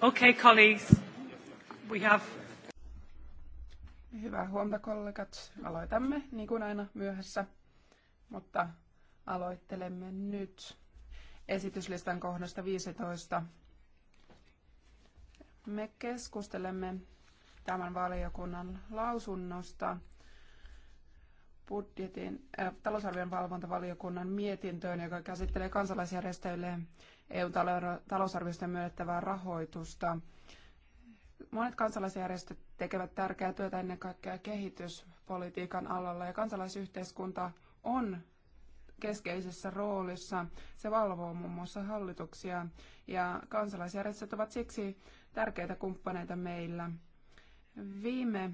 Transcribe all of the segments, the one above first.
Okei, colleagues. We have... Hyvää huomenta kollegat. Aloitamme niin kuin aina myöhässä, mutta aloittelemme nyt esityslistan kohdasta 15. Me keskustelemme tämän valiokunnan lausunnosta budjetin, äh, talousarvion valvontavaliokunnan mietintöön, joka käsittelee kansalaisjärjestöille EU-talousarviosta myönnettävää rahoitusta. Monet kansalaisjärjestöt tekevät tärkeää työtä ennen kaikkea kehityspolitiikan alalla ja kansalaisyhteiskunta on keskeisessä roolissa. Se valvoo muun muassa hallituksia ja kansalaisjärjestöt ovat siksi tärkeitä kumppaneita meillä. Viime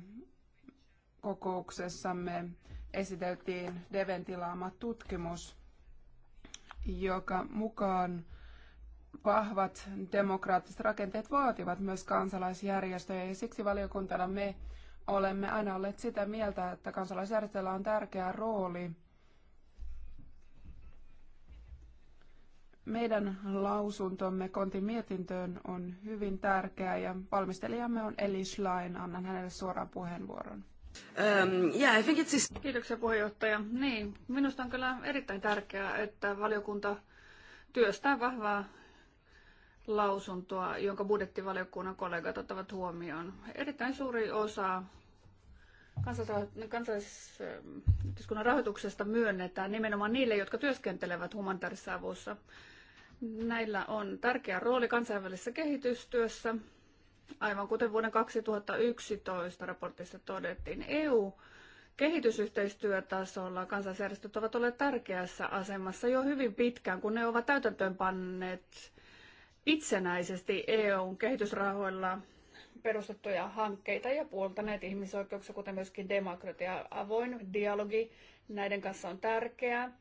kokouksessamme esiteltiin Deven tilaama tutkimus, joka mukaan vahvat demokraattiset rakenteet vaativat myös kansalaisjärjestöjä ja siksi valiokuntana me olemme aina olleet sitä mieltä, että kansalaisjärjestöllä on tärkeä rooli. Meidän lausuntomme Kontin mietintöön on hyvin tärkeä ja valmistelijamme on Eli Schlein. Annan hänelle suoraan puheenvuoron. Um, yeah, I think it's Kiitoksia puheenjohtaja. Niin, minusta on kyllä erittäin tärkeää, että valiokunta työstää vahvaa lausuntoa, jonka budjettivaliokunnan kollegat ottavat huomioon. Erittäin suuri osa kansallisyhteiskunnan rahoituksesta myönnetään nimenomaan niille, jotka työskentelevät humanitaarisessa avussa. Näillä on tärkeä rooli kansainvälisessä kehitystyössä Aivan kuten vuoden 2011 raportissa todettiin, EU kehitysyhteistyötasolla kansalaisjärjestöt ovat olleet tärkeässä asemassa jo hyvin pitkään, kun ne ovat täytäntöönpanneet itsenäisesti EUn kehitysrahoilla perustettuja hankkeita ja puoltaneet ihmisoikeuksia, kuten myöskin demokratia. Avoin dialogi näiden kanssa on tärkeää.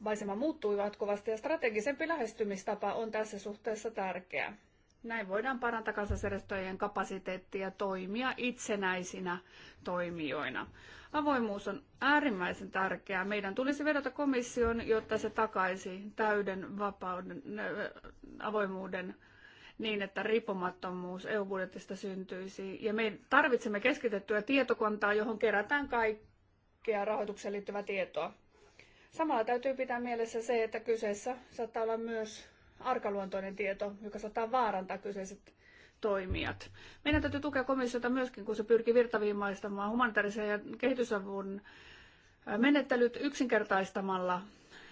Maisema muuttuu jatkuvasti ja strategisempi lähestymistapa on tässä suhteessa tärkeä. Näin voidaan parantaa kansallisjärjestöjen kapasiteettia toimia itsenäisinä toimijoina. Avoimuus on äärimmäisen tärkeää. Meidän tulisi vedota komission, jotta se takaisi täyden vapauden, äh, avoimuuden niin, että riippumattomuus EU-budjetista syntyisi. Ja me tarvitsemme keskitettyä tietokontaa, johon kerätään kaikkea rahoitukseen liittyvää tietoa. Samalla täytyy pitää mielessä se, että kyseessä saattaa olla myös arkaluontoinen tieto, joka saattaa vaarantaa kyseiset toimijat. Meidän täytyy tukea komissiota myöskin, kun se pyrkii virtaviimaistamaan humanitaarisen ja kehitysavun menettelyt yksinkertaistamalla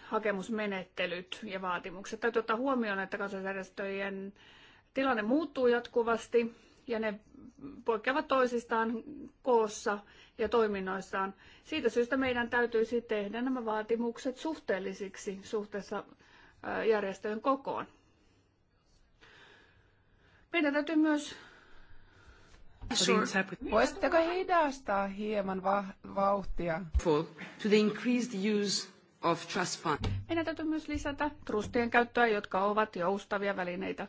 hakemusmenettelyt ja vaatimukset. Täytyy ottaa huomioon, että kansalaisjärjestöjen tilanne muuttuu jatkuvasti ja ne poikkeavat toisistaan koossa ja toiminnoissaan. Siitä syystä meidän täytyisi tehdä nämä vaatimukset suhteellisiksi suhteessa järjestöjen kokoon. Meidän täytyy myös... Voisitteko hidastaa hieman va- vauhtia? To the increased use of trust fund. Meidän täytyy myös lisätä trustien käyttöä, jotka ovat joustavia välineitä,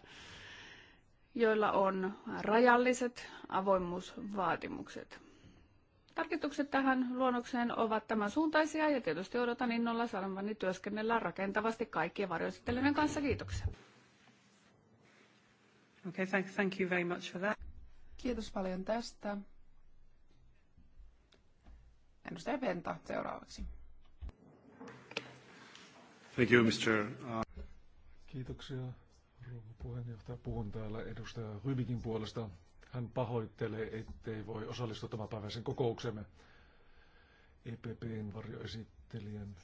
joilla on rajalliset avoimuusvaatimukset. Tarkistukset tähän luonnokseen ovat tämän suuntaisia ja tietysti odotan innolla sanomani työskennellä rakentavasti kaikkien varjoesittelyiden kanssa. Kiitoksia. Okay, thank, thank you very much for that. Kiitos paljon tästä. Edustaja Venta seuraavaksi. Thank you, Mr. Uh, Kiitoksia, rouva puheenjohtaja. Puhun täällä edustaja Rybikin puolesta. Hän pahoittelee, ettei voi osallistua tämän päiväisen kokouksemme EPPn varjoesittelijän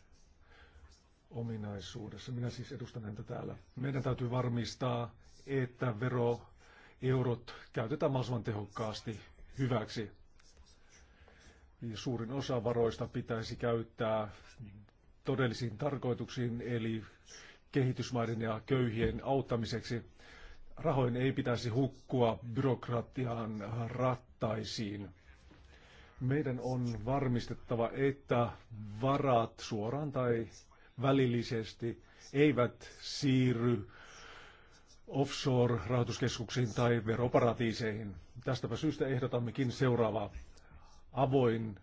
ominaisuudessa. Minä siis edustan häntä täällä. Meidän täytyy varmistaa, että veroeurot käytetään mahdollisimman tehokkaasti hyväksi. Ja suurin osa varoista pitäisi käyttää todellisiin tarkoituksiin, eli kehitysmaiden ja köyhien auttamiseksi rahoin ei pitäisi hukkua byrokratian rattaisiin. Meidän on varmistettava, että varat suoraan tai välillisesti eivät siirry offshore-rahoituskeskuksiin tai veroparatiiseihin. Tästäpä syystä ehdotammekin seuraava Avoin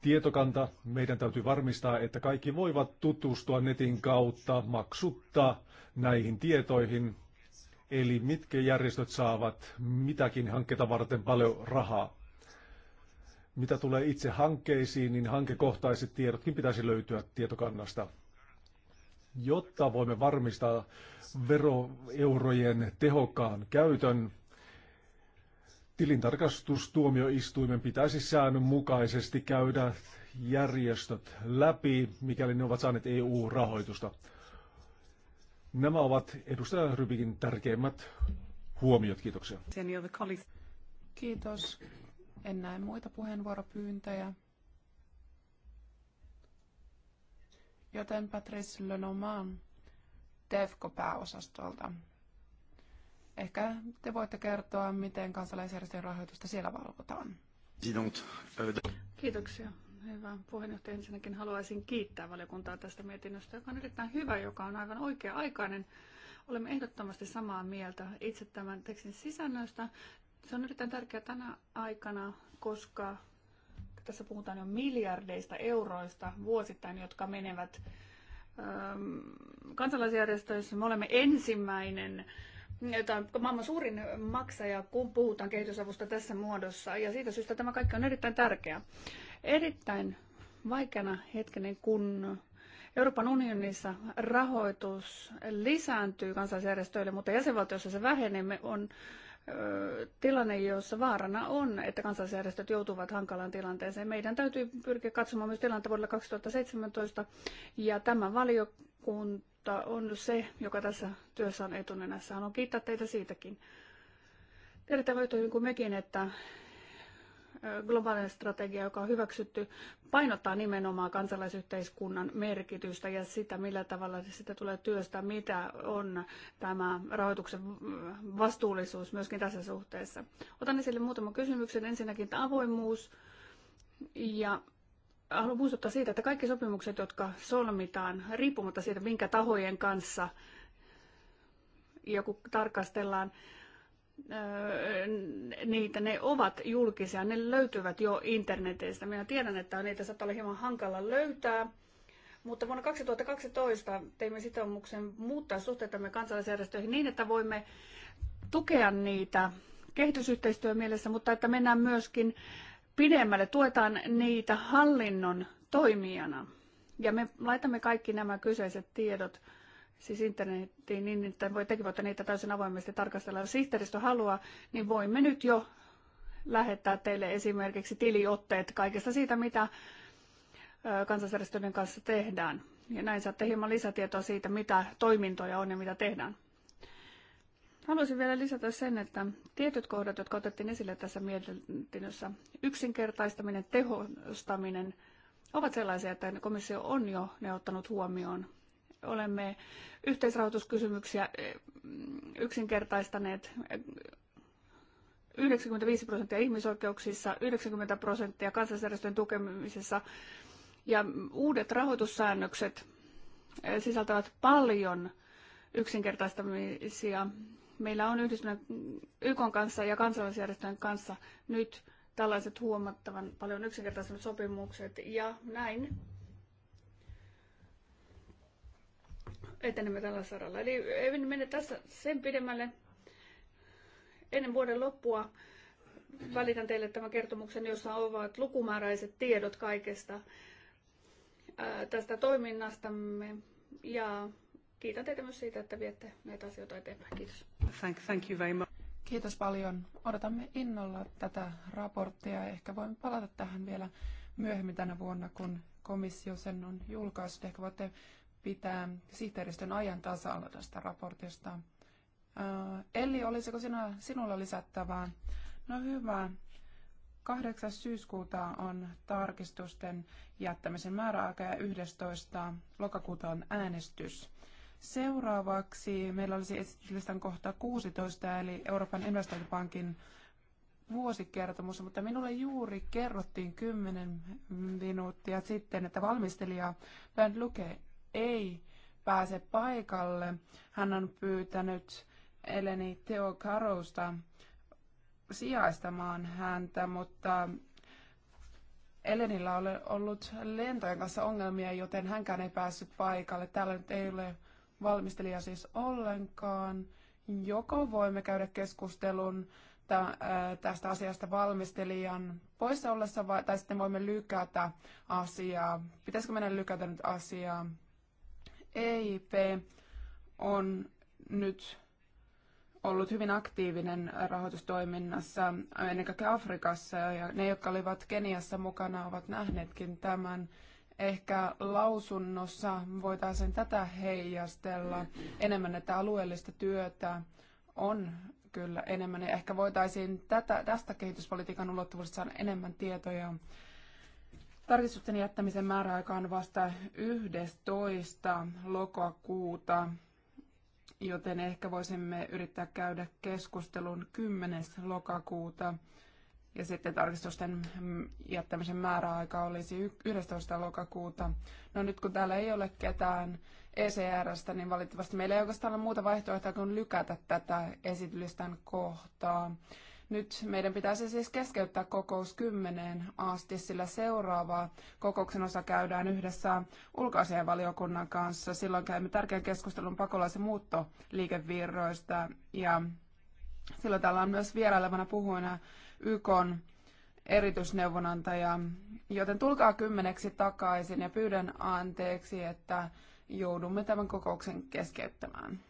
tietokanta. Meidän täytyy varmistaa, että kaikki voivat tutustua netin kautta maksutta näihin tietoihin eli mitkä järjestöt saavat mitäkin hanketta varten paljon rahaa. Mitä tulee itse hankkeisiin, niin hankekohtaiset tiedotkin pitäisi löytyä tietokannasta, jotta voimme varmistaa veroeurojen tehokkaan käytön. Tilintarkastustuomioistuimen pitäisi säännönmukaisesti käydä järjestöt läpi, mikäli ne ovat saaneet EU-rahoitusta. Nämä ovat edustaja Rybikin tärkeimmät huomiot. Kiitoksia. Kiitos. En näe muita puheenvuoropyyntöjä. Joten Patrice Lenoman DEFCO-pääosastolta. Ehkä te voitte kertoa, miten kansalaisjärjestöjen rahoitusta siellä valvotaan. Kiitoksia Hyvä. Puheenjohtaja, ensinnäkin haluaisin kiittää valiokuntaa tästä mietinnöstä, joka on erittäin hyvä, joka on aivan oikea-aikainen. Olemme ehdottomasti samaa mieltä itse tämän tekstin sisännöstä. Se on erittäin tärkeää tänä aikana, koska tässä puhutaan jo miljardeista euroista vuosittain, jotka menevät ähm, kansalaisjärjestöissä. Me olemme ensimmäinen tai maailman suurin maksaja, kun puhutaan kehitysavusta tässä muodossa. Ja siitä syystä tämä kaikki on erittäin tärkeää erittäin vaikeana hetkenä, kun Euroopan unionissa rahoitus lisääntyy kansalaisjärjestöille, mutta jäsenvaltiossa se vähenee, on tilanne, jossa vaarana on, että kansalaisjärjestöt joutuvat hankalaan tilanteeseen. Meidän täytyy pyrkiä katsomaan myös tilannetta vuodelle 2017, ja tämä valiokunta on se, joka tässä työssä on etunenässä. Haluan kiittää teitä siitäkin. Tiedetään yhtä hyvin kuin mekin, että globaalinen strategia, joka on hyväksytty, painottaa nimenomaan kansalaisyhteiskunnan merkitystä ja sitä, millä tavalla sitä tulee työstää, mitä on tämä rahoituksen vastuullisuus myöskin tässä suhteessa. Otan esille muutaman kysymyksen. Ensinnäkin tämä avoimuus ja haluan muistuttaa siitä, että kaikki sopimukset, jotka solmitaan, riippumatta siitä, minkä tahojen kanssa ja kun tarkastellaan niitä, ne ovat julkisia, ne löytyvät jo internetistä. Minä tiedän, että niitä saattaa olla hieman hankala löytää, mutta vuonna 2012 teimme sitoumuksen muuttaa suhteitamme kansalaisjärjestöihin niin, että voimme tukea niitä kehitysyhteistyön mielessä, mutta että mennään myöskin pidemmälle, tuetaan niitä hallinnon toimijana. Ja me laitamme kaikki nämä kyseiset tiedot siis internetiin niin, että voi tekin voitte niitä täysin avoimesti tarkastella. Jos sihteeristö haluaa, niin voimme nyt jo lähettää teille esimerkiksi tiliotteet kaikesta siitä, mitä kansalaisjärjestöiden kanssa tehdään. Ja näin saatte hieman lisätietoa siitä, mitä toimintoja on ja mitä tehdään. Haluaisin vielä lisätä sen, että tietyt kohdat, jotka otettiin esille tässä mietinnössä, yksinkertaistaminen, tehostaminen, ovat sellaisia, että komissio on jo ne ottanut huomioon olemme yhteisrahoituskysymyksiä eh, yksinkertaistaneet 95 eh, prosenttia ihmisoikeuksissa, 90 prosenttia kansalaisjärjestöjen tukemisessa. Ja uudet rahoitussäännökset eh, sisältävät paljon yksinkertaistamisia. Meillä on yhdistyneen YK kanssa ja kansalaisjärjestöjen kanssa nyt tällaiset huomattavan paljon yksinkertaisemmat sopimukset ja näin etenemme tällä saralla. Eli en mene tässä sen pidemmälle. Ennen vuoden loppua välitän teille tämän kertomuksen, jossa ovat lukumääräiset tiedot kaikesta tästä toiminnastamme. Ja kiitän teitä myös siitä, että viette näitä asioita eteenpäin. Kiitos. Thank, thank you very much. Kiitos paljon. Odotamme innolla tätä raporttia. Ehkä voimme palata tähän vielä myöhemmin tänä vuonna, kun komissio sen on julkaissut. Ehkä voitte pitää sihteeristön ajan tasalla tästä raportista. Eli olisiko sinä, sinulla lisättävää? No hyvä. 8. syyskuuta on tarkistusten jättämisen määräaika ja 11. lokakuuta on äänestys. Seuraavaksi meillä olisi esityslistan kohta 16, eli Euroopan investointipankin vuosikertomus, mutta minulle juuri kerrottiin 10 minuuttia sitten, että valmistelija Bernd Luke ei pääse paikalle. Hän on pyytänyt Eleni Teo sijaistamaan häntä, mutta Elenillä on ollut lentojen kanssa ongelmia, joten hänkään ei päässyt paikalle. Täällä nyt ei ole valmistelija siis ollenkaan. Joko voimme käydä keskustelun tästä asiasta valmistelijan poissa ollessa, vai, tai sitten voimme lykätä asiaa. Pitäisikö mennä lykätä nyt asiaa? EIP on nyt ollut hyvin aktiivinen rahoitustoiminnassa, ennen kaikkea Afrikassa, ja ne, jotka olivat Keniassa mukana, ovat nähneetkin tämän. Ehkä lausunnossa voitaisiin tätä heijastella enemmän, että alueellista työtä on kyllä enemmän, ja ehkä voitaisiin tätä, tästä kehityspolitiikan ulottuvuudesta saada enemmän tietoja Tarkistusten jättämisen määräaika on vasta 11. lokakuuta, joten ehkä voisimme yrittää käydä keskustelun 10. lokakuuta. Ja sitten tarkistusten jättämisen määräaika olisi 11. lokakuuta. No nyt kun täällä ei ole ketään ECRstä, niin valitettavasti meillä ei oikeastaan ole muuta vaihtoehtoa kuin lykätä tätä esitystä kohtaa. Nyt meidän pitäisi siis keskeyttää kokous kymmeneen asti, sillä seuraavaa kokouksen osa käydään yhdessä ulkoasianvaliokunnan kanssa. Silloin käymme tärkeän keskustelun pakolais- ja muuttoliikevirroista ja silloin täällä on myös vierailevana puhuina YK erityisneuvonantaja, joten tulkaa kymmeneksi takaisin ja pyydän anteeksi, että joudumme tämän kokouksen keskeyttämään.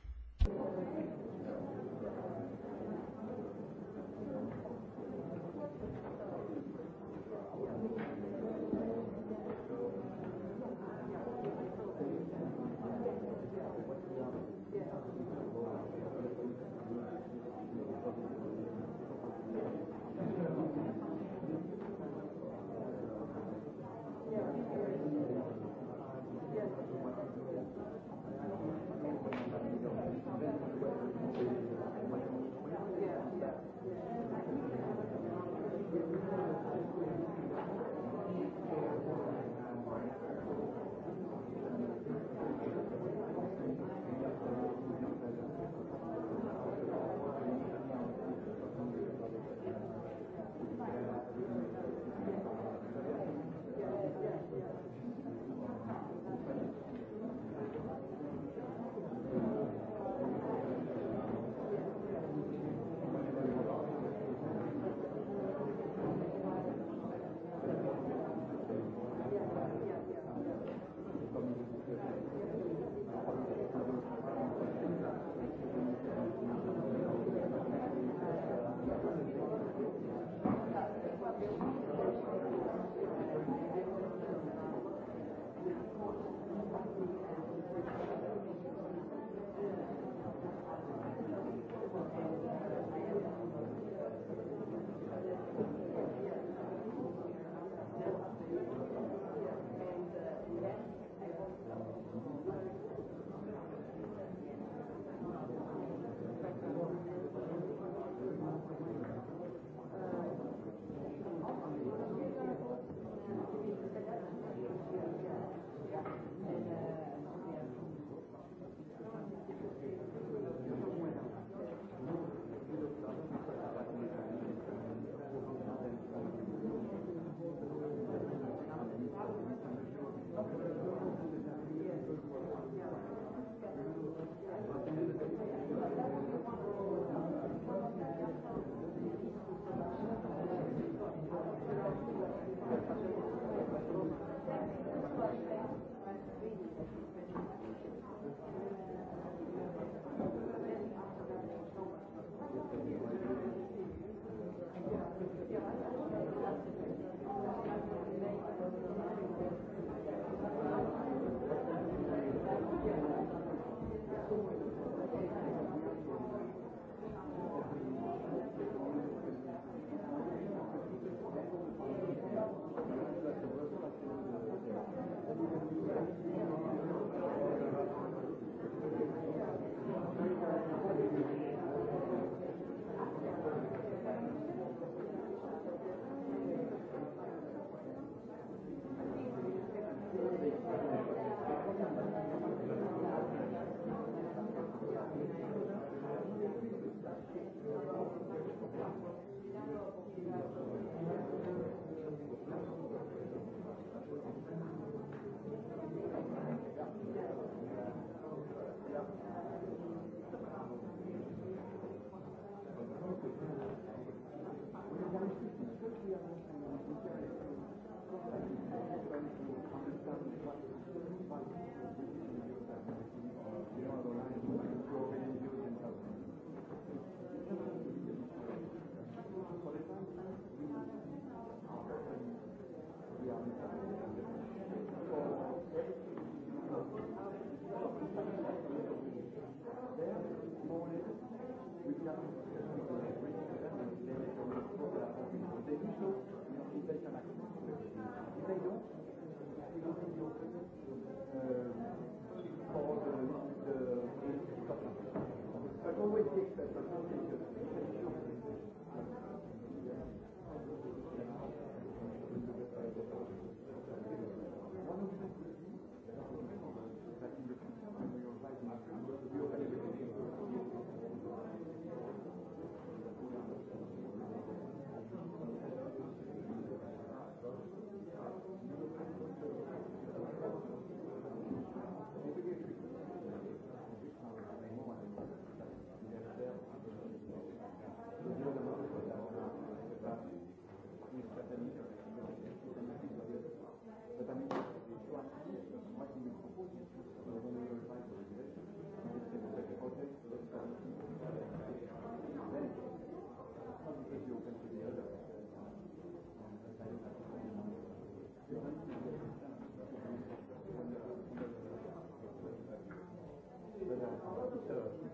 Yeah.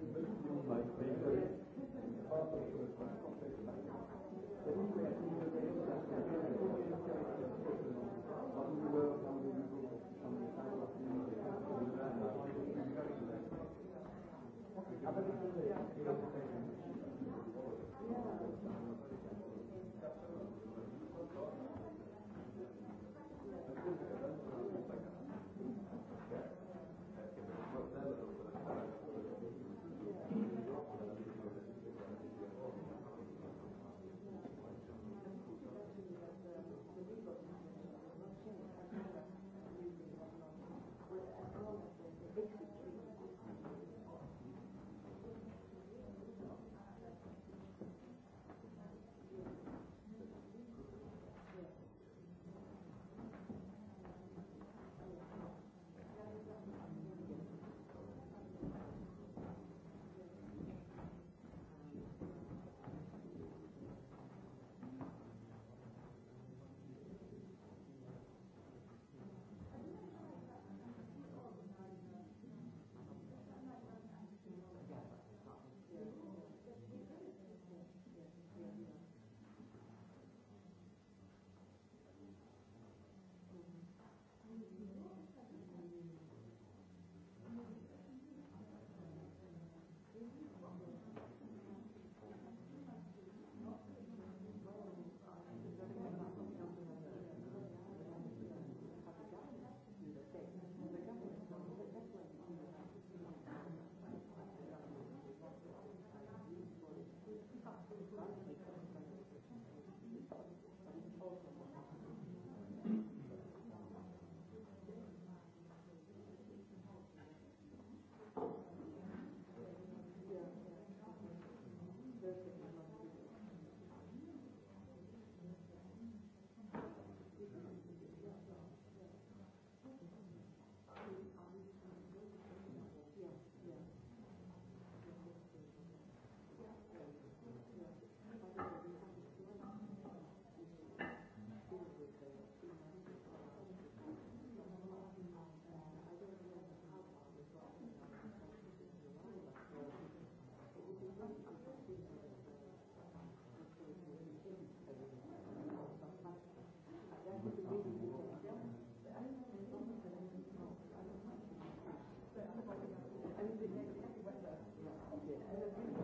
Thank you.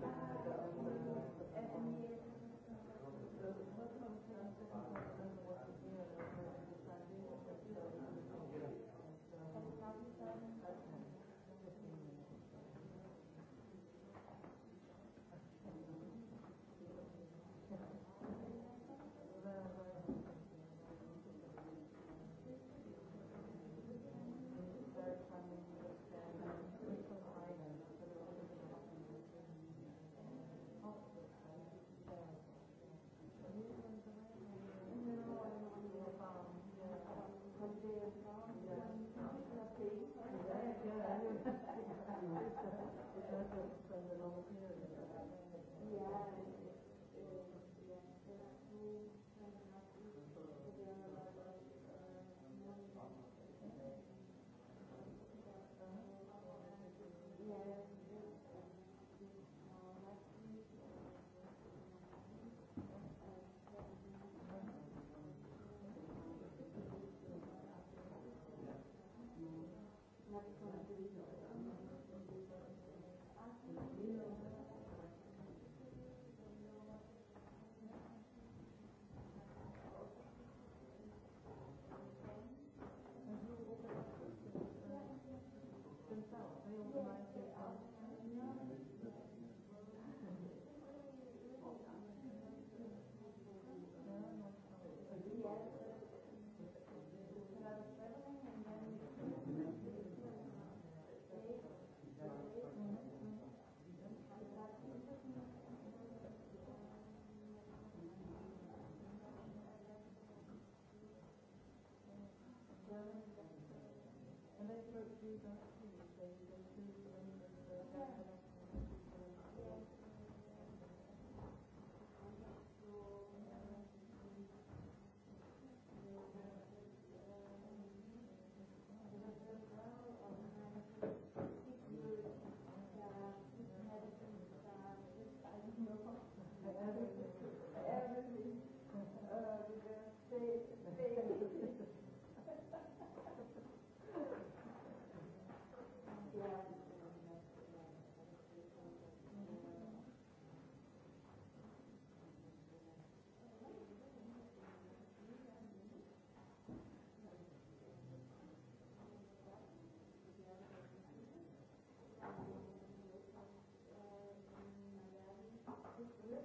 Thank you. video. Thank you. Yeah.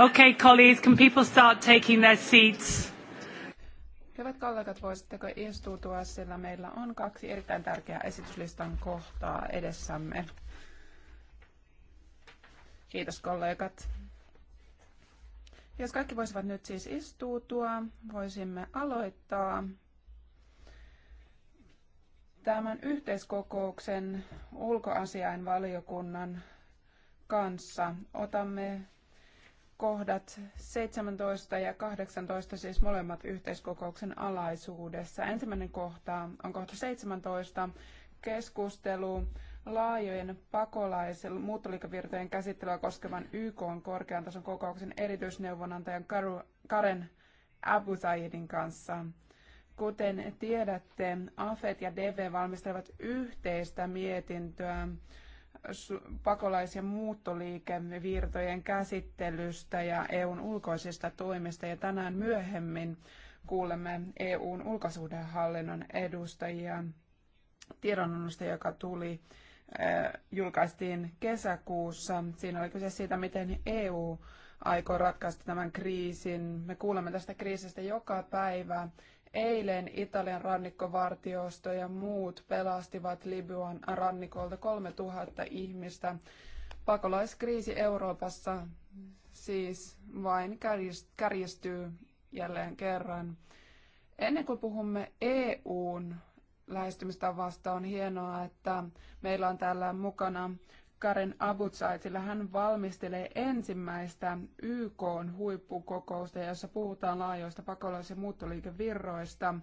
Okay, colleagues, can people start taking their seats? Hyvät kollegat, voisitteko istuutua, sillä meillä on kaksi erittäin tärkeää esityslistan kohtaa edessämme. Kiitos kollegat. Jos kaikki voisivat nyt siis istuutua, voisimme aloittaa tämän yhteiskokouksen ulkoasiainvaliokunnan kanssa. Otamme kohdat 17 ja 18, siis molemmat yhteiskokouksen alaisuudessa. Ensimmäinen kohta on kohta 17, keskustelu laajojen pakolais- muuttoliikavirtojen käsittelyä koskevan YK korkean tason kokouksen erityisneuvonantajan Karen Abu kanssa. Kuten tiedätte, AFET ja DV valmistelevat yhteistä mietintöä pakolais- ja muuttoliikevirtojen käsittelystä ja EUn ulkoisista toimista. Ja tänään myöhemmin kuulemme EUn ulkosuhdehallinnon edustajia tiedonannosta, joka tuli eh, julkaistiin kesäkuussa. Siinä oli kyse siitä, miten EU aikoo ratkaista tämän kriisin. Me kuulemme tästä kriisistä joka päivä Eilen Italian rannikkovartiosto ja muut pelastivat Libyan rannikolta 3000 ihmistä. Pakolaiskriisi Euroopassa siis vain kärjistyy jälleen kerran. Ennen kuin puhumme EUn lähestymistavasta, on hienoa, että meillä on täällä mukana Karen Abutsait, sillä hän valmistelee ensimmäistä YK huippukokousta, jossa puhutaan laajoista pakolais- ja muuttoliikevirroista.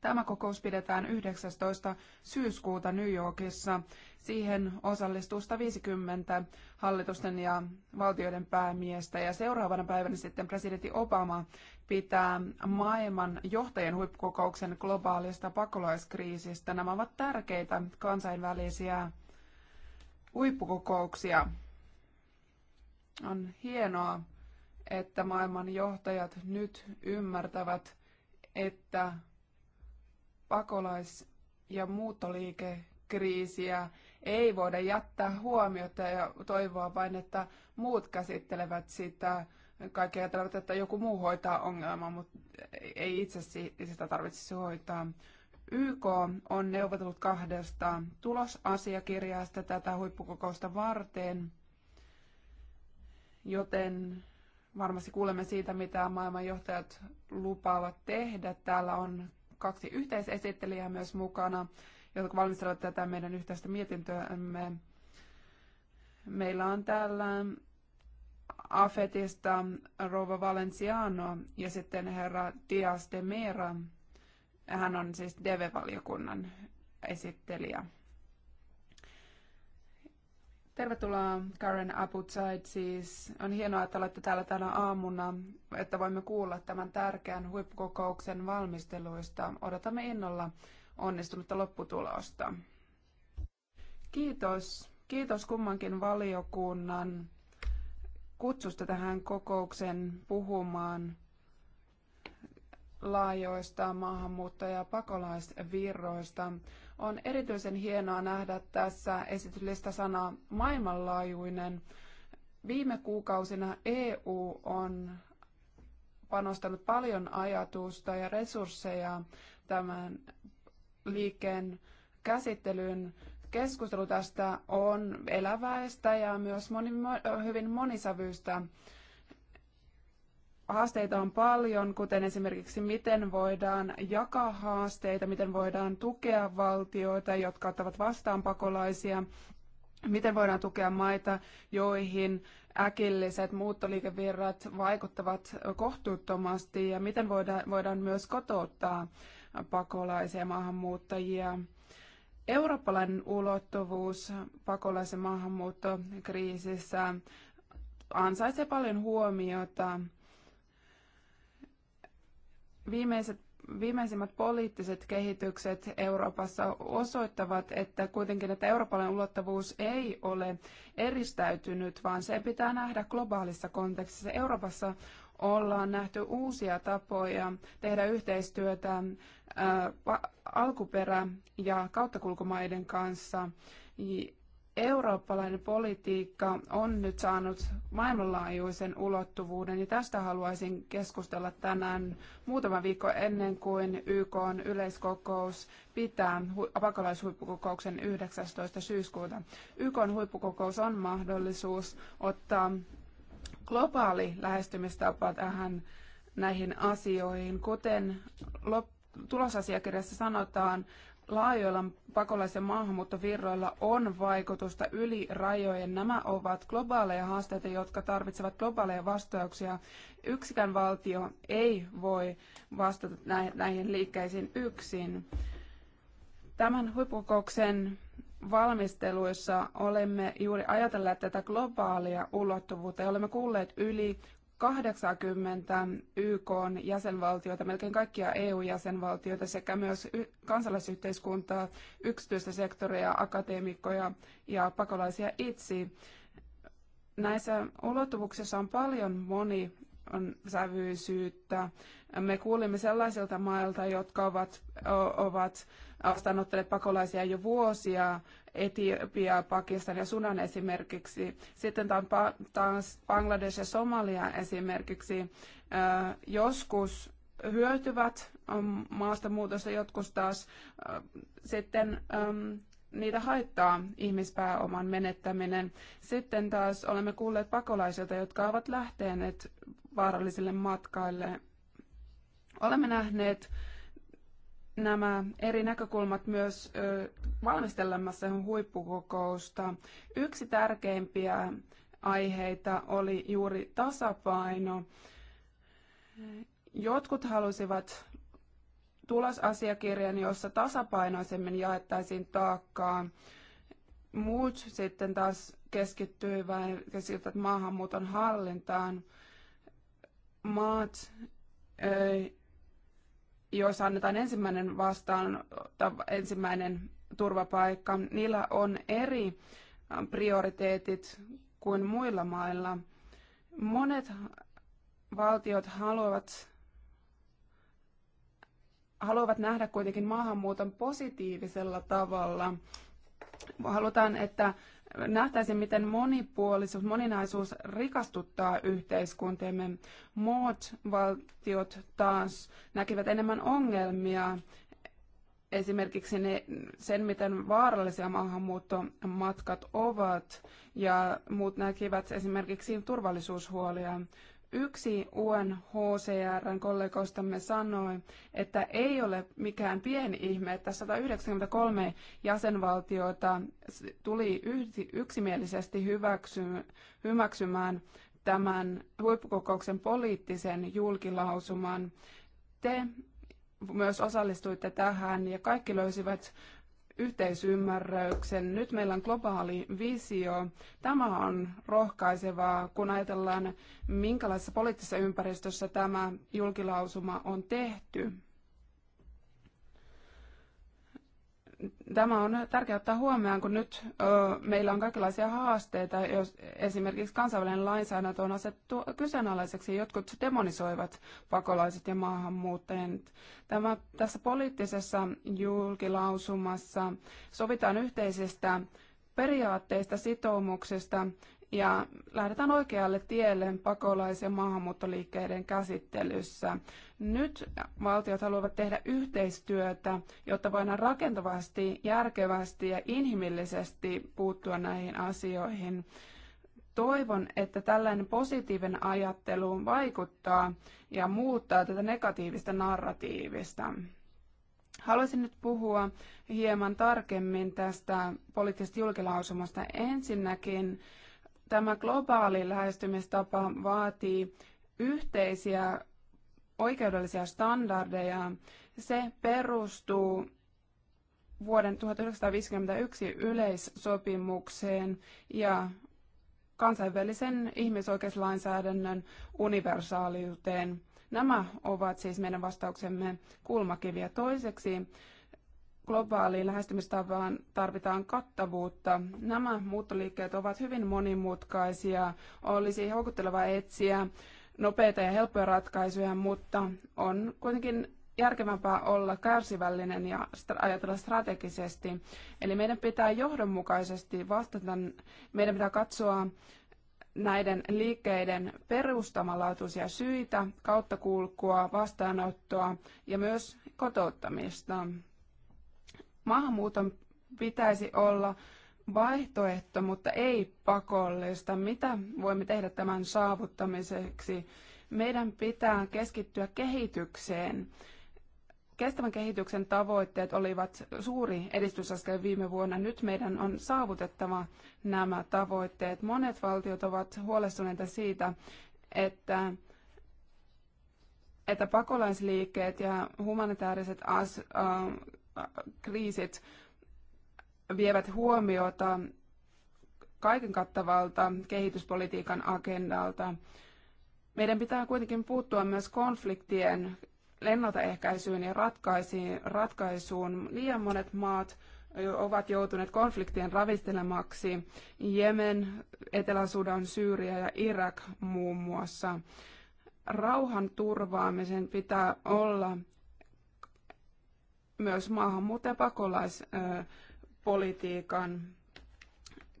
Tämä kokous pidetään 19. syyskuuta New Yorkissa. Siihen osallistuu 150 hallitusten ja valtioiden päämiestä. Ja seuraavana päivänä sitten presidentti Obama pitää maailman johtajien huippukokouksen globaalista pakolaiskriisistä. Nämä ovat tärkeitä kansainvälisiä huippukokouksia. On hienoa, että maailman johtajat nyt ymmärtävät, että pakolais- ja muuttoliikekriisiä ei voida jättää huomiota ja toivoa vain, että muut käsittelevät sitä. Kaikki ajattelevat, että joku muu hoitaa ongelman, mutta ei itse sitä tarvitsisi hoitaa. YK on neuvotellut kahdesta tulosasiakirjasta tätä huippukokousta varten, joten varmasti kuulemme siitä, mitä maailmanjohtajat lupaavat tehdä. Täällä on kaksi yhteisesittelijää myös mukana, jotka valmistelevat tätä meidän yhteistä mietintöämme. Meillä on täällä Afetista Rova Valenciano ja sitten herra Dias de Mera – hän on siis DV-valiokunnan esittelijä. Tervetuloa Karen Abutside. Siis on hienoa, että olette täällä tänä aamuna, että voimme kuulla tämän tärkeän huippukokouksen valmisteluista. Odotamme innolla onnistunutta lopputulosta. Kiitos. Kiitos kummankin valiokunnan kutsusta tähän kokoukseen puhumaan laajoista maahanmuutto- ja pakolaisvirroista. On erityisen hienoa nähdä tässä esityslista sana maailmanlaajuinen. Viime kuukausina EU on panostanut paljon ajatusta ja resursseja tämän liikkeen käsittelyyn. Keskustelu tästä on eläväistä ja myös moni, hyvin monisävyistä Haasteita on paljon, kuten esimerkiksi miten voidaan jakaa haasteita, miten voidaan tukea valtioita, jotka ottavat vastaan pakolaisia, miten voidaan tukea maita, joihin äkilliset muuttoliikevirrat vaikuttavat kohtuuttomasti ja miten voidaan, voidaan myös kotouttaa pakolaisia maahanmuuttajia. Eurooppalainen ulottuvuus pakolaisen maahanmuuttokriisissä ansaitsee paljon huomiota. Viimeiset, viimeisimmät poliittiset kehitykset Euroopassa osoittavat, että kuitenkin että eurooppalainen ulottuvuus ei ole eristäytynyt, vaan se pitää nähdä globaalissa kontekstissa. Euroopassa ollaan nähty uusia tapoja tehdä yhteistyötä ää, äh, alkuperä- ja kauttakulkumaiden kanssa eurooppalainen politiikka on nyt saanut maailmanlaajuisen ulottuvuuden ja tästä haluaisin keskustella tänään muutama viikko ennen kuin YK on yleiskokous pitää pakolaishuippukokouksen 19. syyskuuta. YK on huippukokous on mahdollisuus ottaa globaali lähestymistapa tähän näihin asioihin, kuten lop- tulosasiakirjassa sanotaan, laajoilla pakolais- ja maahanmuuttovirroilla on vaikutusta yli rajojen. Nämä ovat globaaleja haasteita, jotka tarvitsevat globaaleja vastauksia. Yksikään valtio ei voi vastata näihin liikkeisiin yksin. Tämän huippukokouksen valmisteluissa olemme juuri ajatelleet tätä globaalia ulottuvuutta ja olemme kuulleet yli 80 YK jäsenvaltiota, melkein kaikkia EU-jäsenvaltioita sekä myös kansalaisyhteiskuntaa, yksityistä sektoria, akateemikkoja ja pakolaisia itse. Näissä ulottuvuuksissa on paljon moni on sävyisyyttä. Me kuulimme sellaisilta mailta, jotka ovat, ovat vastaanottaneet pakolaisia jo vuosia, Etiopia, Pakistan ja Sunan esimerkiksi. Sitten taas Bangladesh ja Somalia esimerkiksi. Joskus hyötyvät mm, maastamuutosta, jotkut taas sitten mm, niitä haittaa ihmispääoman menettäminen. Sitten taas olemme kuulleet pakolaisilta, jotka ovat lähteneet vaarallisille matkaille Olemme nähneet nämä eri näkökulmat myös valmistelemassa huippukokousta. Yksi tärkeimpiä aiheita oli juuri tasapaino. Jotkut halusivat tulosasiakirjan, jossa tasapainoisemmin jaettaisiin taakkaa. Muut sitten taas keskittyivät, maahanmuuton hallintaan. Maat ei, jos annetaan ensimmäinen vastaan ensimmäinen turvapaikka, niillä on eri äh, prioriteetit kuin muilla mailla. Monet valtiot haluavat, haluavat nähdä kuitenkin maahanmuuton positiivisella tavalla. Halutaan, että nähtäisiin, miten monipuolisuus, moninaisuus rikastuttaa yhteiskuntiamme. Muut valtiot taas näkivät enemmän ongelmia, esimerkiksi ne, sen, miten vaarallisia maahanmuuttomatkat ovat, ja muut näkivät esimerkiksi turvallisuushuolia. Yksi UNHCRn kollegoistamme sanoi, että ei ole mikään pieni ihme, että 193 jäsenvaltiota tuli yksimielisesti hyväksymään tämän huippukokouksen poliittisen julkilausuman. Te myös osallistuitte tähän ja kaikki löysivät yhteisymmärryksen. Nyt meillä on globaali visio. Tämä on rohkaisevaa, kun ajatellaan, minkälaisessa poliittisessa ympäristössä tämä julkilausuma on tehty. tämä on tärkeää ottaa huomioon, kun nyt ö, meillä on kaikenlaisia haasteita, jos esimerkiksi kansainvälinen lainsäädäntö on asettu kyseenalaiseksi, jotkut demonisoivat pakolaiset ja maahanmuuttajat. Tämä, tässä poliittisessa julkilausumassa sovitaan yhteisistä periaatteista, sitoumuksista ja lähdetään oikealle tielle pakolaisen ja maahanmuuttoliikkeiden käsittelyssä. Nyt valtiot haluavat tehdä yhteistyötä, jotta voidaan rakentavasti, järkevästi ja inhimillisesti puuttua näihin asioihin. Toivon, että tällainen positiivinen ajattelu vaikuttaa ja muuttaa tätä negatiivista narratiivista. Haluaisin nyt puhua hieman tarkemmin tästä poliittisesta julkilausumasta. Ensinnäkin tämä globaali lähestymistapa vaatii yhteisiä oikeudellisia standardeja. Se perustuu vuoden 1951 yleissopimukseen ja kansainvälisen ihmisoikeuslainsäädännön universaaliuteen. Nämä ovat siis meidän vastauksemme kulmakiviä. Toiseksi globaaliin lähestymistapaan tarvitaan kattavuutta. Nämä muuttoliikkeet ovat hyvin monimutkaisia. Olisi houkutteleva etsiä nopeita ja helppoja ratkaisuja, mutta on kuitenkin järkevämpää olla kärsivällinen ja ajatella strategisesti. Eli meidän pitää johdonmukaisesti vastata, meidän pitää katsoa näiden liikkeiden perustamalaatuisia syitä, kauttakulkua, vastaanottoa ja myös kotouttamista. Maahanmuuton pitäisi olla vaihtoehto, mutta ei pakollista. Mitä voimme tehdä tämän saavuttamiseksi? Meidän pitää keskittyä kehitykseen. Kestävän kehityksen tavoitteet olivat suuri edistysaskel viime vuonna. Nyt meidän on saavutettava nämä tavoitteet. Monet valtiot ovat huolestuneita siitä, että, että pakolaisliikkeet ja humanitaariset as, äh, kriisit vievät huomiota kaiken kattavalta kehityspolitiikan agendalta. Meidän pitää kuitenkin puuttua myös konfliktien ennaltaehkäisyyn ja ratkaisuun. Liian monet maat ovat joutuneet konfliktien ravistelemaksi. Jemen, Etelä-Sudan, Syyria ja Irak muun muassa. Rauhan turvaamisen pitää olla myös maahanmuutto- ja politiikan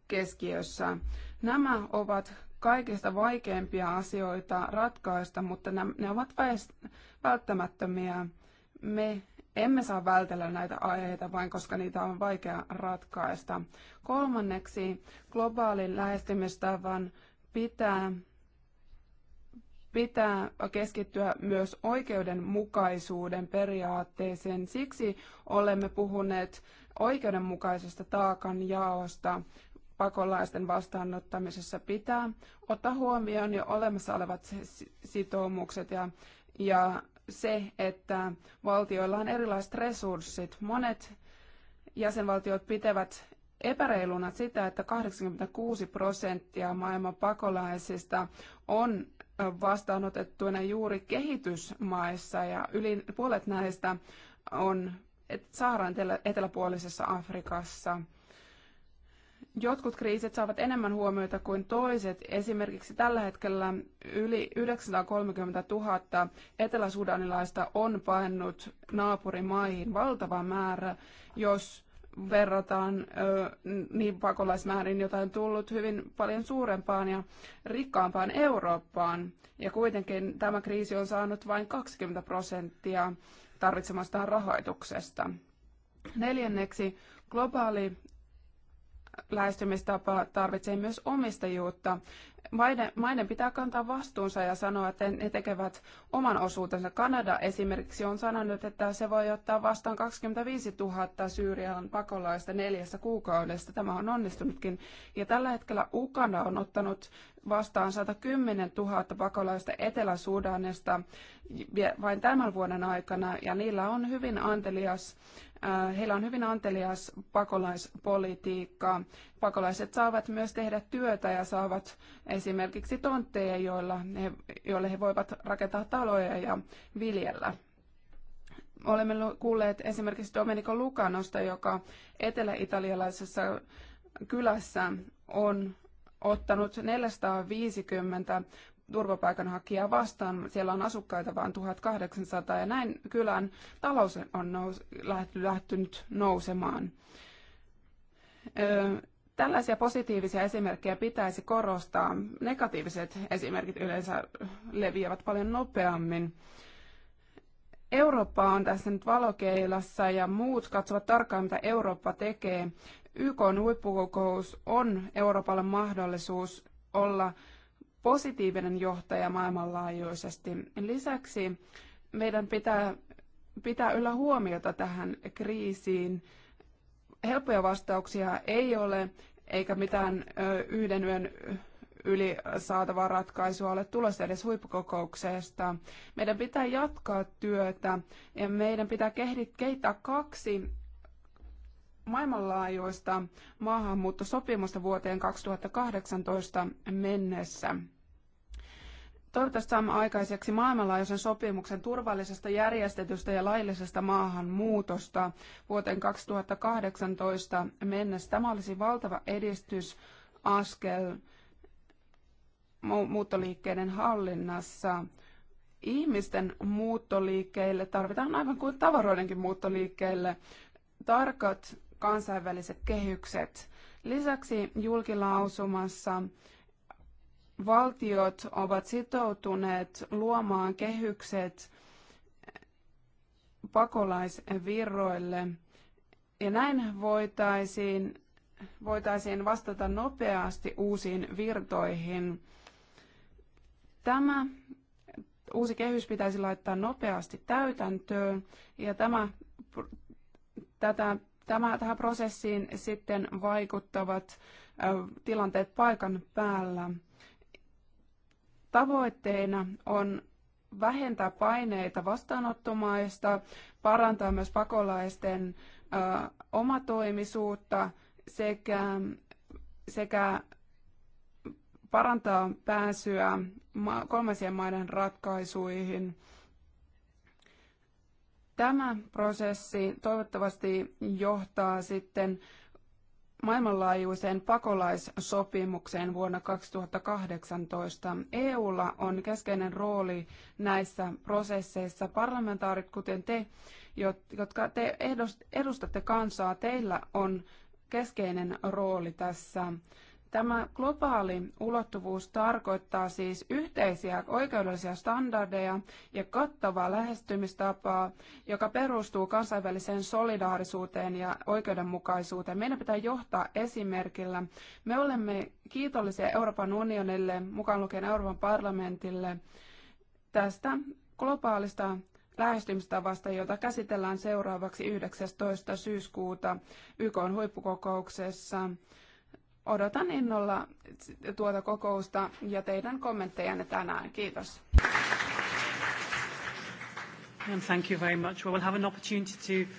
keskiössä. Nämä ovat kaikista vaikeimpia asioita ratkaista, mutta ne ovat välttämättömiä. Me emme saa vältellä näitä aiheita vain, koska niitä on vaikea ratkaista. Kolmanneksi globaalin lähestymistavan pitää pitää keskittyä myös oikeudenmukaisuuden periaatteeseen. Siksi olemme puhuneet oikeudenmukaisesta taakanjaosta pakolaisten vastaanottamisessa pitää ottaa huomioon jo olemassa olevat sitoumukset ja, ja se, että valtioilla on erilaiset resurssit. Monet jäsenvaltiot pitävät epäreiluna sitä, että 86 prosenttia maailman pakolaisista on vastaanotettuina juuri kehitysmaissa ja yli puolet näistä on saaraan eteläpuolisessa Afrikassa. Jotkut kriisit saavat enemmän huomiota kuin toiset. Esimerkiksi tällä hetkellä yli 930 000 eteläsudanilaista on paennut naapurimaihin valtava määrä. Jos verrataan niin pakolaismäärin, jota on tullut hyvin paljon suurempaan ja rikkaampaan Eurooppaan. Ja kuitenkin tämä kriisi on saanut vain 20 prosenttia tarvitsemastaan rahoituksesta. Neljänneksi globaali lähestymistapa tarvitsee myös omistajuutta maiden, maiden pitää kantaa vastuunsa ja sanoa, että ne tekevät oman osuutensa. Kanada esimerkiksi on sanonut, että se voi ottaa vastaan 25 000 Syyrian pakolaista neljässä kuukaudessa. Tämä on onnistunutkin. Ja tällä hetkellä Ukana on ottanut vastaan 110 000 pakolaista Etelä-Sudanista vain tämän vuoden aikana, ja niillä on hyvin antelias, äh, heillä on hyvin antelias pakolaispolitiikka. Pakolaiset saavat myös tehdä työtä ja saavat esimerkiksi tontteja, joilla he, joille he voivat rakentaa taloja ja viljellä. Olemme kuulleet esimerkiksi Domenico Lucanosta, joka etelä-italialaisessa kylässä on ottanut 450 turvapaikanhakijaa vastaan. Siellä on asukkaita vain 1800 ja näin kylän talous on nous, lähtenyt nousemaan. Tällaisia positiivisia esimerkkejä pitäisi korostaa. Negatiiviset esimerkit yleensä leviävät paljon nopeammin. Eurooppa on tässä nyt valokeilassa ja muut katsovat tarkkaan, mitä Eurooppa tekee. YK on huippukokous on Euroopalle mahdollisuus olla positiivinen johtaja maailmanlaajuisesti. Lisäksi meidän pitää pitää yllä huomiota tähän kriisiin helppoja vastauksia ei ole, eikä mitään yhden yön yli saatavaa ratkaisua ole tulossa edes huippukokouksesta. Meidän pitää jatkaa työtä ja meidän pitää kehittää kaksi maailmanlaajuista maahanmuuttosopimusta vuoteen 2018 mennessä. Toivottavasti saamme aikaiseksi maailmanlaajuisen sopimuksen turvallisesta järjestetystä ja laillisesta maahanmuutosta vuoteen 2018 mennessä. Tämä olisi valtava edistysaskel muuttoliikkeiden hallinnassa. Ihmisten muuttoliikkeille tarvitaan aivan kuin tavaroidenkin muuttoliikkeille tarkat kansainväliset kehykset. Lisäksi julkilausumassa valtiot ovat sitoutuneet luomaan kehykset pakolaisvirroille. Ja näin voitaisiin, voitaisiin vastata nopeasti uusiin virtoihin. Tämä uusi kehys pitäisi laittaa nopeasti täytäntöön ja tämä, tätä, tämä, tähän prosessiin sitten vaikuttavat tilanteet paikan päällä. Tavoitteena on vähentää paineita vastaanottomaista, parantaa myös pakolaisten ö, omatoimisuutta sekä, sekä parantaa pääsyä ma- kolmansien maiden ratkaisuihin. Tämä prosessi toivottavasti johtaa sitten maailmanlaajuiseen pakolaissopimukseen vuonna 2018. EUlla on keskeinen rooli näissä prosesseissa. Parlamentaarit, kuten te, jotka te edustatte kansaa, teillä on keskeinen rooli tässä. Tämä globaali ulottuvuus tarkoittaa siis yhteisiä oikeudellisia standardeja ja kattavaa lähestymistapaa, joka perustuu kansainväliseen solidaarisuuteen ja oikeudenmukaisuuteen. Meidän pitää johtaa esimerkillä. Me olemme kiitollisia Euroopan unionille, mukaan lukien Euroopan parlamentille, tästä globaalista lähestymistavasta, jota käsitellään seuraavaksi 19. syyskuuta YK huippukokouksessa. Odotan innolla tuota kokousta ja teidän kommenttejanne tänään. Kiitos. And thank you very much. We'll have an opportunity to...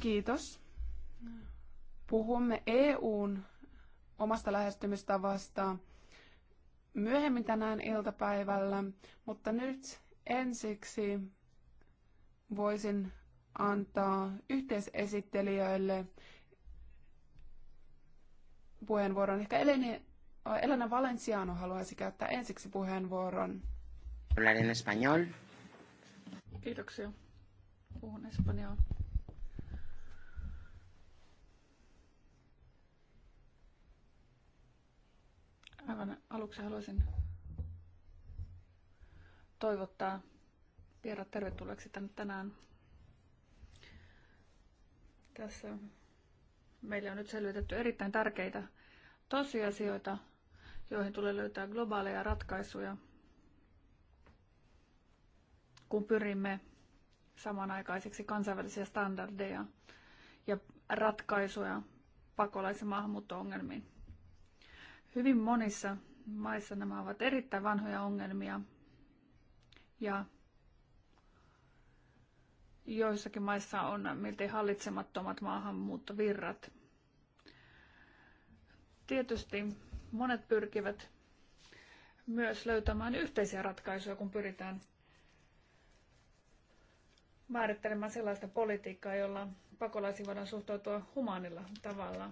Kiitos. Puhumme EUn omasta lähestymistavasta myöhemmin tänään iltapäivällä, mutta nyt ensiksi voisin antaa yhteisesittelijöille puheenvuoron. Ehkä Eleni, Elena Valenciano haluaisi käyttää ensiksi puheenvuoron. Hablar en español. Kiitoksia. Puhun espanjaa. Aivan aluksi haluaisin toivottaa vierat tervetulleeksi tänne tänään. Tässä Meillä on nyt selvitetty erittäin tärkeitä tosiasioita, joihin tulee löytää globaaleja ratkaisuja, kun pyrimme samanaikaiseksi kansainvälisiä standardeja ja ratkaisuja pakolais- ja maahanmuutto-ongelmiin. Hyvin monissa maissa nämä ovat erittäin vanhoja ongelmia ja joissakin maissa on miltei hallitsemattomat maahanmuuttovirrat. Tietysti monet pyrkivät myös löytämään yhteisiä ratkaisuja, kun pyritään määrittelemään sellaista politiikkaa, jolla pakolaisiin voidaan suhtautua humaanilla tavalla,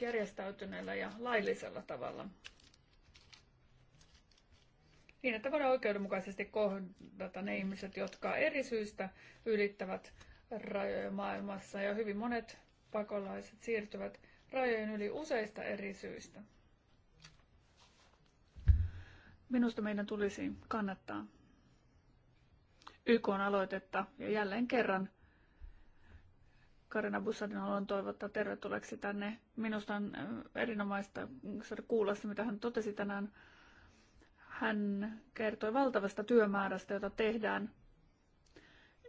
järjestäytyneellä ja laillisella tavalla niin, että voidaan oikeudenmukaisesti kohdata ne ihmiset, jotka eri syistä ylittävät rajoja maailmassa ja hyvin monet pakolaiset siirtyvät rajojen yli useista eri syistä. Minusta meidän tulisi kannattaa YK aloitetta ja jälleen kerran Karina Bussadin haluan toivottaa tervetulleeksi tänne. Minusta on äh, erinomaista saada kuulla se, mitä hän totesi tänään hän kertoi valtavasta työmäärästä, jota tehdään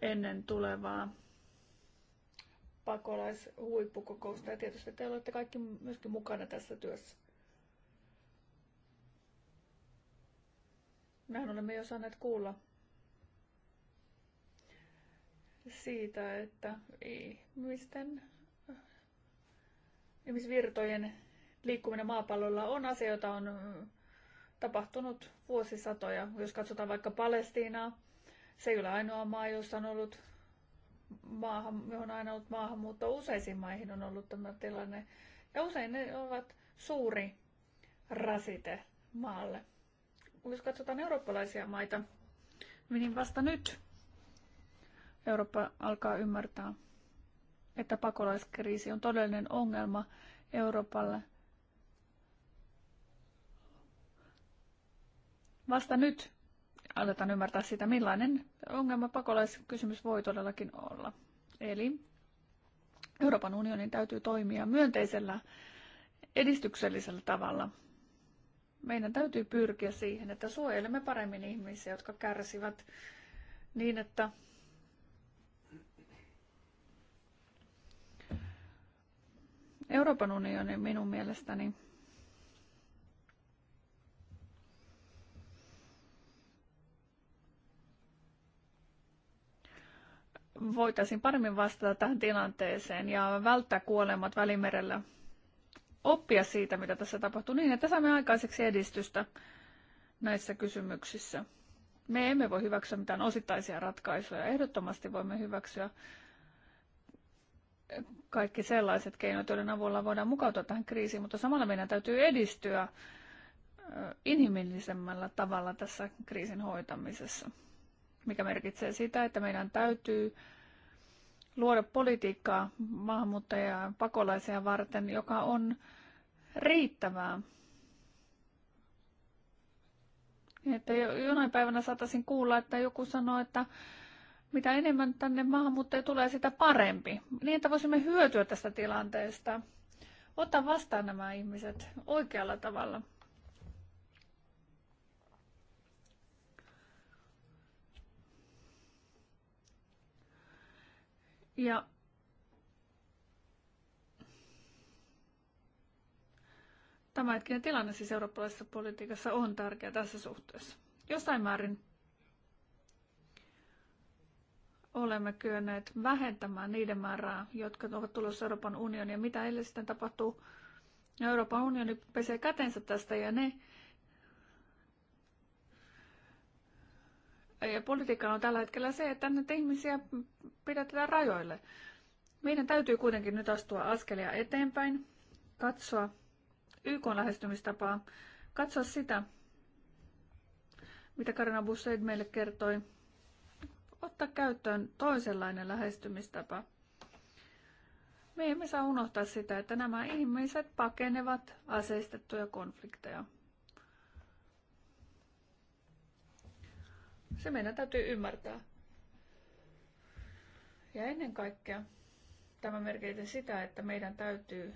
ennen tulevaa pakolaishuippukokousta. Ja tietysti te olette kaikki myöskin mukana tässä työssä. Mehän olemme jo saaneet kuulla siitä, että ihmisten ihmisvirtojen liikkuminen maapallolla on asia, jota on tapahtunut vuosisatoja. Jos katsotaan vaikka Palestiinaa, se ei ole ainoa maa, jossa on ollut maahan, johon on aina ollut maahanmuutto. Useisiin maihin on ollut tämä tilanne. Ja usein ne ovat suuri rasite maalle. Jos katsotaan eurooppalaisia maita, niin vasta nyt Eurooppa alkaa ymmärtää, että pakolaiskriisi on todellinen ongelma Euroopalle – Vasta nyt aletaan ymmärtää sitä, millainen ongelma pakolaiskysymys voi todellakin olla. Eli Euroopan unionin täytyy toimia myönteisellä, edistyksellisellä tavalla. Meidän täytyy pyrkiä siihen, että suojelemme paremmin ihmisiä, jotka kärsivät niin, että Euroopan unioni minun mielestäni voitaisiin paremmin vastata tähän tilanteeseen ja välttää kuolemat välimerellä. Oppia siitä, mitä tässä tapahtuu, niin että saamme aikaiseksi edistystä näissä kysymyksissä. Me emme voi hyväksyä mitään osittaisia ratkaisuja. Ehdottomasti voimme hyväksyä kaikki sellaiset keinot, joiden avulla voidaan mukautua tähän kriisiin, mutta samalla meidän täytyy edistyä inhimillisemmällä tavalla tässä kriisin hoitamisessa mikä merkitsee sitä, että meidän täytyy luoda politiikkaa maahanmuuttajia pakolaisia varten, joka on riittävää. Että jonain päivänä saataisiin kuulla, että joku sanoo, että mitä enemmän tänne maahanmuuttajia tulee, sitä parempi. Niin, että voisimme hyötyä tästä tilanteesta. Ota vastaan nämä ihmiset oikealla tavalla. Ja tämänhetkinen tilanne siis eurooppalaisessa politiikassa on tärkeä tässä suhteessa. Jossain määrin olemme kyenneet vähentämään niiden määrää, jotka ovat tulossa Euroopan unioniin. Ja mitä heille sitten tapahtuu? Euroopan unioni pesee kätensä tästä ja ne, Ja politiikalla on tällä hetkellä se, että näitä ihmisiä pidetään rajoille. Meidän täytyy kuitenkin nyt astua askelia eteenpäin, katsoa YK lähestymistapaa, katsoa sitä, mitä Karina Busseid meille kertoi, ottaa käyttöön toisenlainen lähestymistapa. Me emme saa unohtaa sitä, että nämä ihmiset pakenevat aseistettuja konflikteja. Se meidän täytyy ymmärtää. Ja ennen kaikkea tämä merkitsee sitä, että meidän täytyy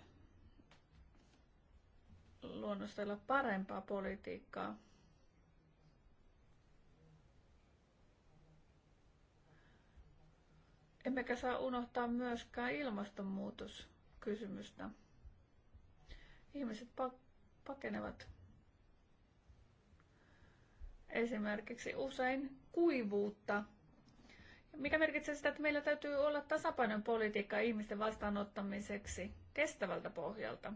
luonnostella parempaa politiikkaa. Emmekä saa unohtaa myöskään ilmastonmuutoskysymystä. Ihmiset pakenevat esimerkiksi usein kuivuutta, mikä merkitsee sitä, että meillä täytyy olla tasapainon politiikka ihmisten vastaanottamiseksi kestävältä pohjalta.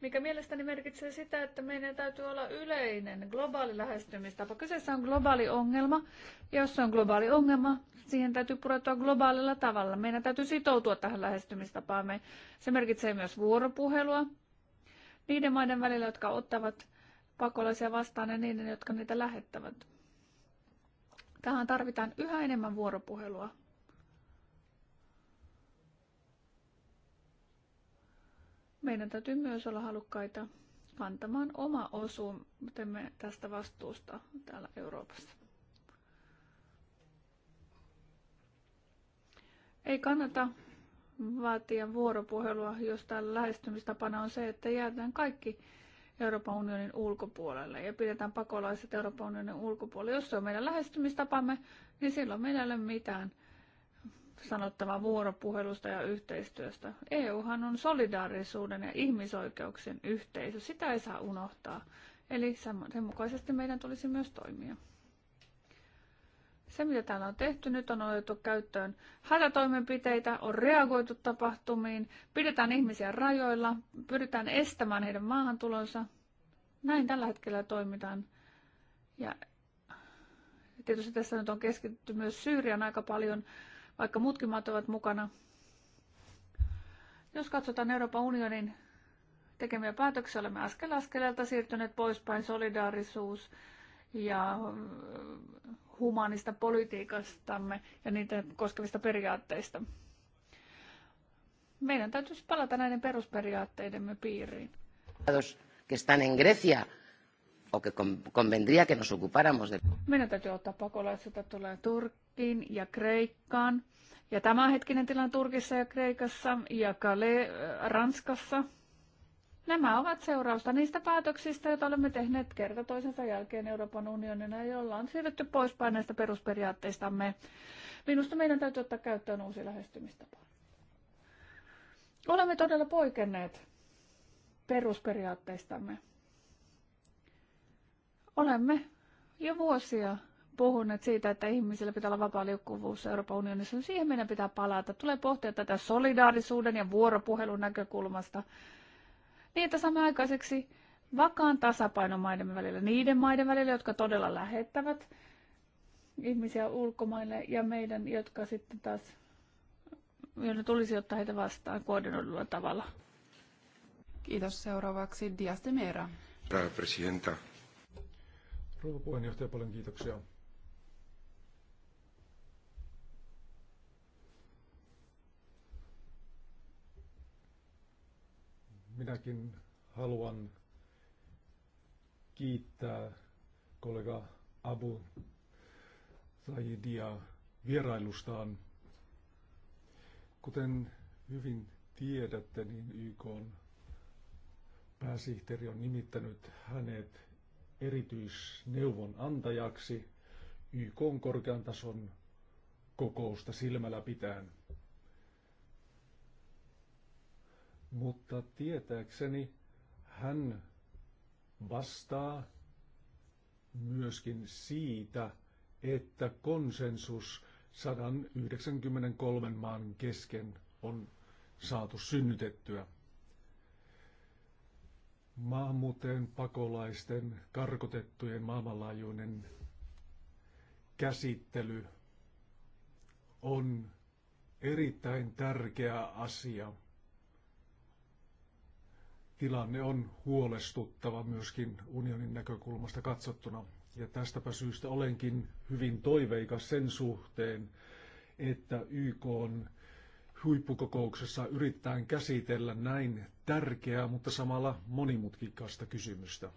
Mikä mielestäni merkitsee sitä, että meidän täytyy olla yleinen, globaali lähestymistapa. Kyseessä on globaali ongelma, ja jos se on globaali ongelma, siihen täytyy pureutua globaalilla tavalla. Meidän täytyy sitoutua tähän lähestymistapaamme. Se merkitsee myös vuoropuhelua niiden maiden välillä, jotka ottavat pakolaisia vastaan ja niiden, jotka niitä lähettävät. Tähän tarvitaan yhä enemmän vuoropuhelua. Meidän täytyy myös olla halukkaita kantamaan oma osuutemme tästä vastuusta täällä Euroopassa. Ei kannata vaatia vuoropuhelua, jos täällä lähestymistapana on se, että jäädään kaikki Euroopan unionin ulkopuolelle ja pidetään pakolaiset Euroopan unionin ulkopuolelle. Jos se on meidän lähestymistapamme, niin silloin meillä ei ole mitään sanottavaa vuoropuhelusta ja yhteistyöstä. EUhan on solidaarisuuden ja ihmisoikeuksien yhteisö. Sitä ei saa unohtaa. Eli sen mukaisesti meidän tulisi myös toimia. Se, mitä täällä on tehty, nyt on otettu käyttöön hätätoimenpiteitä, on reagoitu tapahtumiin, pidetään ihmisiä rajoilla, pyritään estämään heidän maahantulonsa. Näin tällä hetkellä toimitaan. Ja tietysti tässä nyt on keskitytty myös Syyrian aika paljon, vaikka muutkin maat ovat mukana. Jos katsotaan Euroopan unionin tekemiä päätöksiä, olemme askel askeleelta siirtyneet poispäin solidaarisuus ja humanista politiikastamme ja niitä koskevista periaatteista. Meidän täytyisi palata näiden perusperiaatteidemme piiriin. que están en Grecia, o que convendría que nos ocupáramos de... Meidän täytyy ottaa pakolaiset, joita tulee Turkkiin ja Kreikkaan. Ja tämänhetkinen tilanne Turkissa ja Kreikassa ja Kale, Ranskassa – Nämä ovat seurausta niistä päätöksistä, joita olemme tehneet kerta toisensa jälkeen Euroopan unionina, jolla on pois päin näistä perusperiaatteistamme. Minusta meidän täytyy ottaa käyttöön uusi lähestymistapa. Olemme todella poikenneet perusperiaatteistamme. Olemme jo vuosia puhuneet siitä, että ihmisillä pitää olla vapaa liikkuvuus Euroopan unionissa. Siihen meidän pitää palata. Tulee pohtia tätä solidaarisuuden ja vuoropuhelun näkökulmasta – niin että saamme aikaiseksi vakaan tasapainon maiden välillä, niiden maiden välillä, jotka todella lähettävät ihmisiä ulkomaille ja meidän, jotka sitten taas, joiden tulisi ottaa heitä vastaan koordinoidulla tavalla. Kiitos. Seuraavaksi Dias de Mera. Presidenta. Rouva puheenjohtaja, paljon kiitoksia. Minäkin haluan kiittää kollega Abu Saidia vierailustaan. Kuten hyvin tiedätte, niin YK on pääsihteeri on nimittänyt hänet erityisneuvonantajaksi YK on korkean tason kokousta silmällä pitäen. mutta tietääkseni hän vastaa myöskin siitä, että konsensus 193 maan kesken on saatu synnytettyä. Maahanmuuttajien, pakolaisten, karkotettujen maailmanlaajuinen käsittely on erittäin tärkeä asia – tilanne on huolestuttava myöskin unionin näkökulmasta katsottuna. Ja tästäpä syystä olenkin hyvin toiveikas sen suhteen, että YK on huippukokouksessa yritetään käsitellä näin tärkeää, mutta samalla monimutkikasta kysymystä.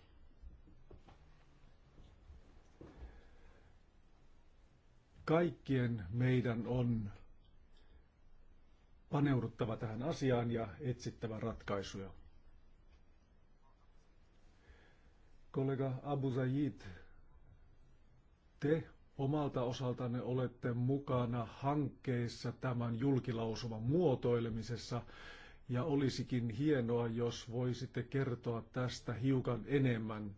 Kaikkien meidän on paneuduttava tähän asiaan ja etsittävä ratkaisuja. Kollega Abu Zayid, te omalta osaltanne olette mukana hankkeissa tämän julkilausuman muotoilemisessa ja olisikin hienoa, jos voisitte kertoa tästä hiukan enemmän,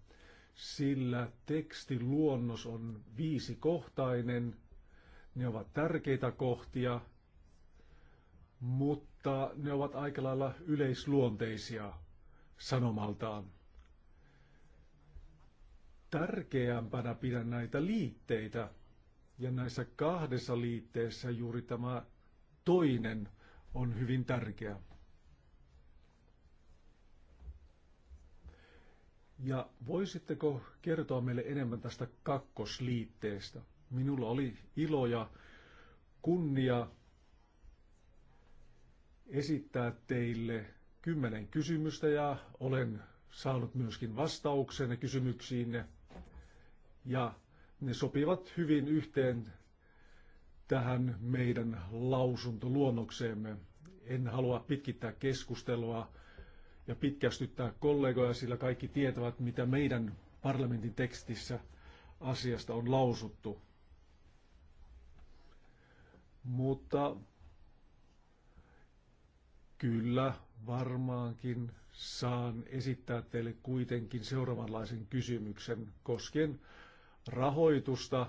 sillä tekstiluonnos on viisikohtainen, ne ovat tärkeitä kohtia, mutta ne ovat aika lailla yleisluonteisia sanomaltaan tärkeämpänä pidän näitä liitteitä. Ja näissä kahdessa liitteessä juuri tämä toinen on hyvin tärkeä. Ja voisitteko kertoa meille enemmän tästä kakkosliitteestä? Minulla oli ilo ja kunnia esittää teille kymmenen kysymystä ja olen saanut myöskin vastauksen kysymyksiinne. Ja ne sopivat hyvin yhteen tähän meidän lausuntoluonnokseemme. En halua pitkittää keskustelua ja pitkästyttää kollegoja, sillä kaikki tietävät, mitä meidän parlamentin tekstissä asiasta on lausuttu. Mutta kyllä varmaankin saan esittää teille kuitenkin seuraavanlaisen kysymyksen koskien rahoitusta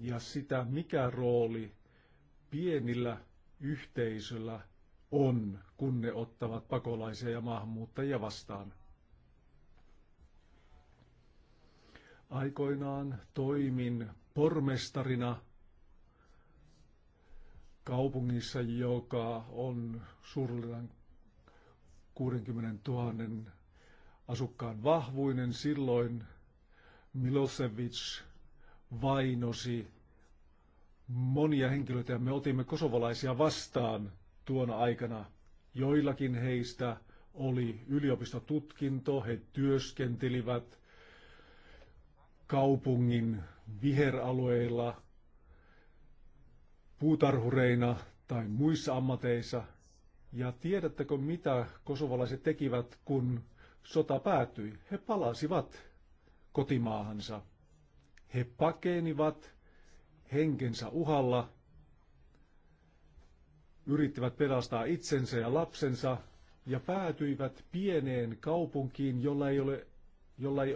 ja sitä, mikä rooli pienillä yhteisöllä on, kun ne ottavat pakolaisia ja maahanmuuttajia vastaan. Aikoinaan toimin pormestarina kaupungissa, joka on suurin 60 000 asukkaan vahvuinen, silloin Milosevic vainosi monia henkilöitä ja me otimme kosovalaisia vastaan tuona aikana. Joillakin heistä oli yliopistotutkinto, he työskentelivät kaupungin viheralueilla puutarhureina tai muissa ammateissa. Ja tiedättekö mitä kosovalaiset tekivät, kun sota päättyi. He palasivat kotimaahansa. He pakenivat henkensä uhalla, yrittivät pelastaa itsensä ja lapsensa ja päätyivät pieneen kaupunkiin, jolla ei, ole, jolla ei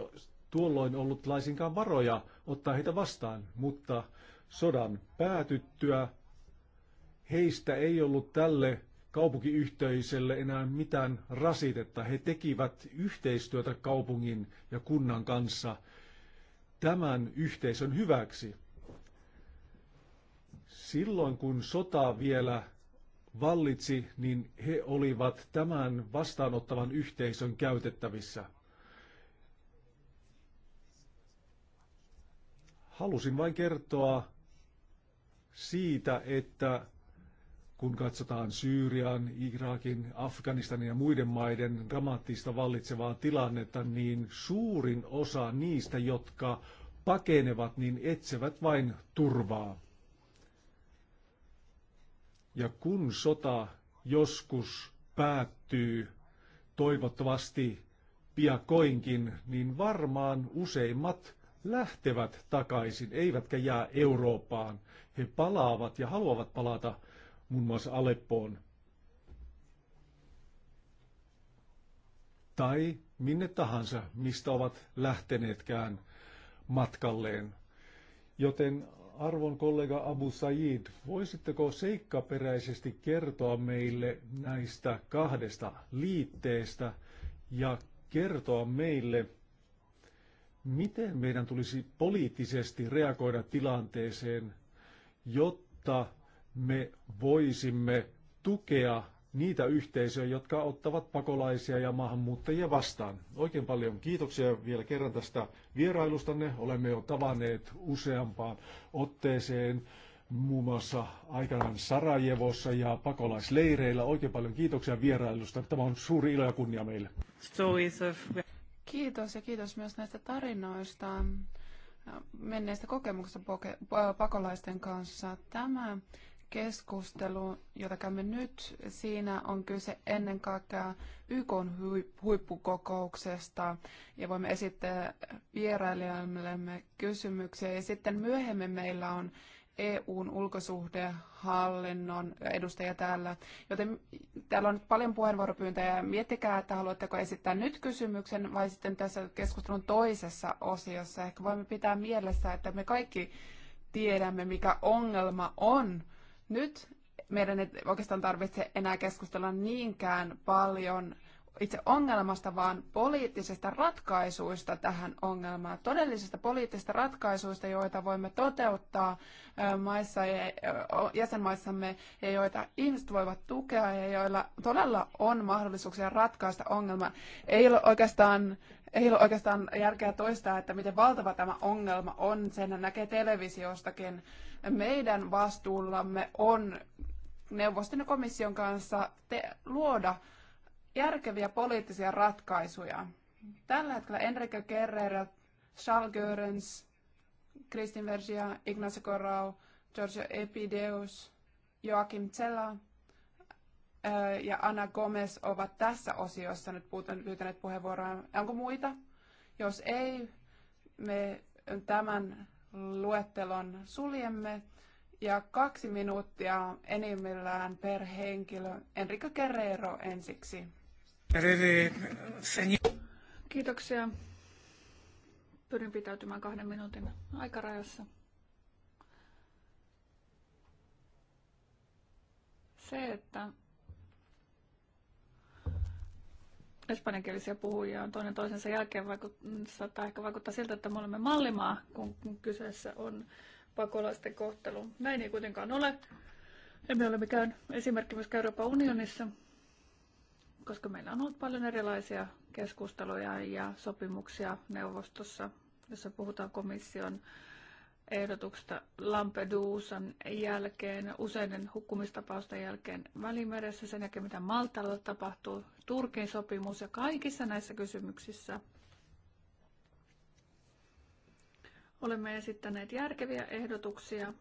tuolloin ollut laisinkaan varoja ottaa heitä vastaan, mutta sodan päätyttyä heistä ei ollut tälle kaupunkiyhteisölle enää mitään rasitetta. He tekivät yhteistyötä kaupungin ja kunnan kanssa tämän yhteisön hyväksi. Silloin kun sota vielä vallitsi, niin he olivat tämän vastaanottavan yhteisön käytettävissä. Halusin vain kertoa siitä, että kun katsotaan Syyrian, Irakin, Afganistanin ja muiden maiden dramaattista vallitsevaa tilannetta, niin suurin osa niistä, jotka pakenevat, niin etsevät vain turvaa. Ja kun sota joskus päättyy, toivottavasti piakoinkin, niin varmaan useimmat lähtevät takaisin, eivätkä jää Eurooppaan. He palaavat ja haluavat palata muun muassa Aleppoon. Tai minne tahansa, mistä ovat lähteneetkään matkalleen. Joten arvon kollega Abu Said, voisitteko seikkaperäisesti kertoa meille näistä kahdesta liitteestä ja kertoa meille, miten meidän tulisi poliittisesti reagoida tilanteeseen, jotta me voisimme tukea niitä yhteisöjä, jotka ottavat pakolaisia ja maahanmuuttajia vastaan. Oikein paljon kiitoksia vielä kerran tästä vierailustanne. Olemme jo tavanneet useampaan otteeseen muun muassa aikanaan Sarajevossa ja pakolaisleireillä. Oikein paljon kiitoksia vierailusta. Tämä on suuri ilo ja kunnia meille. Kiitos ja kiitos myös näistä tarinoista menneistä kokemuksista pakolaisten kanssa. Tämä keskustelu, jota käymme nyt, siinä on kyse ennen kaikkea YK huippukokouksesta ja voimme esittää vierailijoillemme kysymyksiä. Ja sitten myöhemmin meillä on EUn ulkosuhdehallinnon edustaja täällä. Joten täällä on nyt paljon puheenvuoropyyntöjä. Miettikää, että haluatteko esittää nyt kysymyksen vai sitten tässä keskustelun toisessa osiossa. Ehkä voimme pitää mielessä, että me kaikki tiedämme, mikä ongelma on nyt meidän ei oikeastaan tarvitse enää keskustella niinkään paljon itse ongelmasta, vaan poliittisista ratkaisuista tähän ongelmaan, todellisista poliittisista ratkaisuista, joita voimme toteuttaa maissa ja jäsenmaissamme ja joita ihmiset voivat tukea ja joilla todella on mahdollisuuksia ratkaista ongelma. Ei ole oikeastaan ei ole oikeastaan järkeä toistaa, että miten valtava tämä ongelma on. Sen näkee televisiostakin. Meidän vastuullamme on neuvoston ja komission kanssa te- luoda järkeviä poliittisia ratkaisuja. Tällä hetkellä Enrique Guerrero, Charles Görens, Kristin Vergia, Ignacio Corrao, Giorgio Epideus, Joakim Tsela ja Anna Gomez ovat tässä osiossa nyt pyytäneet puheenvuoroa. Onko muita? Jos ei, me tämän luettelon suljemme ja kaksi minuuttia enimmillään per henkilö. Enrico Guerrero ensiksi. Kiitoksia. Pyrin pitäytymään kahden minuutin aikarajassa. Se, että espanjankielisiä puhujia on toinen toisensa jälkeen, saattaa ehkä vaikuttaa siltä, että me olemme mallimaa, kun kyseessä on pakolaisten kohtelu. Näin ei kuitenkaan ole. Emme ole mikään esimerkki myöskään Euroopan unionissa, koska meillä on ollut paljon erilaisia keskusteluja ja sopimuksia neuvostossa, jossa puhutaan komission ehdotuksesta Lampedusan jälkeen, useiden hukkumistapausten jälkeen Välimeressä, sen jälkeen mitä Maltalla tapahtuu, Turkin sopimus ja kaikissa näissä kysymyksissä olemme esittäneet järkeviä ehdotuksia,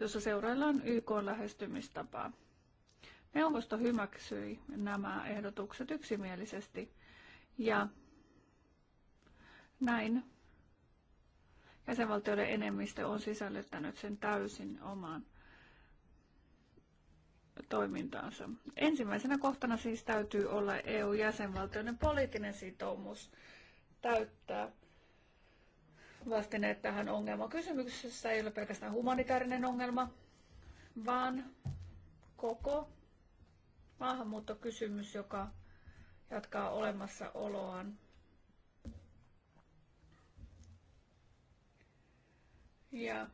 jossa seuraillaan YK lähestymistapaa. Neuvosto hyväksyi nämä ehdotukset yksimielisesti ja näin jäsenvaltioiden enemmistö on sisällyttänyt sen täysin omaan toimintaansa. Ensimmäisenä kohtana siis täytyy olla EU-jäsenvaltioiden poliittinen sitoumus täyttää vastineet tähän ongelmaan. Kysymyksessä ei ole pelkästään humanitaarinen ongelma, vaan koko maahanmuuttokysymys, joka jatkaa olemassaoloaan. Ja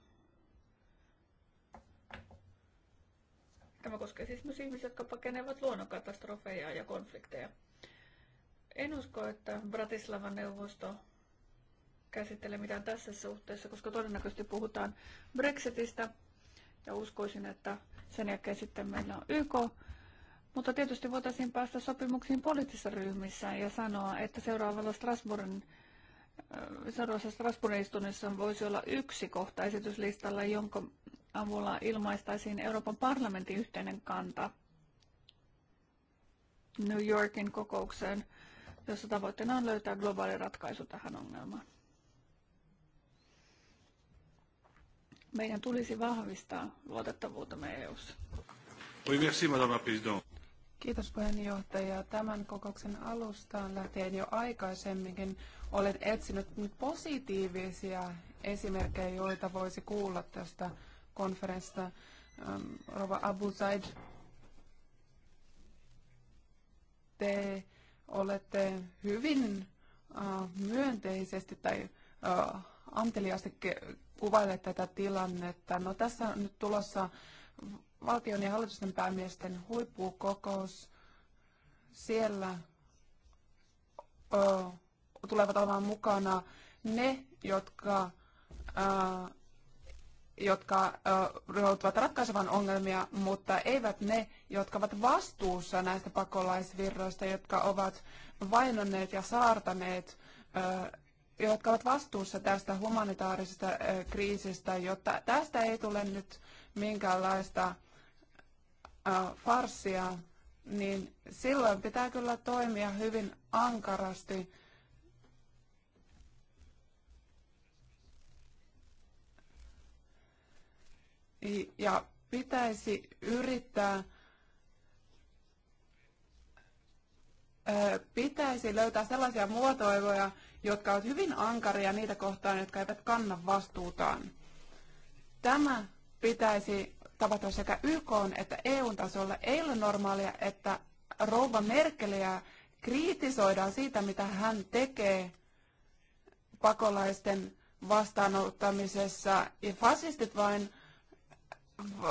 tämä koskee siis myös ihmisiä, jotka pakenevat luonnonkatastrofeja ja konflikteja. En usko, että Bratislavan neuvosto käsittelee mitään tässä suhteessa, koska todennäköisesti puhutaan Brexitistä ja uskoisin, että sen jälkeen sitten meillä on YK mutta tietysti voitaisiin päästä sopimuksiin poliittisissa ryhmissä ja sanoa, että seuraavalla Strasbourgin seuraavassa Strasbourgin istunnissa voisi olla yksi kohta esityslistalla, jonka avulla ilmaistaisiin Euroopan parlamentin yhteinen kanta New Yorkin kokoukseen, jossa tavoitteena on löytää globaali ratkaisu tähän ongelmaan. Meidän tulisi vahvistaa luotettavuutemme EU:ssa. Oui, merci, madame la présidente. Kiitos puheenjohtaja. Tämän kokouksen alustaan lähtien jo aikaisemminkin olen etsinyt nyt positiivisia esimerkkejä, joita voisi kuulla tästä konferenssista. Ähm, Rova Abu Zaid, te olette hyvin äh, myönteisesti tai äh, anteliaasti kuvailleet tätä tilannetta. No tässä on nyt tulossa valtion ja hallitusten päämiesten huippukokous. Siellä ö, tulevat olemaan mukana ne, jotka, ö, jotka ö, joutuvat ratkaisemaan ongelmia, mutta eivät ne, jotka ovat vastuussa näistä pakolaisvirroista, jotka ovat vainonneet ja saartaneet ö, jotka ovat vastuussa tästä humanitaarisesta kriisistä, jotta tästä ei tule nyt minkäänlaista farssia, niin silloin pitää kyllä toimia hyvin ankarasti. Ja pitäisi yrittää pitäisi löytää sellaisia muotoiluja, jotka ovat hyvin ankaria niitä kohtaan, jotka eivät kanna vastuutaan. Tämä pitäisi tavata sekä YK että EUn tasolla. Ei ole normaalia, että rouva Merkeliä kritisoidaan siitä, mitä hän tekee pakolaisten vastaanottamisessa. Ja fasistit vain,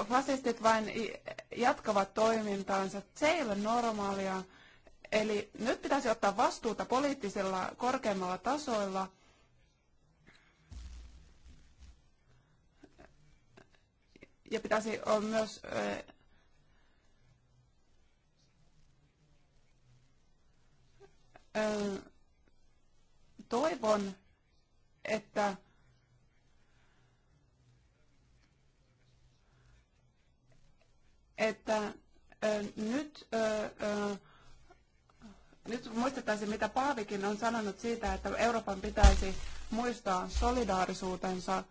fasistit vain jatkavat toimintaansa. Se ei ole normaalia. Eli nyt pitäisi ottaa vastuuta poliittisilla korkeammalla tasoilla – ja pitäisi on myös toivon, että että nyt, nyt muistettaisiin, mitä Paavikin on sanonut siitä, että Euroopan pitäisi muistaa solidaarisuutensa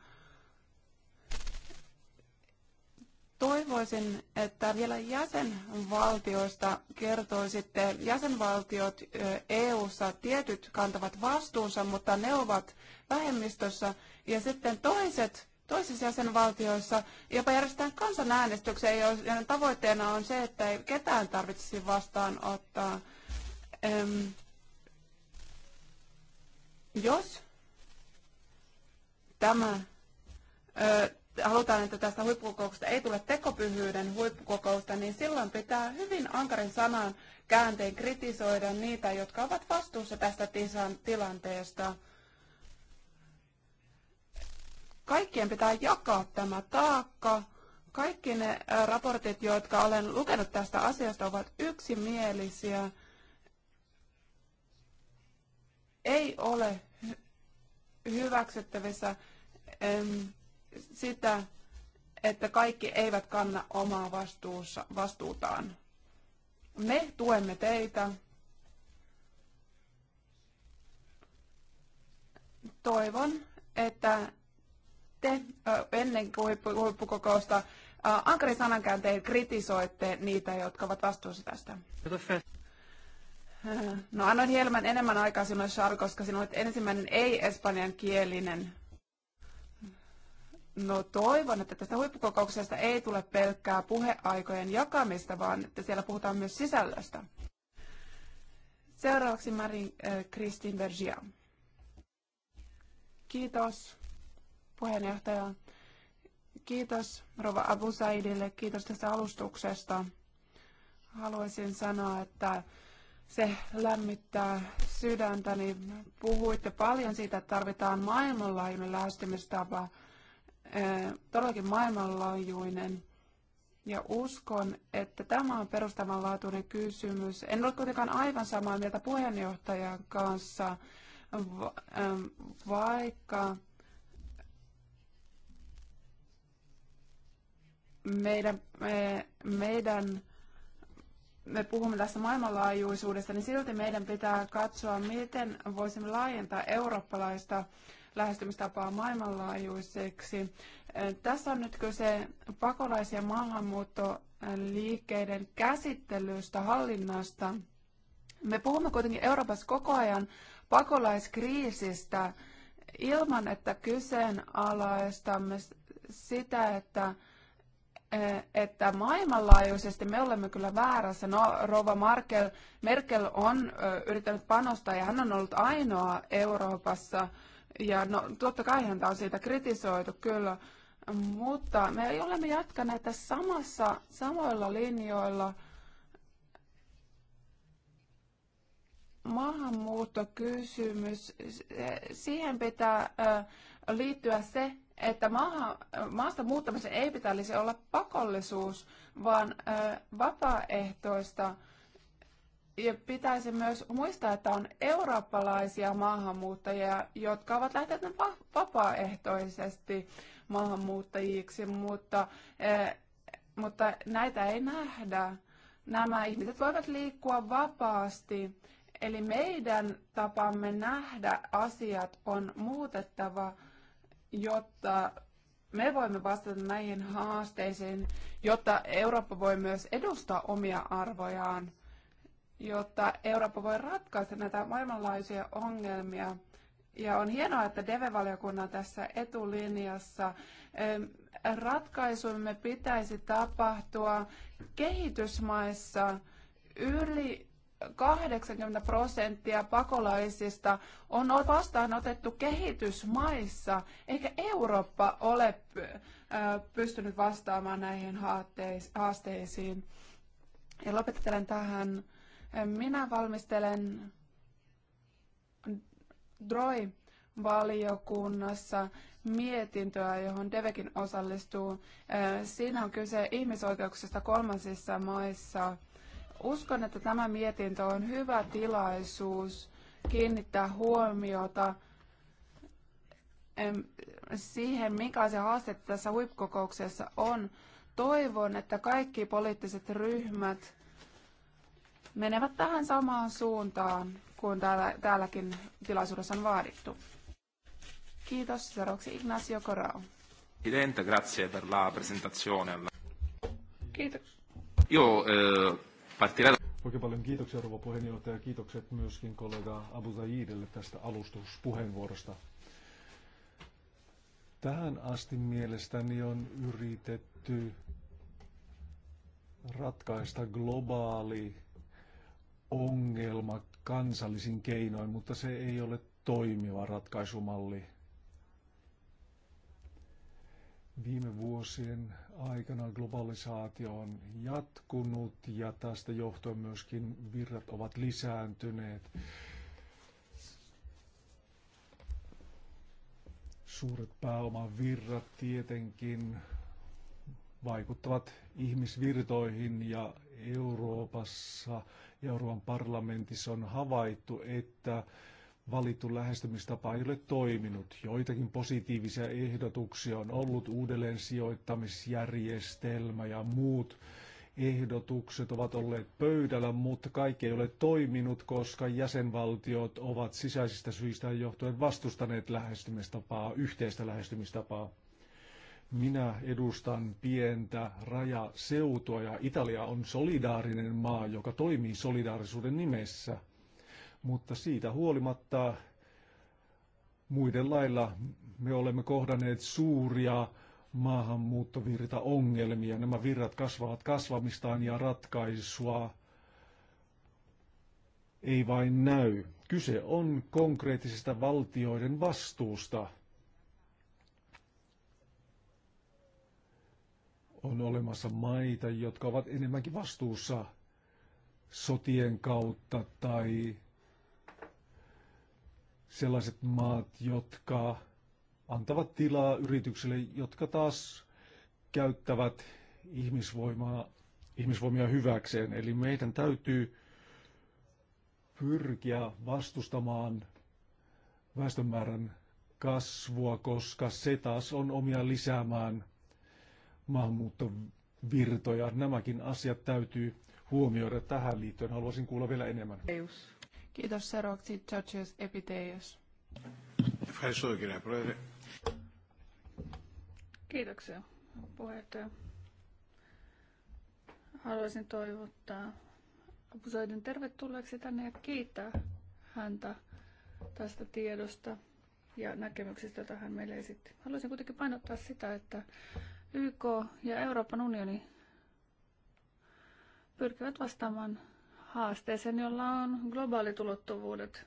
Toivoisin, että vielä jäsenvaltioista kertoisitte. Jäsenvaltiot EU-ssa tietyt kantavat vastuunsa, mutta ne ovat vähemmistössä. Ja sitten toiset, toisissa jäsenvaltioissa jopa järjestetään kansanäänestyksiä, joiden tavoitteena on se, että ei ketään tarvitsisi vastaanottaa. jos tämä halutaan, että tästä huippukokouksesta ei tule tekopyhyyden huippukokousta, niin silloin pitää hyvin ankarin sanan käänteen kritisoida niitä, jotka ovat vastuussa tästä tilanteesta. Kaikkien pitää jakaa tämä taakka. Kaikki ne raportit, jotka olen lukenut tästä asiasta, ovat yksimielisiä. Ei ole hyväksyttävissä sitä, että kaikki eivät kanna omaa vastuussa, vastuutaan. Me tuemme teitä. Toivon, että te ennen huippukokousta sanankään sanankääntein kritisoitte niitä, jotka ovat vastuussa tästä. No annoin hieman enemmän aikaa sinulle, Char, koska sinä olet ensimmäinen ei kielinen. No toivon, että tästä huippukokouksesta ei tule pelkkää puheaikojen jakamista, vaan että siellä puhutaan myös sisällöstä. Seuraavaksi Marin Kristin äh, Bergia. Kiitos puheenjohtaja. Kiitos Rova Abu Saidille, kiitos tästä alustuksesta. Haluaisin sanoa, että se lämmittää sydäntäni. Puhuitte paljon siitä, että tarvitaan maailmanlaajuinen lähestymistapa todellakin maailmanlaajuinen. Ja uskon, että tämä on perustavanlaatuinen kysymys. En ole kuitenkaan aivan samaa mieltä puheenjohtajan kanssa, vaikka meidän, me, meidän me puhumme tässä maailmanlaajuisuudesta, niin silti meidän pitää katsoa, miten voisimme laajentaa eurooppalaista lähestymistapaa maailmanlaajuiseksi. Tässä on nyt kyse pakolais- ja maahanmuuttoliikkeiden käsittelystä, hallinnasta. Me puhumme kuitenkin Euroopassa koko ajan pakolaiskriisistä ilman, että kyseenalaistamme sitä, että että maailmanlaajuisesti me olemme kyllä väärässä. No, Rova Merkel, Merkel on yrittänyt panostaa ja hän on ollut ainoa Euroopassa, ja no, totta kai häntä on siitä kritisoitu kyllä, mutta me olemme jatkaneet tässä samassa, samoilla linjoilla. Maahanmuuttokysymys, siihen pitää liittyä se, että maahan, maasta muuttamisen ei pitäisi olla pakollisuus, vaan vapaaehtoista ja pitäisi myös muistaa, että on eurooppalaisia maahanmuuttajia, jotka ovat lähteneet vapaaehtoisesti maahanmuuttajiksi, mutta, eh, mutta näitä ei nähdä. Nämä ihmiset voivat liikkua vapaasti, eli meidän tapamme nähdä asiat on muutettava, jotta me voimme vastata näihin haasteisiin, jotta Eurooppa voi myös edustaa omia arvojaan jotta Eurooppa voi ratkaista näitä maailmanlaajuisia ongelmia. Ja on hienoa, että DEVE-valiokunnan tässä etulinjassa ratkaisumme pitäisi tapahtua kehitysmaissa yli 80 prosenttia pakolaisista on vastaanotettu kehitysmaissa, eikä Eurooppa ole pystynyt vastaamaan näihin haasteisiin. Ja lopettelen tähän minä valmistelen DROI-valiokunnassa mietintöä, johon Devekin osallistuu. Siinä on kyse ihmisoikeuksista kolmansissa maissa. Uskon, että tämä mietintö on hyvä tilaisuus kiinnittää huomiota siihen, mikä se haaste tässä huippukokouksessa on. Toivon, että kaikki poliittiset ryhmät menevät tähän samaan suuntaan kuin täällä, täälläkin tilaisuudessa on vaadittu. Kiitos. Seuraavaksi Ignacio Corao. Presidente, grazie per la presentazione. Kiitos. Joo, eh, partirei... Oikein paljon kiitoksia rouva puheenjohtaja ja kiitokset myöskin kollega Abu Zaidille tästä alustuspuheenvuorosta. Tähän asti mielestäni on yritetty ratkaista globaali ongelma kansallisin keinoin, mutta se ei ole toimiva ratkaisumalli. Viime vuosien aikana globalisaatio on jatkunut ja tästä johtuen myöskin virrat ovat lisääntyneet. Suuret pääomavirrat tietenkin vaikuttavat ihmisvirtoihin ja Euroopassa Euroopan parlamentissa on havaittu, että valittu lähestymistapa ei ole toiminut. Joitakin positiivisia ehdotuksia on ollut uudelleen sijoittamisjärjestelmä ja muut ehdotukset ovat olleet pöydällä, mutta kaikki ei ole toiminut, koska jäsenvaltiot ovat sisäisistä syistä johtuen vastustaneet lähestymistapaa, yhteistä lähestymistapaa. Minä edustan pientä rajaseutua ja Italia on solidaarinen maa, joka toimii solidaarisuuden nimessä. Mutta siitä huolimatta muiden lailla me olemme kohdanneet suuria maahanmuuttovirtaongelmia. Nämä virrat kasvavat kasvamistaan ja ratkaisua ei vain näy. Kyse on konkreettisesta valtioiden vastuusta – On olemassa maita, jotka ovat enemmänkin vastuussa sotien kautta tai sellaiset maat, jotka antavat tilaa yrityksille, jotka taas käyttävät ihmisvoimaa, ihmisvoimia hyväkseen. Eli meidän täytyy pyrkiä vastustamaan väestönmäärän kasvua, koska se taas on omia lisäämään maahanmuuttovirtoja. Nämäkin asiat täytyy huomioida tähän liittyen. Haluaisin kuulla vielä enemmän. Kiitos Seroksi, Georgios Epiteios. Kiitoksia puheenjohtaja. Haluaisin toivottaa Apusoiden tervetulleeksi tänne ja kiittää häntä tästä tiedosta ja näkemyksistä, tähän hän meille esitti. Haluaisin kuitenkin painottaa sitä, että YK ja Euroopan unioni pyrkivät vastaamaan haasteeseen, jolla on globaalit ulottuvuudet.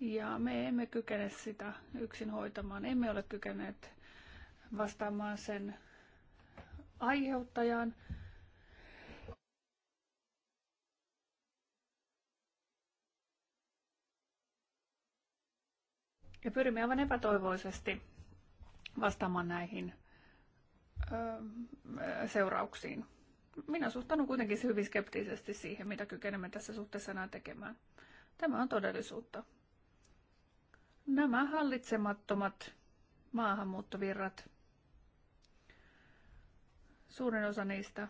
Ja me emme kykene sitä yksin hoitamaan. Emme ole kykeneet vastaamaan sen aiheuttajaan. Ja pyrimme aivan epätoivoisesti vastaamaan näihin seurauksiin. Minä suhtaudun kuitenkin hyvin skeptisesti siihen, mitä kykenemme tässä suhteessa enää tekemään. Tämä on todellisuutta. Nämä hallitsemattomat maahanmuuttovirrat, suurin osa niistä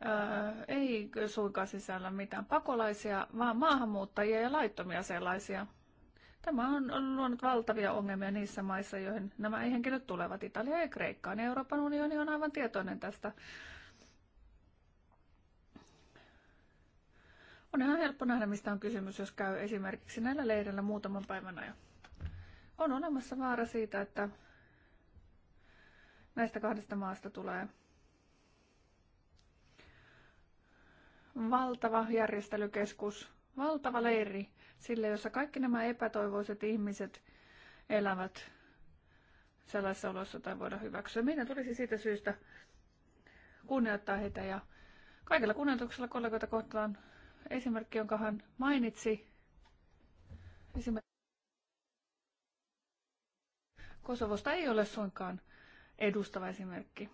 ää, ei suinkaan sisällä mitään pakolaisia, vaan maahanmuuttajia ja laittomia sellaisia – Tämä on luonut valtavia ongelmia niissä maissa, joihin nämä henkilöt tulevat, Italia ja Kreikkaan. Euroopan unioni on aivan tietoinen tästä. On ihan helppo nähdä, mistä on kysymys, jos käy esimerkiksi näillä leireillä muutaman päivän ajan. On olemassa vaara siitä, että näistä kahdesta maasta tulee valtava järjestelykeskus, valtava leiri, sille, jossa kaikki nämä epätoivoiset ihmiset elävät sellaisessa olossa tai voida hyväksyä. Meidän tulisi siitä syystä kunnioittaa heitä ja kaikilla kunnioituksella kollegoita kohtaan esimerkki, jonka hän mainitsi. Esimerkki. Kosovosta ei ole suinkaan edustava esimerkki.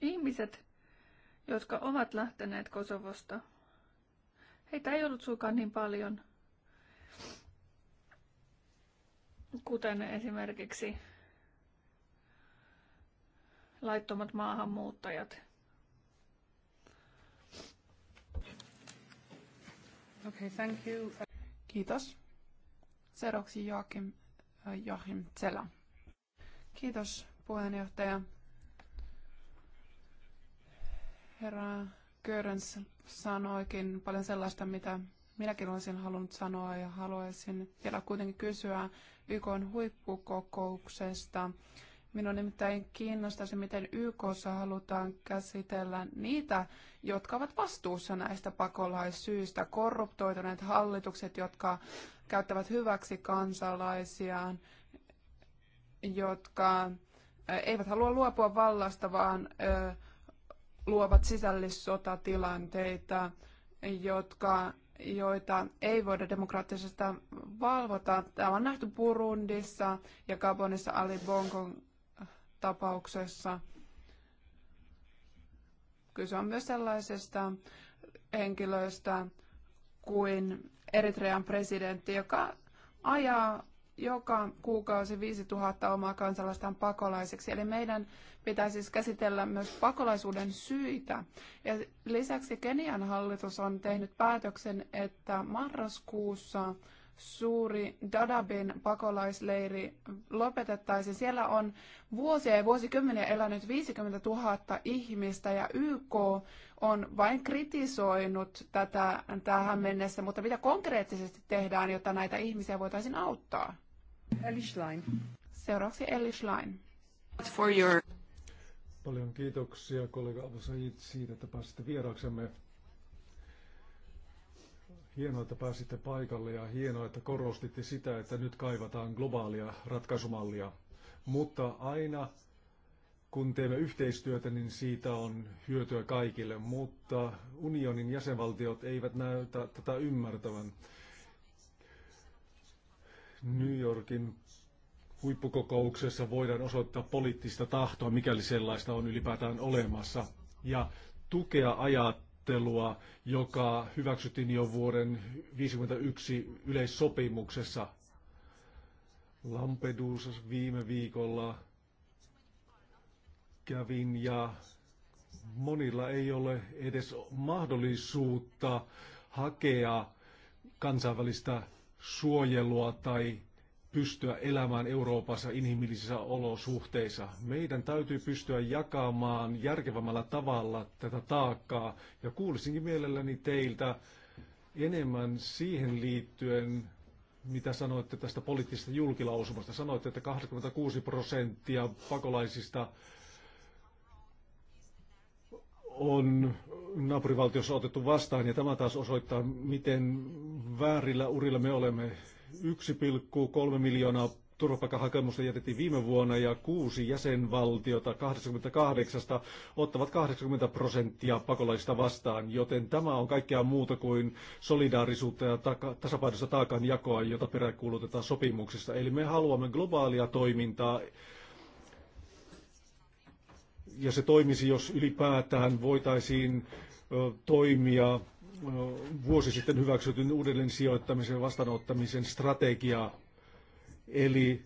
Ihmiset jotka ovat lähteneet Kosovosta. Heitä ei ollut suinkaan niin paljon, kuten esimerkiksi laittomat maahanmuuttajat. Okay, thank you. Kiitos. Seuraavaksi Joachim, äh, Joachim Zela. Kiitos puheenjohtaja. Herra Görens sanoikin paljon sellaista, mitä minäkin olisin halunnut sanoa ja haluaisin vielä kuitenkin kysyä YK huippukokouksesta. Minun nimittäin kiinnostaisi, miten YKssa halutaan käsitellä niitä, jotka ovat vastuussa näistä pakolaissyistä, korruptoituneet hallitukset, jotka käyttävät hyväksi kansalaisiaan, jotka eivät halua luopua vallasta, vaan ö, luovat sisällissotatilanteita, jotka, joita ei voida demokraattisesti valvota. Tämä on nähty Burundissa ja Gabonissa Ali Bongon tapauksessa. Kyse on myös sellaisesta henkilöistä kuin Eritrean presidentti, joka ajaa joka kuukausi 5000 omaa kansalaistaan pakolaiseksi. Eli meidän pitäisi siis käsitellä myös pakolaisuuden syitä. Ja lisäksi Kenian hallitus on tehnyt päätöksen, että marraskuussa suuri Dadabin pakolaisleiri lopetettaisiin. Siellä on vuosia ja vuosikymmeniä elänyt 50 000 ihmistä ja YK on vain kritisoinut tätä tähän mennessä, mutta mitä konkreettisesti tehdään, jotta näitä ihmisiä voitaisiin auttaa? Ellie Seuraavaksi Ellie Schlein. For your... Paljon kiitoksia kollega Abu Said siitä, että pääsitte vieraaksemme Hienoa, että pääsitte paikalle ja hienoa, että korostitte sitä, että nyt kaivataan globaalia ratkaisumallia. Mutta aina kun teemme yhteistyötä, niin siitä on hyötyä kaikille, mutta unionin jäsenvaltiot eivät näytä tätä ymmärtävän. New Yorkin huippukokouksessa voidaan osoittaa poliittista tahtoa, mikäli sellaista on ylipäätään olemassa, ja tukea ajaa luettelua, joka hyväksyttiin jo vuoden 1951 yleissopimuksessa Lampedusa viime viikolla kävin ja monilla ei ole edes mahdollisuutta hakea kansainvälistä suojelua tai pystyä elämään Euroopassa inhimillisissä olosuhteissa. Meidän täytyy pystyä jakamaan järkevämmällä tavalla tätä taakkaa ja kuulisinkin mielelläni teiltä enemmän siihen liittyen, mitä sanoitte tästä poliittisesta julkilausumasta. Sanoitte, että 86 prosenttia pakolaisista on naapurivaltiossa otettu vastaan, ja tämä taas osoittaa, miten väärillä urilla me olemme. 1,3 miljoonaa turvapaikkahakemusta jätettiin viime vuonna ja kuusi jäsenvaltiota 88 ottavat 80 prosenttia pakolaisista vastaan, joten tämä on kaikkea muuta kuin solidaarisuutta ja taka- tasapainoista jakoa, jota peräkuulutetaan sopimuksista. Eli me haluamme globaalia toimintaa ja se toimisi, jos ylipäätään voitaisiin toimia Äh, vuosi sitten hyväksytyn uudelleen sijoittamisen ja vastaanottamisen strategiaa. Eli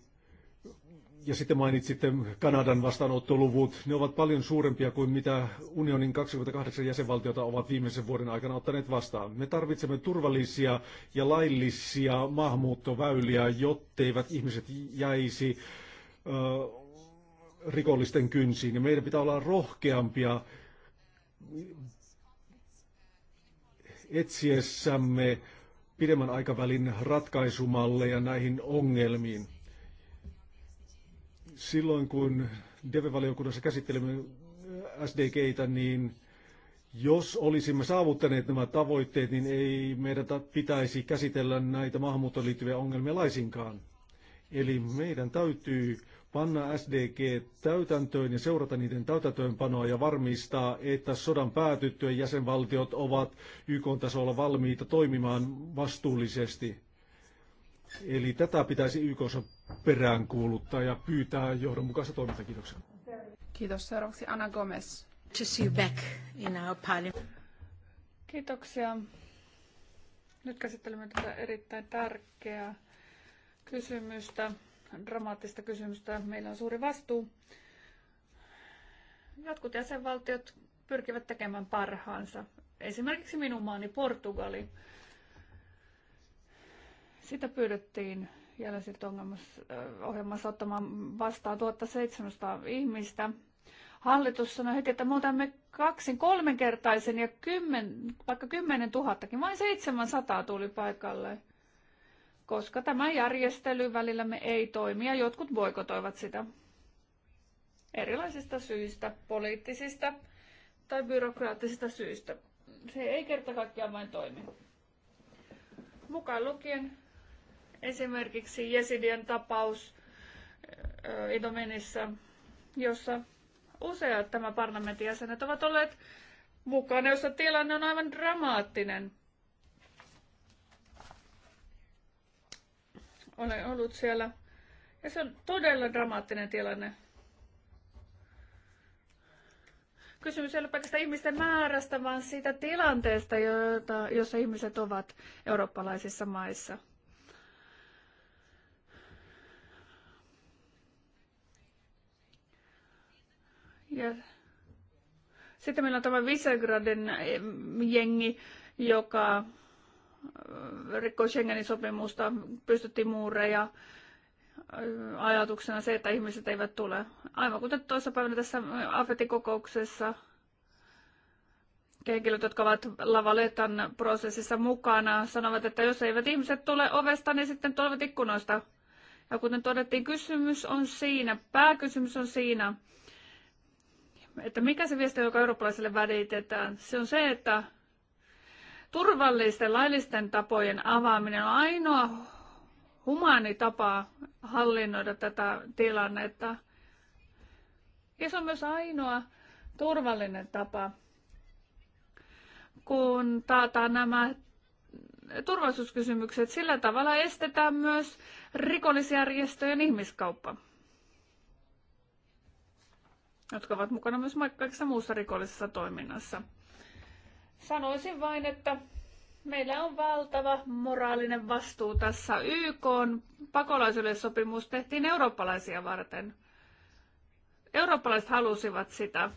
ja sitten mainitsitte Kanadan vastaanottoluvut. Ne ovat paljon suurempia kuin mitä unionin 28 jäsenvaltiota ovat viimeisen vuoden aikana ottaneet vastaan. Me tarvitsemme turvallisia ja laillisia maahanmuuttoväyliä, jotteivät ihmiset jäisi ö, äh, rikollisten kynsiin. Ja meidän pitää olla rohkeampia etsiessämme pidemmän aikavälin ratkaisumalleja näihin ongelmiin. Silloin kun DEVE-valiokunnassa käsittelemme SDGitä, niin jos olisimme saavuttaneet nämä tavoitteet, niin ei meidän pitäisi käsitellä näitä maahanmuuttoon liittyviä ongelmia laisinkaan. Eli meidän täytyy panna SDG täytäntöön ja seurata niiden täytäntöönpanoa ja varmistaa, että sodan päätyttyä jäsenvaltiot ovat YK-tasolla valmiita toimimaan vastuullisesti. Eli tätä pitäisi YKssa peräänkuuluttaa ja pyytää johdonmukaista toimintaa. Kiitos Kiitos. Seuraavaksi Anna Gomez. To see you back in our Kiitoksia. Nyt käsittelemme tätä erittäin tärkeää kysymystä dramaattista kysymystä. Meillä on suuri vastuu. Jotkut jäsenvaltiot pyrkivät tekemään parhaansa. Esimerkiksi minun maani Portugali. Sitä pyydettiin ohjelmassa ottamaan vastaan 1700 ihmistä. Hallitus sanoi heti, että me otamme kaksin kolmenkertaisen ja kymmen, vaikka 10 tuhattakin. Vain 700 tuli paikalle koska tämä järjestely välillämme ei toimi ja jotkut boikotoivat sitä erilaisista syistä, poliittisista tai byrokraattisista syistä. Se ei kerta kaikkiaan vain toimi. Mukaan lukien esimerkiksi Jesidien tapaus Idomenissa, jossa useat tämä parlamentin jäsenet ovat olleet mukana, jossa tilanne on aivan dramaattinen. Olen ollut siellä. Ja se on todella dramaattinen tilanne. Kysymys ei ole pelkästään ihmisten määrästä, vaan siitä tilanteesta, jota, jossa ihmiset ovat eurooppalaisissa maissa. Ja sitten meillä on tämä Visegradin jengi, joka rikkoi Schengenin sopimusta, pystytti muureja ajatuksena se, että ihmiset eivät tule. Aivan kuten toisessa päivänä tässä Afetin kokouksessa henkilöt, jotka ovat Lavaletan prosessissa mukana, sanovat, että jos eivät ihmiset tule ovesta, niin sitten tulevat ikkunoista. Ja kuten todettiin, kysymys on siinä, pääkysymys on siinä, että mikä se viesti, joka eurooppalaisille välitetään, se on se, että Turvallisten laillisten tapojen avaaminen on ainoa humaani tapa hallinnoida tätä tilannetta. Ja se on myös ainoa turvallinen tapa, kun taataan nämä turvallisuuskysymykset. Sillä tavalla estetään myös rikollisjärjestöjen ihmiskauppa, jotka ovat mukana myös kaikessa muussa rikollisessa toiminnassa. Sanoisin vain, että meillä on valtava moraalinen vastuu tässä. YK on sopimus tehtiin eurooppalaisia varten. Eurooppalaiset halusivat sitä.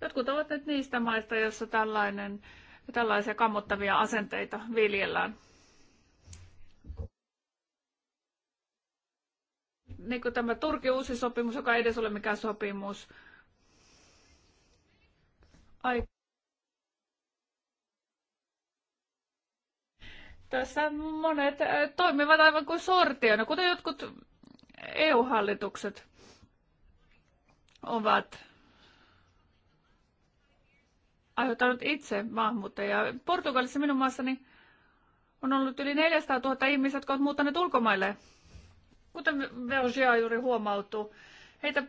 Jotkut ovat nyt niistä maista, joissa tällainen, tällaisia kammottavia asenteita viljellään. Niin kuin tämä Turkin uusi sopimus, joka ei edes ole mikään sopimus. Aika. Tässä monet toimivat aivan kuin sortiona, kuten jotkut EU-hallitukset ovat aiheuttanut itse maahanmuuttajia. Portugalissa minun maassani on ollut yli 400 000 ihmistä, jotka ovat muuttaneet ulkomaille. Kuten Veosia juuri huomautuu, heitä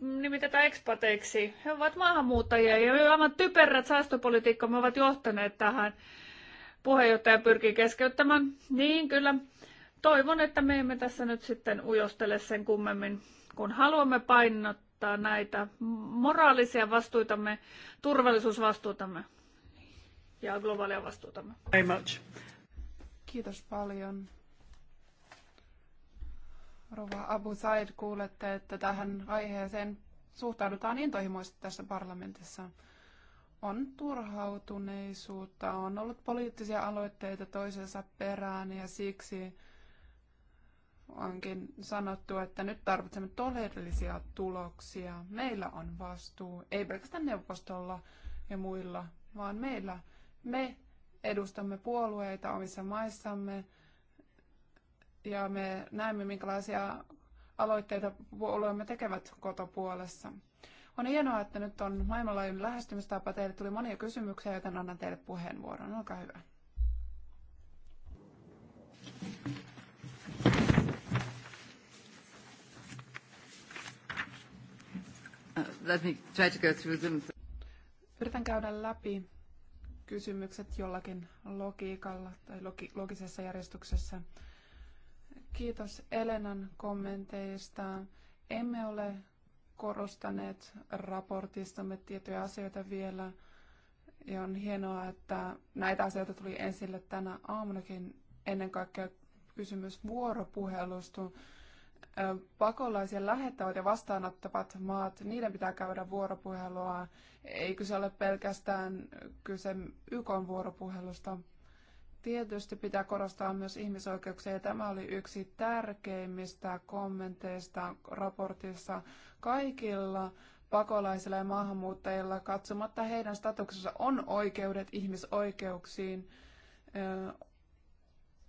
nimitetään ekspateiksi. He ovat maahanmuuttajia ja aivan typerät säästöpolitiikkamme ovat johtaneet tähän puheenjohtaja pyrkii keskeyttämään. Niin kyllä, toivon, että me emme tässä nyt sitten ujostele sen kummemmin, kun haluamme painottaa näitä moraalisia vastuitamme, turvallisuusvastuutamme ja globaalia vastuutamme. Very much. Kiitos paljon. Rova Abu Said, kuulette, että tähän aiheeseen suhtaudutaan intohimoisesti tässä parlamentissa on turhautuneisuutta, on ollut poliittisia aloitteita toisensa perään ja siksi onkin sanottu, että nyt tarvitsemme todellisia tuloksia. Meillä on vastuu, ei pelkästään neuvostolla ja muilla, vaan meillä. Me edustamme puolueita omissa maissamme ja me näemme, minkälaisia aloitteita puolueemme tekevät kotopuolessa. On hienoa, että nyt on maailmanlaajuinen lähestymistapa. Teille tuli monia kysymyksiä, joten annan teille puheenvuoron. Olkaa hyvä. Let me try to go through them. Yritän käydä läpi kysymykset jollakin logiikalla tai logi- logisessa järjestyksessä. Kiitos Elenan kommenteista. Emme ole korostaneet raportistamme tiettyjä asioita vielä. Ja on hienoa, että näitä asioita tuli esille tänä aamunakin. Ennen kaikkea kysymys vuoropuhelusta. Pakolaisia lähettävät ja vastaanottavat maat, niiden pitää käydä vuoropuhelua. Ei se ole pelkästään kyse YK vuoropuhelusta. Tietysti pitää korostaa myös ihmisoikeuksia, ja tämä oli yksi tärkeimmistä kommenteista raportissa. Kaikilla pakolaisilla ja maahanmuuttajilla, katsomatta heidän statuksensa, on oikeudet ihmisoikeuksiin.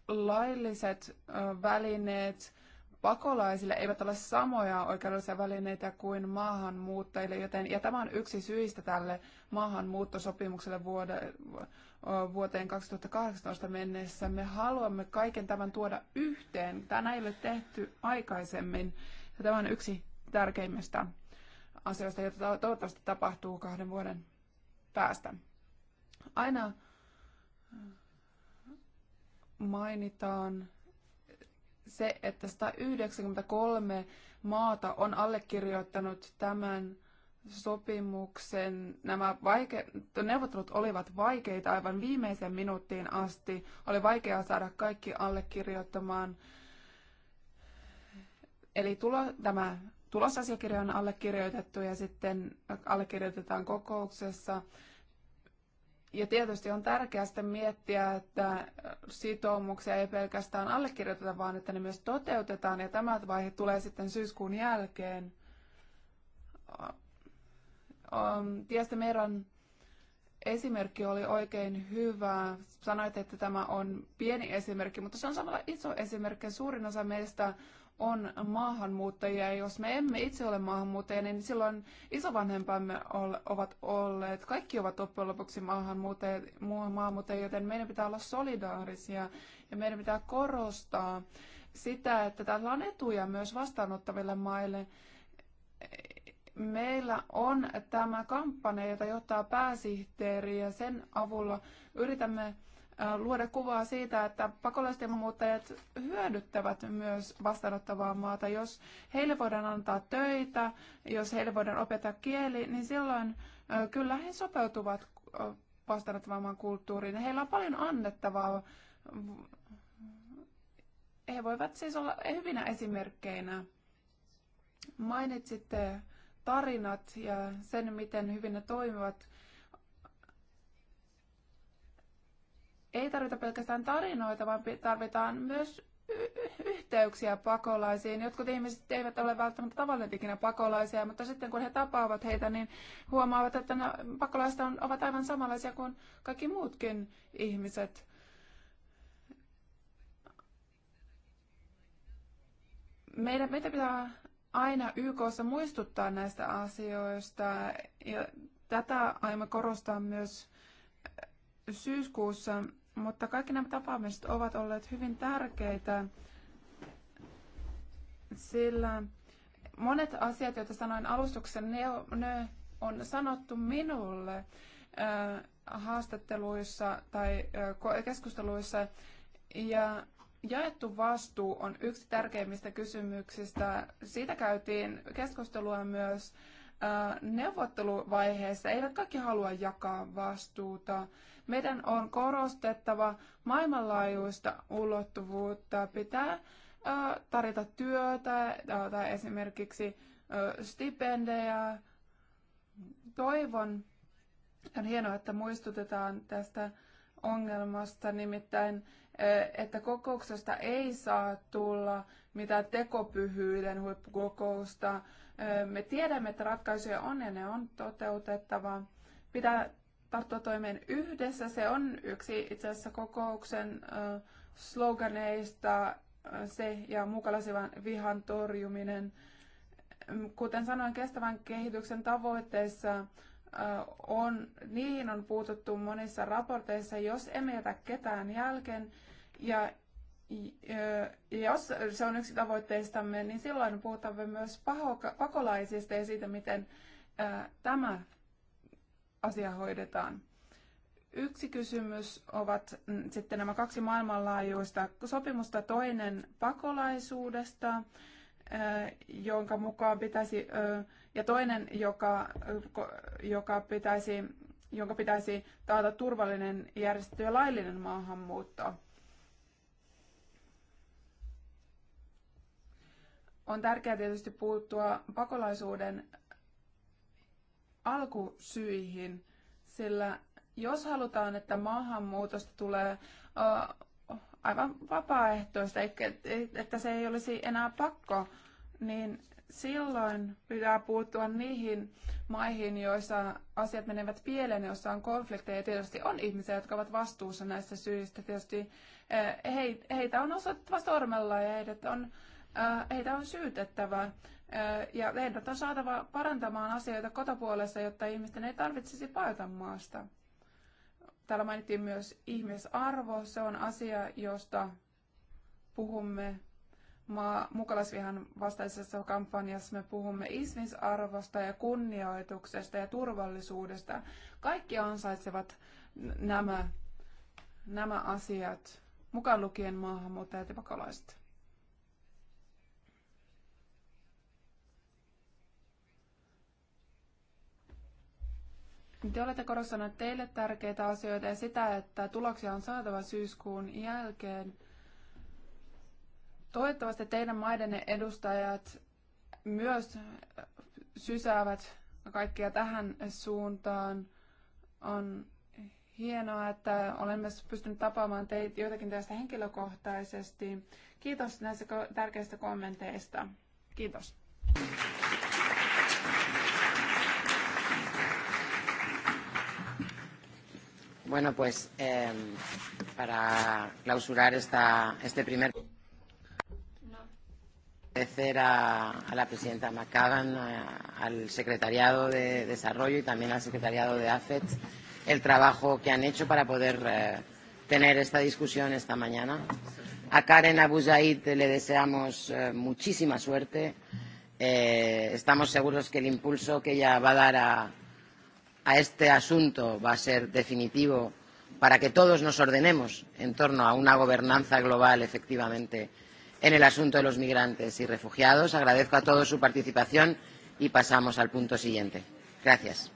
Lailliset välineet pakolaisille eivät ole samoja oikeudellisia välineitä kuin maahanmuuttajille, joten, ja tämä on yksi syistä tälle maahanmuuttosopimukselle vuode, vuoteen 2018 mennessä. Me haluamme kaiken tämän tuoda yhteen. Tämä ei ole tehty aikaisemmin. Ja tämä on yksi tärkeimmistä asioista, joita toivottavasti tapahtuu kahden vuoden päästä. Aina mainitaan se, että 193 maata on allekirjoittanut tämän sopimuksen. Nämä vaike- neuvottelut olivat vaikeita aivan viimeisen minuuttiin asti. Oli vaikeaa saada kaikki allekirjoittamaan. Eli tulo- tämä tulosasiakirja on allekirjoitettu ja sitten allekirjoitetaan kokouksessa. Ja tietysti on tärkeää sitten miettiä, että sitoumuksia ei pelkästään allekirjoiteta, vaan että ne myös toteutetaan. Ja tämä vaihe tulee sitten syyskuun jälkeen. Ähm, Tiestä meidän esimerkki oli oikein hyvä. Sanoit, että tämä on pieni esimerkki, mutta se on samalla iso esimerkki. Suurin osa meistä on maahanmuuttajia. Jos me emme itse ole maahanmuuttajia, niin silloin isovanhempamme ovat olleet, kaikki ovat loppujen lopuksi maahanmuuttajia, maahanmuuttajia, joten meidän pitää olla solidaarisia ja meidän pitää korostaa sitä, että tällä on etuja myös vastaanottaville maille. Meillä on tämä kampanja, jota johtaa pääsihteeri ja sen avulla yritämme luoda kuvaa siitä, että pakolaiset ja muuttajat hyödyttävät myös vastaanottavaa maata. Jos heille voidaan antaa töitä, jos heille voidaan opettaa kieli, niin silloin kyllä he sopeutuvat vastaanottavaan maan kulttuuriin. Heillä on paljon annettavaa. He voivat siis olla hyvinä esimerkkeinä. Mainitsitte tarinat ja sen, miten hyvin ne toimivat ei tarvita pelkästään tarinoita, vaan tarvitaan myös yhteyksiä pakolaisiin. Jotkut ihmiset eivät ole välttämättä tavalliset ikinä pakolaisia, mutta sitten kun he tapaavat heitä, niin huomaavat, että ne pakolaiset on, ovat aivan samanlaisia kuin kaikki muutkin ihmiset. Meidän, meitä pitää aina YKssa muistuttaa näistä asioista. Ja tätä aiemmin korostaa myös syyskuussa mutta kaikki nämä tapaamiset ovat olleet hyvin tärkeitä, sillä monet asiat, joita sanoin alustuksen, ne, ne on sanottu minulle haastatteluissa tai keskusteluissa. Ja jaettu vastuu on yksi tärkeimmistä kysymyksistä. Siitä käytiin keskustelua myös neuvotteluvaiheessa. Eivät kaikki halua jakaa vastuuta. Meidän on korostettava maailmanlaajuista ulottuvuutta. Pitää äh, tarjota työtä äh, tai esimerkiksi äh, stipendejä. Toivon, on hienoa, että muistutetaan tästä ongelmasta, nimittäin, että kokouksesta ei saa tulla mitään tekopyhyyden huippukokousta. Me tiedämme, että ratkaisuja on ja ne on toteutettava. Pitää tarttua toimeen yhdessä. Se on yksi itse asiassa kokouksen sloganeista, se ja mukalaisivan vihan torjuminen. Kuten sanoin, kestävän kehityksen tavoitteissa on, niihin on puututtu monissa raporteissa, jos emme jätä ketään jälkeen ja jos se on yksi tavoitteistamme, niin silloin puhutaan myös pakolaisista ja siitä, miten tämä asia hoidetaan. Yksi kysymys ovat mm, sitten nämä kaksi maailmanlaajuista sopimusta. Toinen pakolaisuudesta, jonka mukaan pitäisi, ja toinen, joka, joka pitäisi, jonka pitäisi taata turvallinen, järjestetty ja laillinen maahanmuutto. On tärkeää tietysti puuttua pakolaisuuden alkusyihin, sillä jos halutaan, että maahanmuutosta tulee aivan vapaaehtoista, että se ei olisi enää pakko, niin silloin pitää puuttua niihin maihin, joissa asiat menevät pieleen, joissa on konflikteja. Ja tietysti on ihmisiä, jotka ovat vastuussa näistä syistä. Tietysti heitä on osoittava sormella ja heidät on, heitä on syytettävä. Ja meidät on saatava parantamaan asioita kotopuolessa, jotta ihmisten ei tarvitsisi paeta maasta. Täällä mainittiin myös ihmisarvo. Se on asia, josta puhumme maa, mukalasvihan vastaisessa kampanjassa me puhumme ihmisarvosta ja kunnioituksesta ja turvallisuudesta. Kaikki ansaitsevat nämä, nämä asiat, mukaan lukien maahanmuuttajat ja pakolaiset. Te olette korostaneet teille tärkeitä asioita ja sitä, että tuloksia on saatava syyskuun jälkeen. Toivottavasti teidän maidenne edustajat myös sysäävät kaikkia tähän suuntaan. On hienoa, että olen myös pystynyt tapaamaan teitä joitakin tästä henkilökohtaisesti. Kiitos näistä tärkeistä kommenteista. Kiitos. Bueno, pues eh, para clausurar esta, este primer. No. Agradecer a, a la presidenta McCagan, a, al secretariado de Desarrollo y también al secretariado de AFET el trabajo que han hecho para poder eh, tener esta discusión esta mañana. A Karen Abuzaid le deseamos eh, muchísima suerte. Eh, estamos seguros que el impulso que ella va a dar a a este asunto va a ser definitivo para que todos nos ordenemos en torno a una gobernanza global, efectivamente, en el asunto de los migrantes y refugiados. Agradezco a todos su participación y pasamos al punto siguiente. Gracias.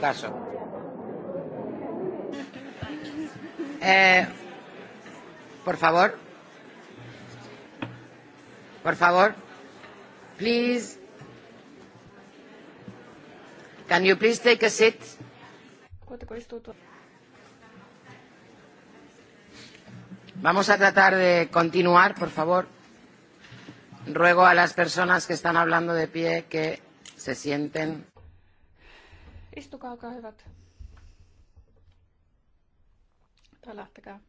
caso. Eh, por favor. Por favor. Please. Can you please take a seat? Vamos a tratar de continuar, por favor. Ruego a las personas que están hablando de pie que se sienten Istukaa, olkaa hyvät. Tai lähtekää,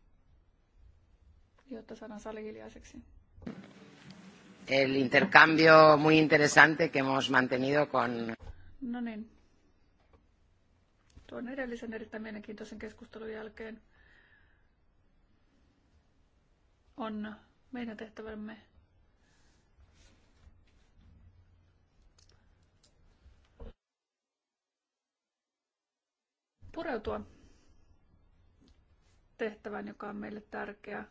jotta saadaan sali hiljaiseksi. El intercambio muy interesante que hemos mantenido con... No niin. Tuon edellisen erittäin mielenkiintoisen keskustelun jälkeen on meidän tehtävämme pureutua tehtävään, joka on meille tärkeä,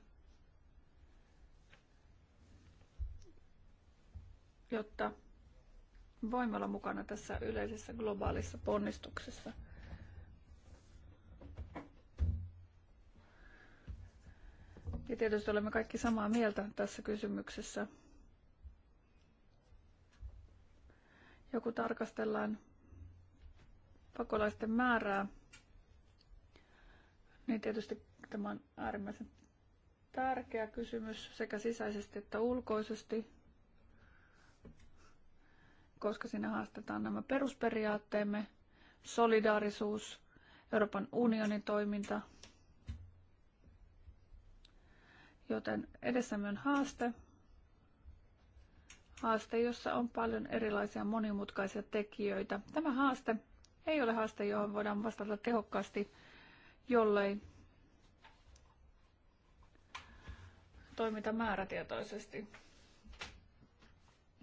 jotta voimme olla mukana tässä yleisessä globaalissa ponnistuksessa. Ja tietysti olemme kaikki samaa mieltä tässä kysymyksessä. Joku tarkastellaan pakolaisten määrää niin tietysti tämä on äärimmäisen tärkeä kysymys sekä sisäisesti että ulkoisesti, koska siinä haastetaan nämä perusperiaatteemme, solidaarisuus, Euroopan unionin toiminta. Joten edessämme on haaste, haaste, jossa on paljon erilaisia monimutkaisia tekijöitä. Tämä haaste ei ole haaste, johon voidaan vastata tehokkaasti jollei toimita määrätietoisesti.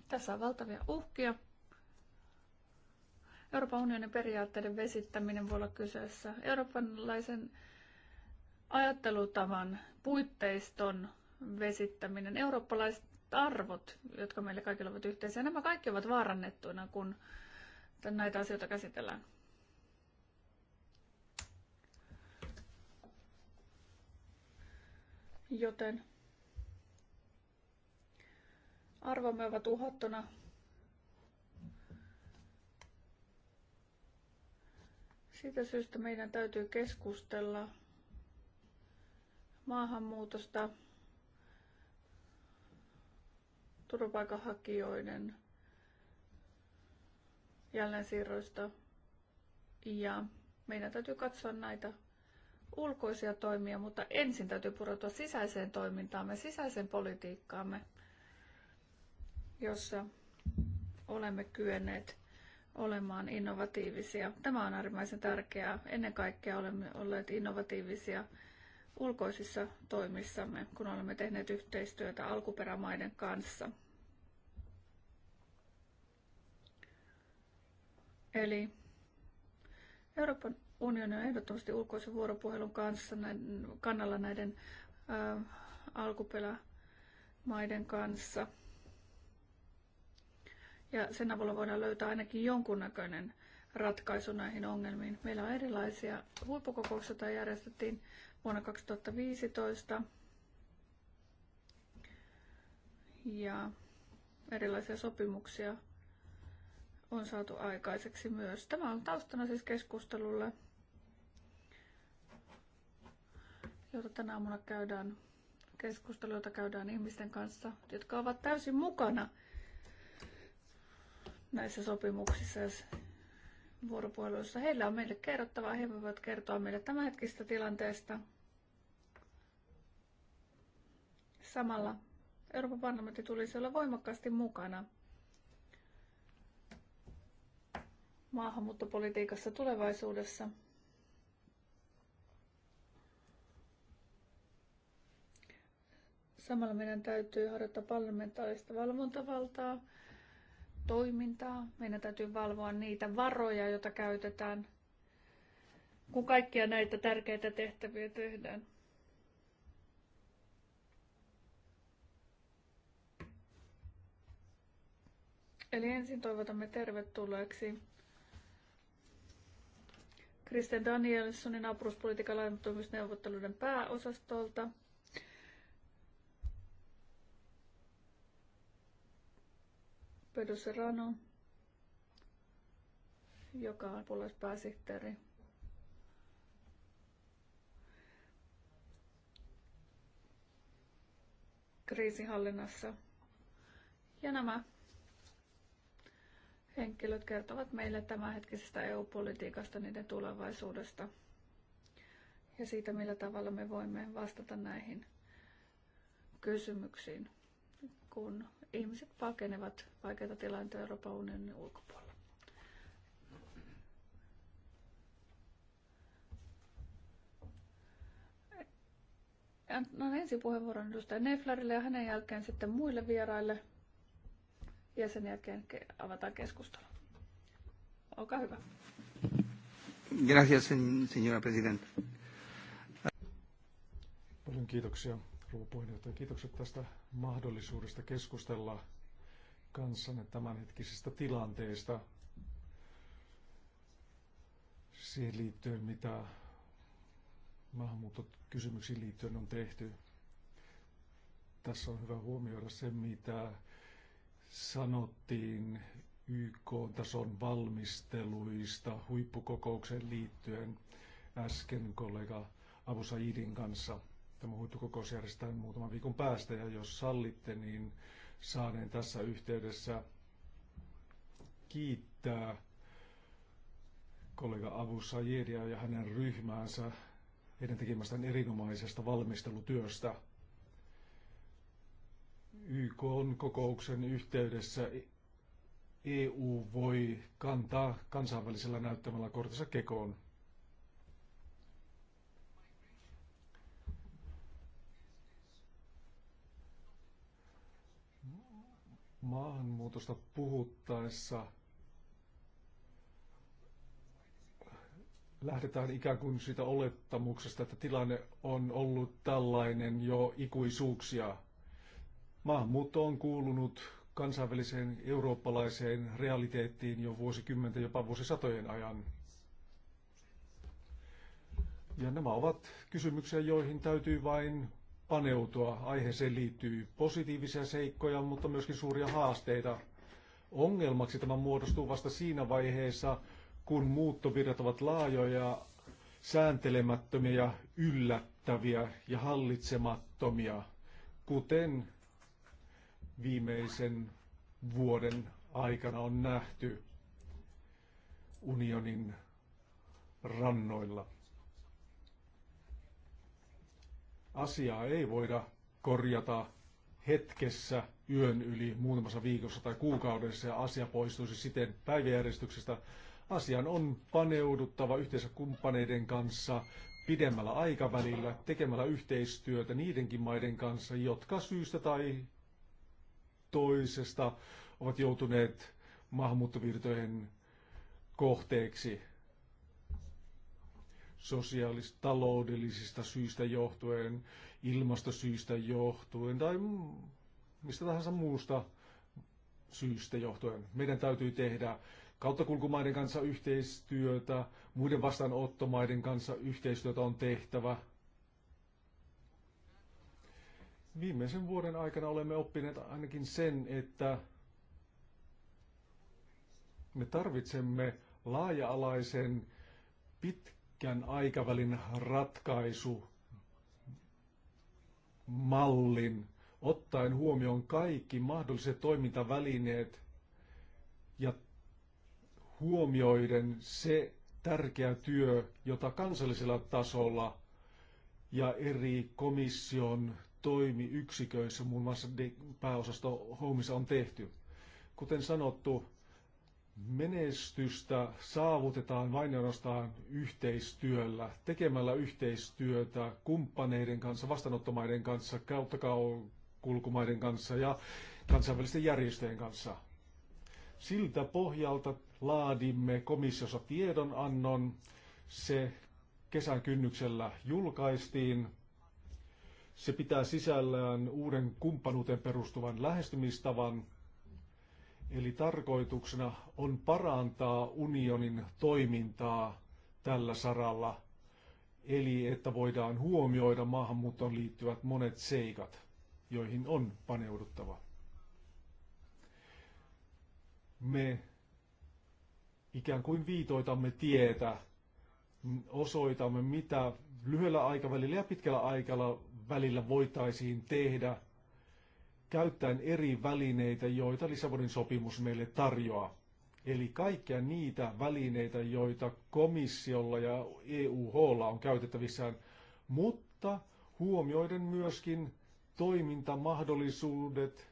Tässä on valtavia uhkia. Euroopan unionin periaatteiden vesittäminen voi olla kyseessä. Eurooppalaisen ajattelutavan puitteiston vesittäminen, eurooppalaiset arvot, jotka meille kaikille ovat yhteisiä, nämä kaikki ovat vaarannettuina, kun näitä asioita käsitellään. Joten arvomme ovat uhattuna. Sitä syystä meidän täytyy keskustella maahanmuutosta, turvapaikanhakijoiden jälleensiirroista ja meidän täytyy katsoa näitä ulkoisia toimia, mutta ensin täytyy pureutua sisäiseen toimintaamme, sisäiseen politiikkaamme, jossa olemme kyenneet olemaan innovatiivisia. Tämä on äärimmäisen tärkeää. Ennen kaikkea olemme olleet innovatiivisia ulkoisissa toimissamme, kun olemme tehneet yhteistyötä alkuperämaiden kanssa. Eli Euroopan unioni on ehdottomasti ulkoisen vuoropuhelun kanssa näiden, kannalla näiden ä, alkuperämaiden kanssa. Ja sen avulla voidaan löytää ainakin jonkunnäköinen ratkaisu näihin ongelmiin. Meillä on erilaisia huippukokouksia, joita järjestettiin vuonna 2015. Ja erilaisia sopimuksia on saatu aikaiseksi myös. Tämä on taustana siis keskustelulle jota tänä aamuna käydään, keskusteluita käydään ihmisten kanssa, jotka ovat täysin mukana näissä sopimuksissa ja vuoropuheluissa. Heillä on meille kerrottavaa, he voivat kertoa meille tämänhetkistä tilanteesta. Samalla Euroopan parlamentti tulisi olla voimakkaasti mukana maahanmuuttopolitiikassa tulevaisuudessa – Samalla meidän täytyy harjoittaa parlamentaarista valvontavaltaa, toimintaa. Meidän täytyy valvoa niitä varoja, joita käytetään, kun kaikkia näitä tärkeitä tehtäviä tehdään. Eli ensin toivotamme tervetulleeksi Kristen Danielssonin apuruspolitiikan laajentumisneuvotteluiden pääosastolta – Pedro Serrano, joka on puolustuspääsihteeri. kriisihallinnassa, Ja nämä henkilöt kertovat meille tämänhetkisestä EU-politiikasta, niiden tulevaisuudesta ja siitä, millä tavalla me voimme vastata näihin kysymyksiin, kun ihmiset pakenevat vaikeita tilanteita Euroopan unionin ulkopuolella. No, ensin puheenvuoron edustaja Neflarille ja hänen jälkeen sitten muille vieraille. Ja sen jälkeen avataan keskustelu. Olkaa hyvä. Gracias, señora presidenta. Paljon kiitoksia, Kiitoksia puheenjohtaja. Kiitokset tästä mahdollisuudesta keskustella kanssanne tämänhetkisestä tilanteesta. Siihen liittyen, mitä maahanmuuttokysymyksiin liittyen on tehty. Tässä on hyvä huomioida se, mitä sanottiin YK-tason valmisteluista huippukokoukseen liittyen äsken kollega Abu Saidin kanssa – Tämä huippukokous järjestetään muutaman viikon päästä ja jos sallitte, niin saaneen tässä yhteydessä kiittää kollega Abu Jedia ja hänen ryhmäänsä heidän tekemästään erinomaisesta valmistelutyöstä. YK on kokouksen yhteydessä EU e voi kantaa kansainvälisellä näyttämällä kortissa kekoon. Maahanmuutosta puhuttaessa lähdetään ikään kuin siitä olettamuksesta, että tilanne on ollut tällainen jo ikuisuuksia. Maahanmuutto on kuulunut kansainväliseen eurooppalaiseen realiteettiin jo vuosikymmenten, jopa vuosisatojen ajan. Ja nämä ovat kysymyksiä, joihin täytyy vain paneutua. Aiheeseen liittyy positiivisia seikkoja, mutta myöskin suuria haasteita. Ongelmaksi tämä muodostuu vasta siinä vaiheessa, kun muuttovirrat ovat laajoja, sääntelemättömiä, yllättäviä ja hallitsemattomia, kuten viimeisen vuoden aikana on nähty unionin rannoilla. Asiaa ei voida korjata hetkessä yön yli muutamassa viikossa tai kuukaudessa ja asia poistuisi siten päiväjärjestyksestä. Asian on paneuduttava yhteensä kumppaneiden kanssa pidemmällä aikavälillä, tekemällä yhteistyötä niidenkin maiden kanssa, jotka syystä tai toisesta ovat joutuneet maahanmuuttovirtojen kohteeksi sosiaalis-taloudellisista syistä johtuen, ilmastosyistä johtuen tai mistä tahansa muusta syystä johtuen. Meidän täytyy tehdä kauttakulkumaiden kanssa yhteistyötä, muiden vastaanottomaiden kanssa yhteistyötä on tehtävä. Viimeisen vuoden aikana olemme oppineet ainakin sen, että me tarvitsemme laaja-alaisen, pitkän pitkän aikavälin ratkaisu mallin, ottaen huomioon kaikki mahdolliset toimintavälineet ja huomioiden se tärkeä työ, jota kansallisella tasolla ja eri komission toimiyksiköissä, muun muassa pääosasto Homissa on tehty. Kuten sanottu, Menestystä saavutetaan vain ainoastaan yhteistyöllä, tekemällä yhteistyötä kumppaneiden kanssa, vastaanottomaiden kanssa, kauttakulkumaiden kanssa ja kansainvälisten järjestöjen kanssa. Siltä pohjalta laadimme komissiossa tiedonannon. Se kesän kynnyksellä julkaistiin. Se pitää sisällään uuden kumppanuuteen perustuvan lähestymistavan – Eli tarkoituksena on parantaa unionin toimintaa tällä saralla, eli että voidaan huomioida maahanmuuttoon liittyvät monet seikat, joihin on paneuduttava. Me ikään kuin viitoitamme tietä, osoitamme mitä lyhyellä aikavälillä ja pitkällä aikavälillä voitaisiin tehdä käyttäen eri välineitä, joita Lissabonin sopimus meille tarjoaa. Eli kaikkia niitä välineitä, joita komissiolla ja EUHlla on käytettävissään, mutta huomioiden myöskin toimintamahdollisuudet,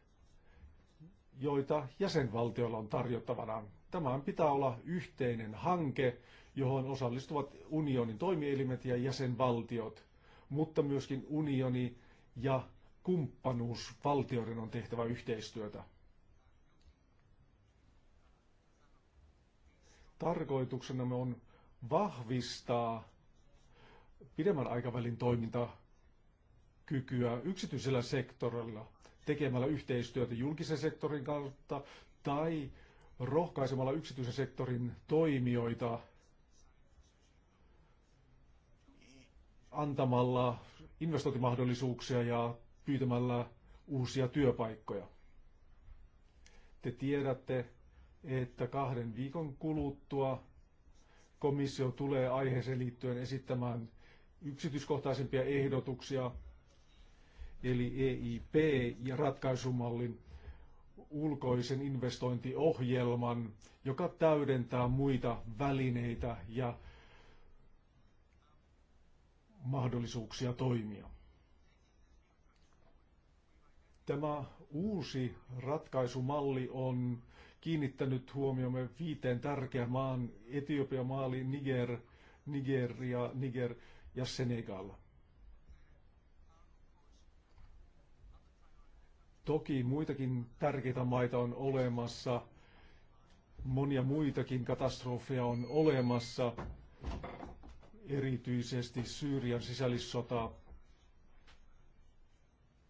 joita jäsenvaltioilla on tarjottavanaan. Tämän pitää olla yhteinen hanke, johon osallistuvat unionin toimielimet ja jäsenvaltiot, mutta myöskin unioni ja kumppanuusvaltioiden on tehtävä yhteistyötä. me on vahvistaa pidemmän aikavälin toimintakykyä yksityisellä sektorilla tekemällä yhteistyötä julkisen sektorin kautta tai rohkaisemalla yksityisen sektorin toimijoita antamalla investointimahdollisuuksia ja pyytämällä uusia työpaikkoja. Te tiedätte, että kahden viikon kuluttua komissio tulee aiheeseen liittyen esittämään yksityiskohtaisempia ehdotuksia, eli EIP ja ratkaisumallin ulkoisen investointiohjelman, joka täydentää muita välineitä ja mahdollisuuksia toimia. Tämä uusi ratkaisumalli on kiinnittänyt huomiomme viiteen tärkeään maan, Etiopia, Maali, Niger, Nigeria, Niger ja Senegal. Toki muitakin tärkeitä maita on olemassa, monia muitakin katastrofeja on olemassa, erityisesti Syyrian sisällissota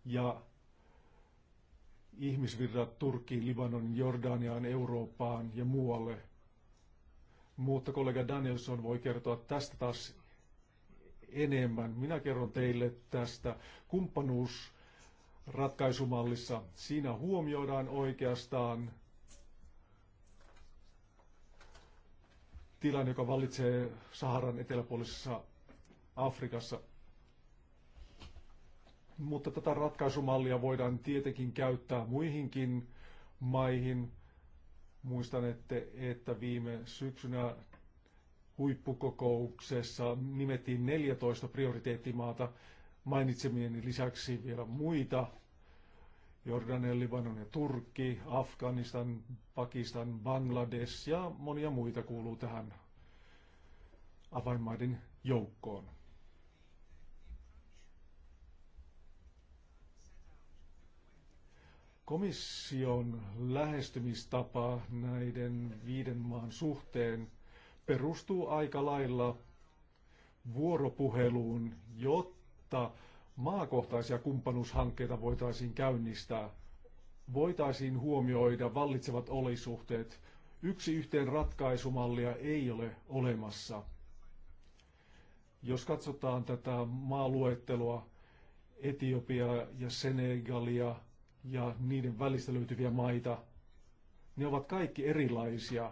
ja ihmisvirrat Turkkiin, Libanonin, Jordaniaan, Eurooppaan ja muualle. Mutta kollega Danielson voi kertoa tästä taas enemmän. Minä kerron teille tästä kumppanuusratkaisumallissa. Siinä huomioidaan oikeastaan tilanne, joka vallitsee Saharan eteläpuolisessa Afrikassa – mutta tätä ratkaisumallia voidaan tietenkin käyttää muihinkin maihin. Muistan, että, että viime syksynä huippukokouksessa nimettiin 14 prioriteettimaata mainitsemieni lisäksi vielä muita. Jordania, Libanon ja Turkki, Afganistan, Pakistan, Bangladesh ja monia muita kuuluu tähän avainmaiden joukkoon. Komission lähestymistapa näiden viiden maan suhteen perustuu aika lailla vuoropuheluun, jotta maakohtaisia kumppanuushankkeita voitaisiin käynnistää. Voitaisiin huomioida vallitsevat olisuhteet. Yksi yhteen ratkaisumallia ei ole olemassa. Jos katsotaan tätä maaluettelua Etiopia ja Senegalia – ja niiden välistä löytyviä maita, ne ovat kaikki erilaisia.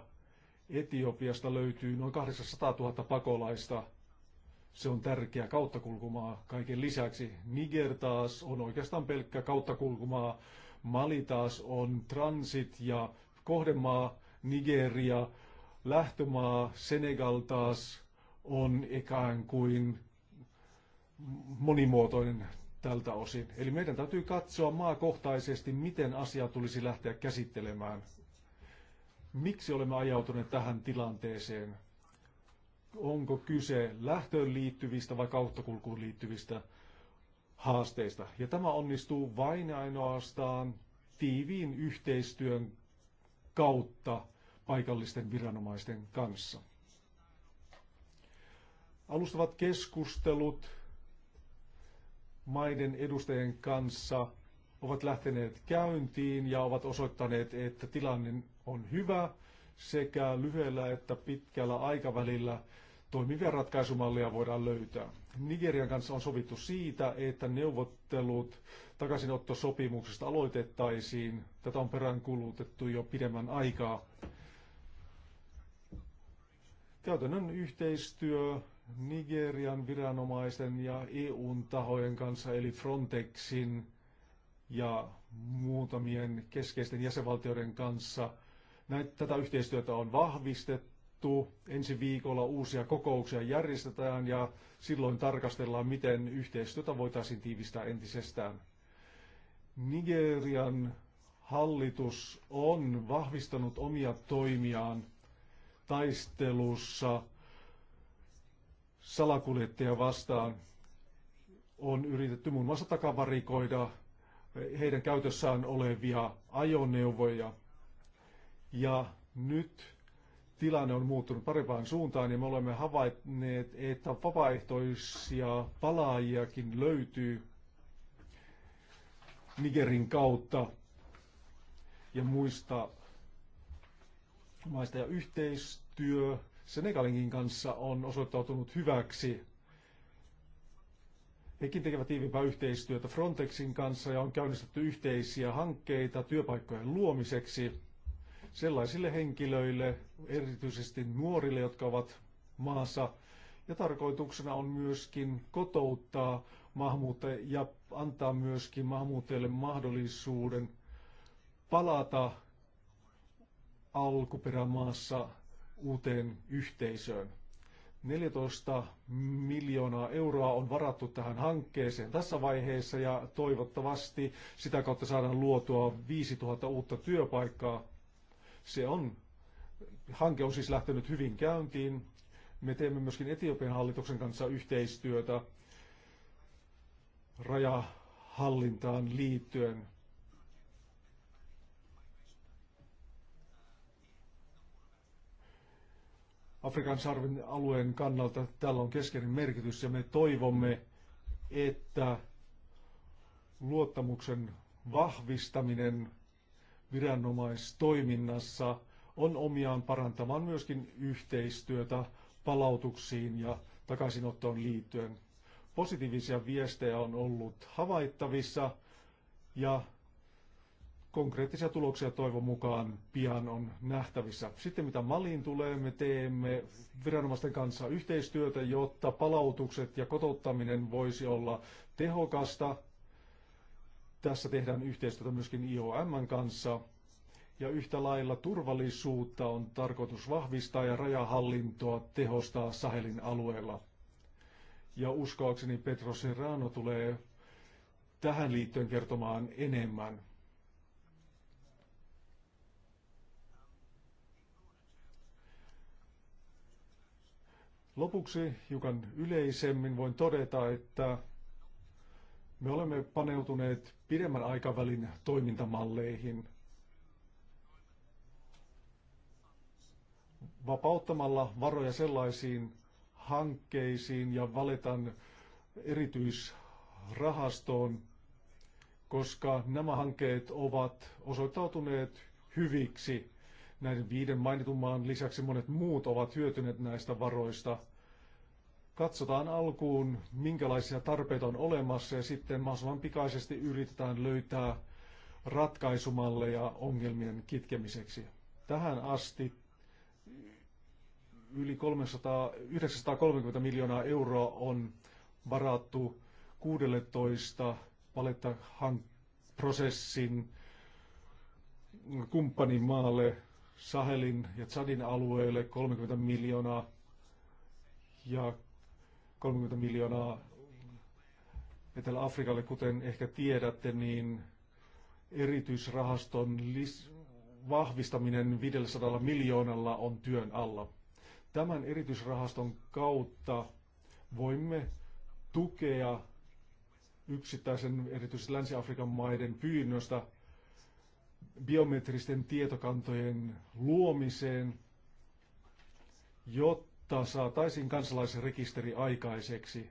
Etiopiasta löytyy noin 800 000 pakolaista. Se on tärkeä kauttakulkumaa kaiken lisäksi. Niger taas on oikeastaan pelkkä kauttakulkumaa. Mali taas on transit ja kohdemaa. Nigeria, lähtömaa, Senegal taas on ikään kuin monimuotoinen tältä osin. Eli meidän täytyy katsoa maakohtaisesti, miten asiaa tulisi lähteä käsittelemään. Miksi olemme ajautuneet tähän tilanteeseen? Onko kyse lähtöön liittyvistä vai kauttakulkuun liittyvistä haasteista? Ja tämä onnistuu vain ainoastaan tiiviin yhteistyön kautta paikallisten viranomaisten kanssa. Alustavat keskustelut maiden edustajien kanssa ovat lähteneet käyntiin ja ovat osoittaneet, että tilanne on hyvä sekä lyhyellä että pitkällä aikavälillä toimivia ratkaisumalleja voidaan löytää. Nigerian kanssa on sovittu siitä, että neuvottelut takaisinottosopimuksesta aloitettaisiin. Tätä on peräänkulutettu jo pidemmän aikaa. Käytännön yhteistyö Nigerian viranomaisten ja EUn tahojen kanssa, eli Frontexin ja muutamien keskeisten jäsenvaltioiden kanssa. Näitä, tätä yhteistyötä on vahvistettu. Ensi viikolla uusia kokouksia järjestetään ja silloin tarkastellaan, miten yhteistyötä voitaisiin tiivistää entisestään. Nigerian hallitus on vahvistanut omia toimiaan taistelussa salakuljettaja vastaan on yritetty muun muassa takavarikoida heidän käytössään olevia ajoneuvoja. Ja nyt tilanne on muuttunut parempaan suuntaan ja me olemme havainneet, että vapaaehtoisia palaajiakin löytyy Nigerin kautta ja muista maista. Ja yhteistyö Senegalinkin kanssa on osoittautunut hyväksi. Hekin tekevät tiivimpää yhteistyötä Frontexin kanssa ja on käynnistetty yhteisiä hankkeita työpaikkojen luomiseksi sellaisille henkilöille, erityisesti nuorille, jotka ovat maassa. Ja tarkoituksena on myöskin kotouttaa maahanmuuttajia ja antaa myöskin maahanmuuttajille mahdollisuuden palata alkuperämaassa uuteen yhteisöön. 14 miljoonaa euroa on varattu tähän hankkeeseen tässä vaiheessa ja toivottavasti sitä kautta saadaan luotua 5000 uutta työpaikkaa. Se on, hanke on siis lähtenyt hyvin käyntiin. Me teemme myöskin Etiopian hallituksen kanssa yhteistyötä rajahallintaan liittyen. Afrikan sarven alueen kannalta tällä on keskeinen merkitys ja me toivomme, että luottamuksen vahvistaminen viranomaistoiminnassa on omiaan parantamaan myöskin yhteistyötä palautuksiin ja takaisinottoon liittyen. Positiivisia viestejä on ollut havaittavissa ja konkreettisia tuloksia toivon mukaan pian on nähtävissä. Sitten mitä maliin tulee, me teemme viranomaisten kanssa yhteistyötä, jotta palautukset ja kotouttaminen voisi olla tehokasta. Tässä tehdään yhteistyötä myöskin IOMn kanssa. Ja yhtä lailla turvallisuutta on tarkoitus vahvistaa ja rajahallintoa tehostaa Sahelin alueella. Ja uskoakseni Petro Serrano tulee tähän liittyen kertomaan enemmän. Lopuksi hiukan yleisemmin voin todeta, että me olemme paneutuneet pidemmän aikavälin toimintamalleihin. Vapauttamalla varoja sellaisiin hankkeisiin ja valetan erityisrahastoon, koska nämä hankkeet ovat osoittautuneet hyviksi Näiden viiden mainitun maan lisäksi monet muut ovat hyötyneet näistä varoista. Katsotaan alkuun, minkälaisia tarpeita on olemassa ja sitten mahdollisimman pikaisesti yritetään löytää ratkaisumalleja ongelmien kitkemiseksi. Tähän asti yli 300, 930 miljoonaa euroa on varattu 16 prosessin kumppanimaalle Sahelin ja Tsadin alueelle 30 miljoonaa ja 30 miljoonaa Etelä-Afrikalle, kuten ehkä tiedätte, niin erityisrahaston vahvistaminen 500 miljoonalla on työn alla. Tämän erityisrahaston kautta voimme tukea yksittäisen, erityisesti Länsi-Afrikan maiden pyynnöstä biometristen tietokantojen luomiseen, jotta saataisiin kansalaisrekisteri aikaiseksi.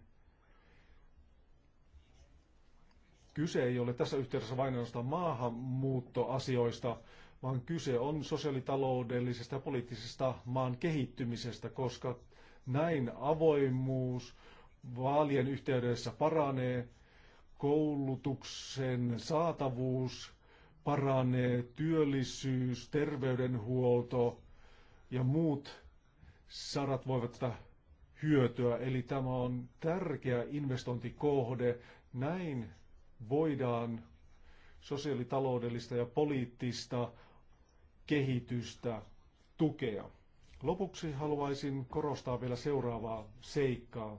Kyse ei ole tässä yhteydessä vain ainoastaan maahanmuuttoasioista, vaan kyse on sosiaalitaloudellisesta ja poliittisesta maan kehittymisestä, koska näin avoimuus vaalien yhteydessä paranee, koulutuksen saatavuus paranee, työllisyys, terveydenhuolto ja muut sarat voivat tätä hyötyä. Eli tämä on tärkeä investointikohde. Näin voidaan sosiaalitaloudellista ja poliittista kehitystä tukea. Lopuksi haluaisin korostaa vielä seuraavaa seikkaa.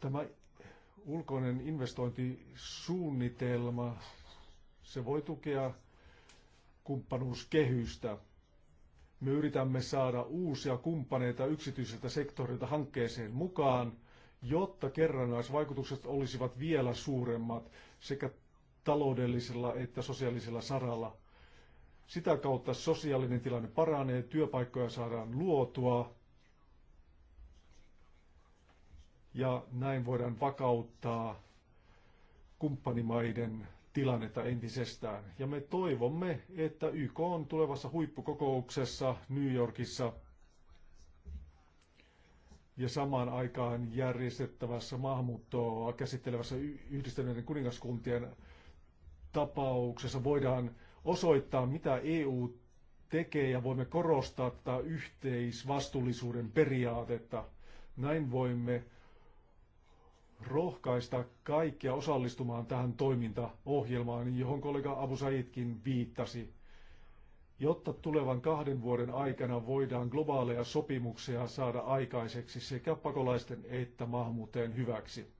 Tämä ulkoinen investointisuunnitelma, se voi tukea kumppanuuskehystä. Me yritämme saada uusia kumppaneita yksityiseltä sektorilta hankkeeseen mukaan, jotta kerrannaisvaikutukset olisivat vielä suuremmat sekä taloudellisella että sosiaalisella saralla. Sitä kautta sosiaalinen tilanne paranee, työpaikkoja saadaan luotua ja näin voidaan vakauttaa kumppanimaiden tilannetta entisestään. Ja me toivomme, että YK on tulevassa huippukokouksessa New Yorkissa ja samaan aikaan järjestettävässä maahanmuuttoa käsittelevässä yhdistyneiden kuningaskuntien tapauksessa voidaan osoittaa, mitä EU tekee ja voimme korostaa tätä yhteisvastuullisuuden periaatetta. Näin voimme rohkaista kaikkia osallistumaan tähän toimintaohjelmaan, johon kollega Abu Saidkin viittasi, jotta tulevan kahden vuoden aikana voidaan globaaleja sopimuksia saada aikaiseksi sekä pakolaisten että maahanmuuttajien hyväksi.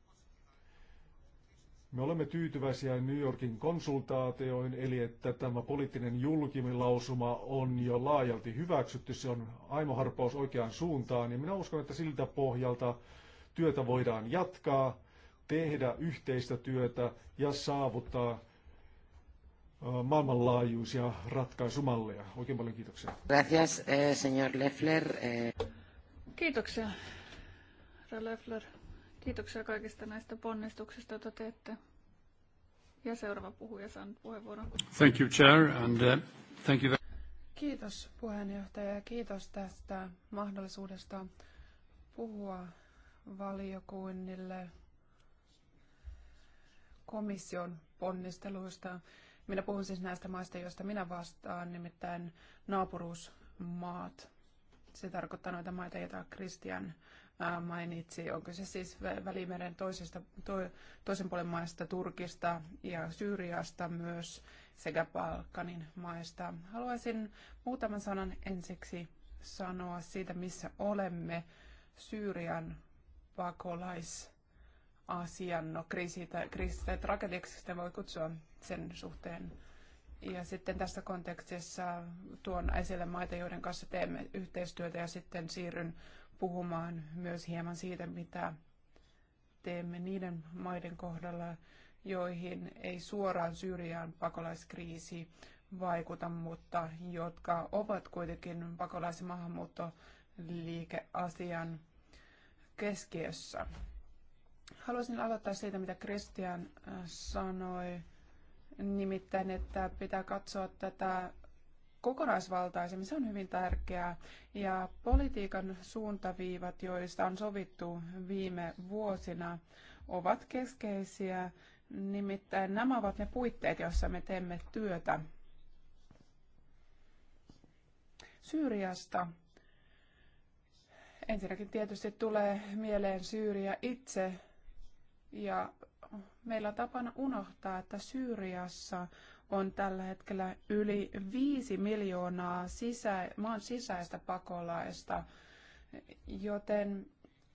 Me olemme tyytyväisiä New Yorkin konsultaatioihin, eli että tämä poliittinen julkimilausuma on jo laajalti hyväksytty. Se on aimoharpaus oikeaan suuntaan, ja minä uskon, että siltä pohjalta työtä voidaan jatkaa, tehdä yhteistä työtä ja saavuttaa maailmanlaajuisia ratkaisumalleja. Oikein paljon kiitoksia. Gracias, eh, señor Leffler. Eh. Kiitoksia, herra Leffler. Kiitoksia kaikista näistä ponnistuksista, joita teette. Ja seuraava puhuja saa nyt puheenvuoron. Thank you, Chair, and uh, thank you. Kiitos puheenjohtaja ja kiitos tästä mahdollisuudesta puhua valiokunnille komission ponnisteluista. Minä puhun siis näistä maista, joista minä vastaan, nimittäin naapuruusmaat. Se tarkoittaa noita maita, joita Christian mainitsi. On kyse siis Välimeren toisesta, to, toisen puolen maista, Turkista ja Syyriasta myös sekä Balkanin maista. Haluaisin muutaman sanan ensiksi sanoa siitä, missä olemme Syyrian pakolaisasian, no kriisi tai, kriisi tai tragediaksi sitä voi kutsua sen suhteen. Ja sitten tässä kontekstissa tuon esille maita, joiden kanssa teemme yhteistyötä ja sitten siirryn puhumaan myös hieman siitä, mitä teemme niiden maiden kohdalla, joihin ei suoraan Syyriaan pakolaiskriisi vaikuta, mutta jotka ovat kuitenkin pakolaisen ja maahanmuuttoliikeasian keskiössä. Haluaisin aloittaa siitä, mitä Christian äh, sanoi, nimittäin, että pitää katsoa tätä kokonaisvaltaisemmin. Se on hyvin tärkeää. Ja politiikan suuntaviivat, joista on sovittu viime vuosina, ovat keskeisiä. Nimittäin nämä ovat ne puitteet, joissa me teemme työtä. Syyriasta Ensinnäkin tietysti tulee mieleen Syyria itse ja meillä on tapana unohtaa, että Syyriassa on tällä hetkellä yli viisi miljoonaa sisä, maan sisäistä pakolaista, joten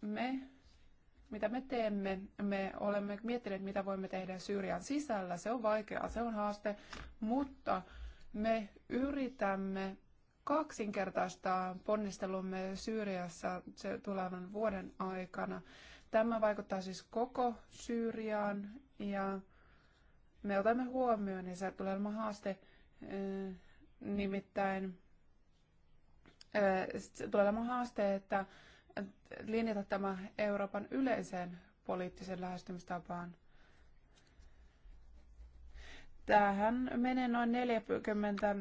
me, mitä me teemme, me olemme miettineet, mitä voimme tehdä Syyrian sisällä. Se on vaikeaa, se on haaste, mutta me yritämme kaksinkertaistaa ponnistelumme Syyriassa tulevan vuoden aikana. Tämä vaikuttaa siis koko Syyriaan ja me otamme huomioon ja niin se tulee olemaan haaste eh, nimittäin eh, tulee olemaan haaste, että linjata tämä Euroopan yleiseen poliittiseen lähestymistapaan. Tähän menee noin 40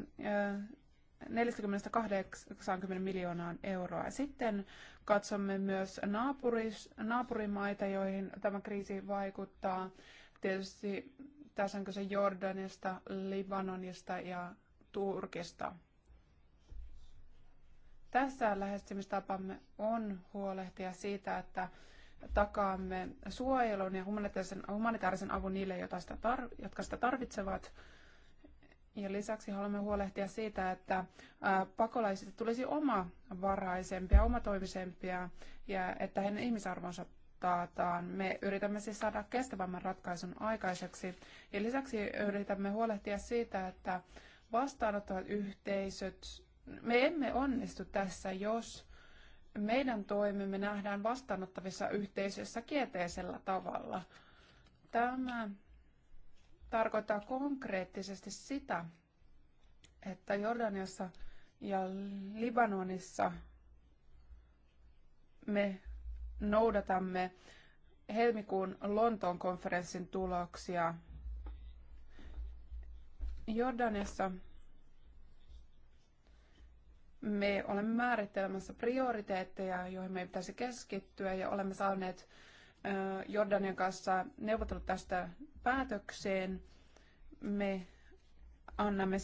40-80 miljoonaan euroa. Ja sitten katsomme myös naapuris, naapurimaita, joihin tämä kriisi vaikuttaa. Tietysti tässä on kyse Jordanista, Libanonista ja Turkista. Tässä lähestymistapamme on huolehtia siitä, että takaamme suojelun ja humanitaarisen, humanitaarisen avun niille, jotka sitä tarvitsevat. Ja lisäksi haluamme huolehtia siitä, että pakolaisista tulisi oma omatoimisempia ja että heidän ihmisarvonsa taataan. Me yritämme siis saada kestävämmän ratkaisun aikaiseksi ja lisäksi yritämme huolehtia siitä, että vastaanottavat yhteisöt, me emme onnistu tässä, jos meidän toimimme nähdään vastaanottavissa yhteisöissä kielteisellä tavalla. Tämä tarkoittaa konkreettisesti sitä, että Jordaniassa ja Libanonissa me noudatamme helmikuun Lontoon konferenssin tuloksia. Jordanissa me olemme määrittelemässä prioriteetteja, joihin meidän pitäisi keskittyä ja olemme saaneet Jordanian kanssa neuvotellut tästä päätökseen. Me annamme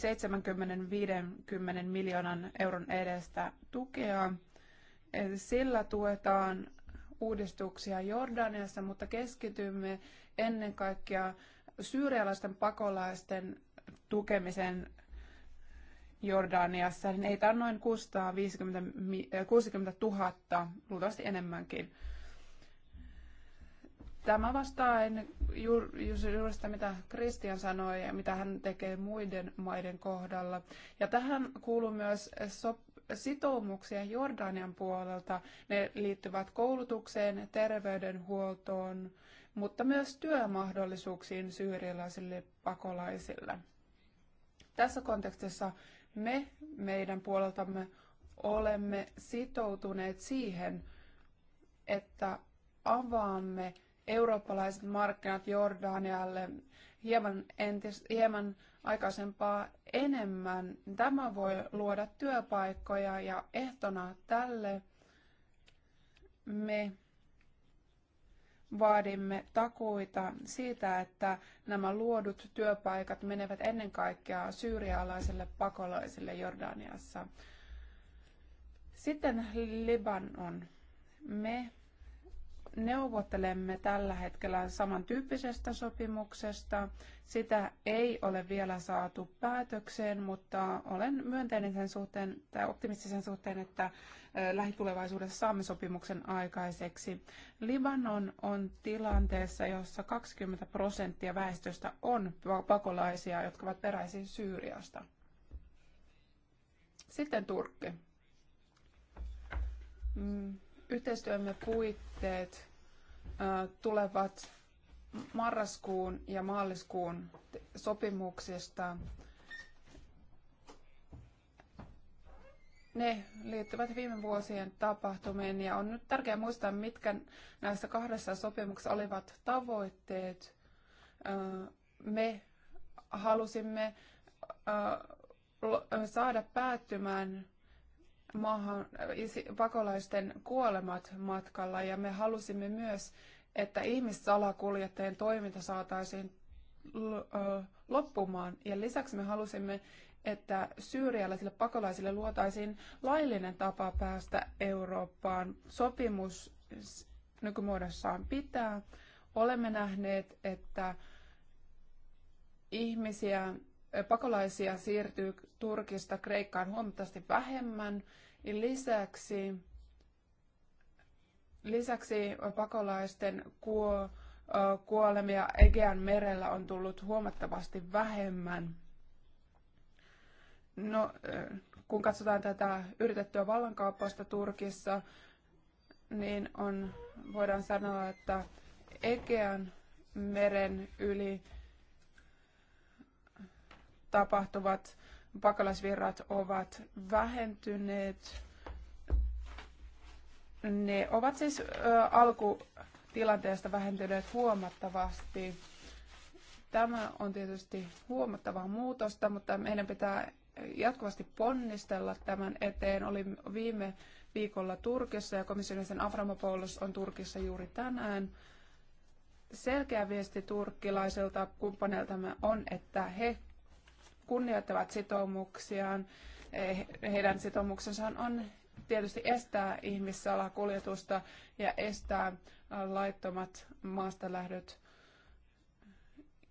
70-50 miljoonan euron edestä tukea. E, sillä tuetaan uudistuksia Jordaniassa, mutta keskitymme ennen kaikkea syyrialaisten pakolaisten tukemiseen Jordaniassa. Heitä niin on noin 650 60 000, luultavasti enemmänkin. Tämä vastaa en juuri sitä, mitä Kristian sanoi ja mitä hän tekee muiden maiden kohdalla. Ja tähän kuuluu myös sop- sitoumuksia Jordanian puolelta. Ne liittyvät koulutukseen, terveydenhuoltoon, mutta myös työmahdollisuuksiin syyrialaisille pakolaisille. Tässä kontekstissa me meidän puoleltamme olemme sitoutuneet siihen, että avaamme eurooppalaiset markkinat Jordanialle hieman, entis, hieman aikaisempaa enemmän. Tämä voi luoda työpaikkoja ja ehtona tälle me vaadimme takuita siitä, että nämä luodut työpaikat menevät ennen kaikkea syyrialaisille pakolaisille Jordaniassa. Sitten Libanon. Me neuvottelemme tällä hetkellä samantyyppisestä sopimuksesta. Sitä ei ole vielä saatu päätökseen, mutta olen myönteinen sen suhteen tai optimistisen suhteen, että lähitulevaisuudessa saamme sopimuksen aikaiseksi. Libanon on tilanteessa, jossa 20 prosenttia väestöstä on pakolaisia, jotka ovat peräisin Syyriasta. Sitten Turkki. Mm Yhteistyömme puitteet tulevat marraskuun ja maaliskuun sopimuksista. Ne liittyvät viime vuosien tapahtumiin ja on nyt tärkeää muistaa, mitkä näissä kahdessa sopimuksessa olivat tavoitteet. Me halusimme saada päättymään maahan, pakolaisten kuolemat matkalla ja me halusimme myös, että ihmissalakuljettajien toiminta saataisiin loppumaan. Ja lisäksi me halusimme, että syyrialaisille pakolaisille luotaisiin laillinen tapa päästä Eurooppaan. Sopimus nykymuodossaan pitää. Olemme nähneet, että ihmisiä pakolaisia siirtyy Turkista Kreikkaan huomattavasti vähemmän. Lisäksi, lisäksi pakolaisten kuo, kuolemia Egean merellä on tullut huomattavasti vähemmän. No, kun katsotaan tätä yritettyä vallankaappausta Turkissa, niin on, voidaan sanoa, että Egean meren yli tapahtuvat pakolaisvirrat ovat vähentyneet. Ne ovat siis alkutilanteesta vähentyneet huomattavasti. Tämä on tietysti huomattavaa muutosta, mutta meidän pitää jatkuvasti ponnistella tämän eteen. Oli viime viikolla Turkissa ja komission jäsen Avramopoulos on Turkissa juuri tänään. Selkeä viesti turkkilaisilta kumppaneiltamme on, että he kunnioittavat sitoumuksiaan, eh, heidän sitoumuksensa on tietysti estää ihmissalakuljetusta ja estää laittomat maasta lähdöt.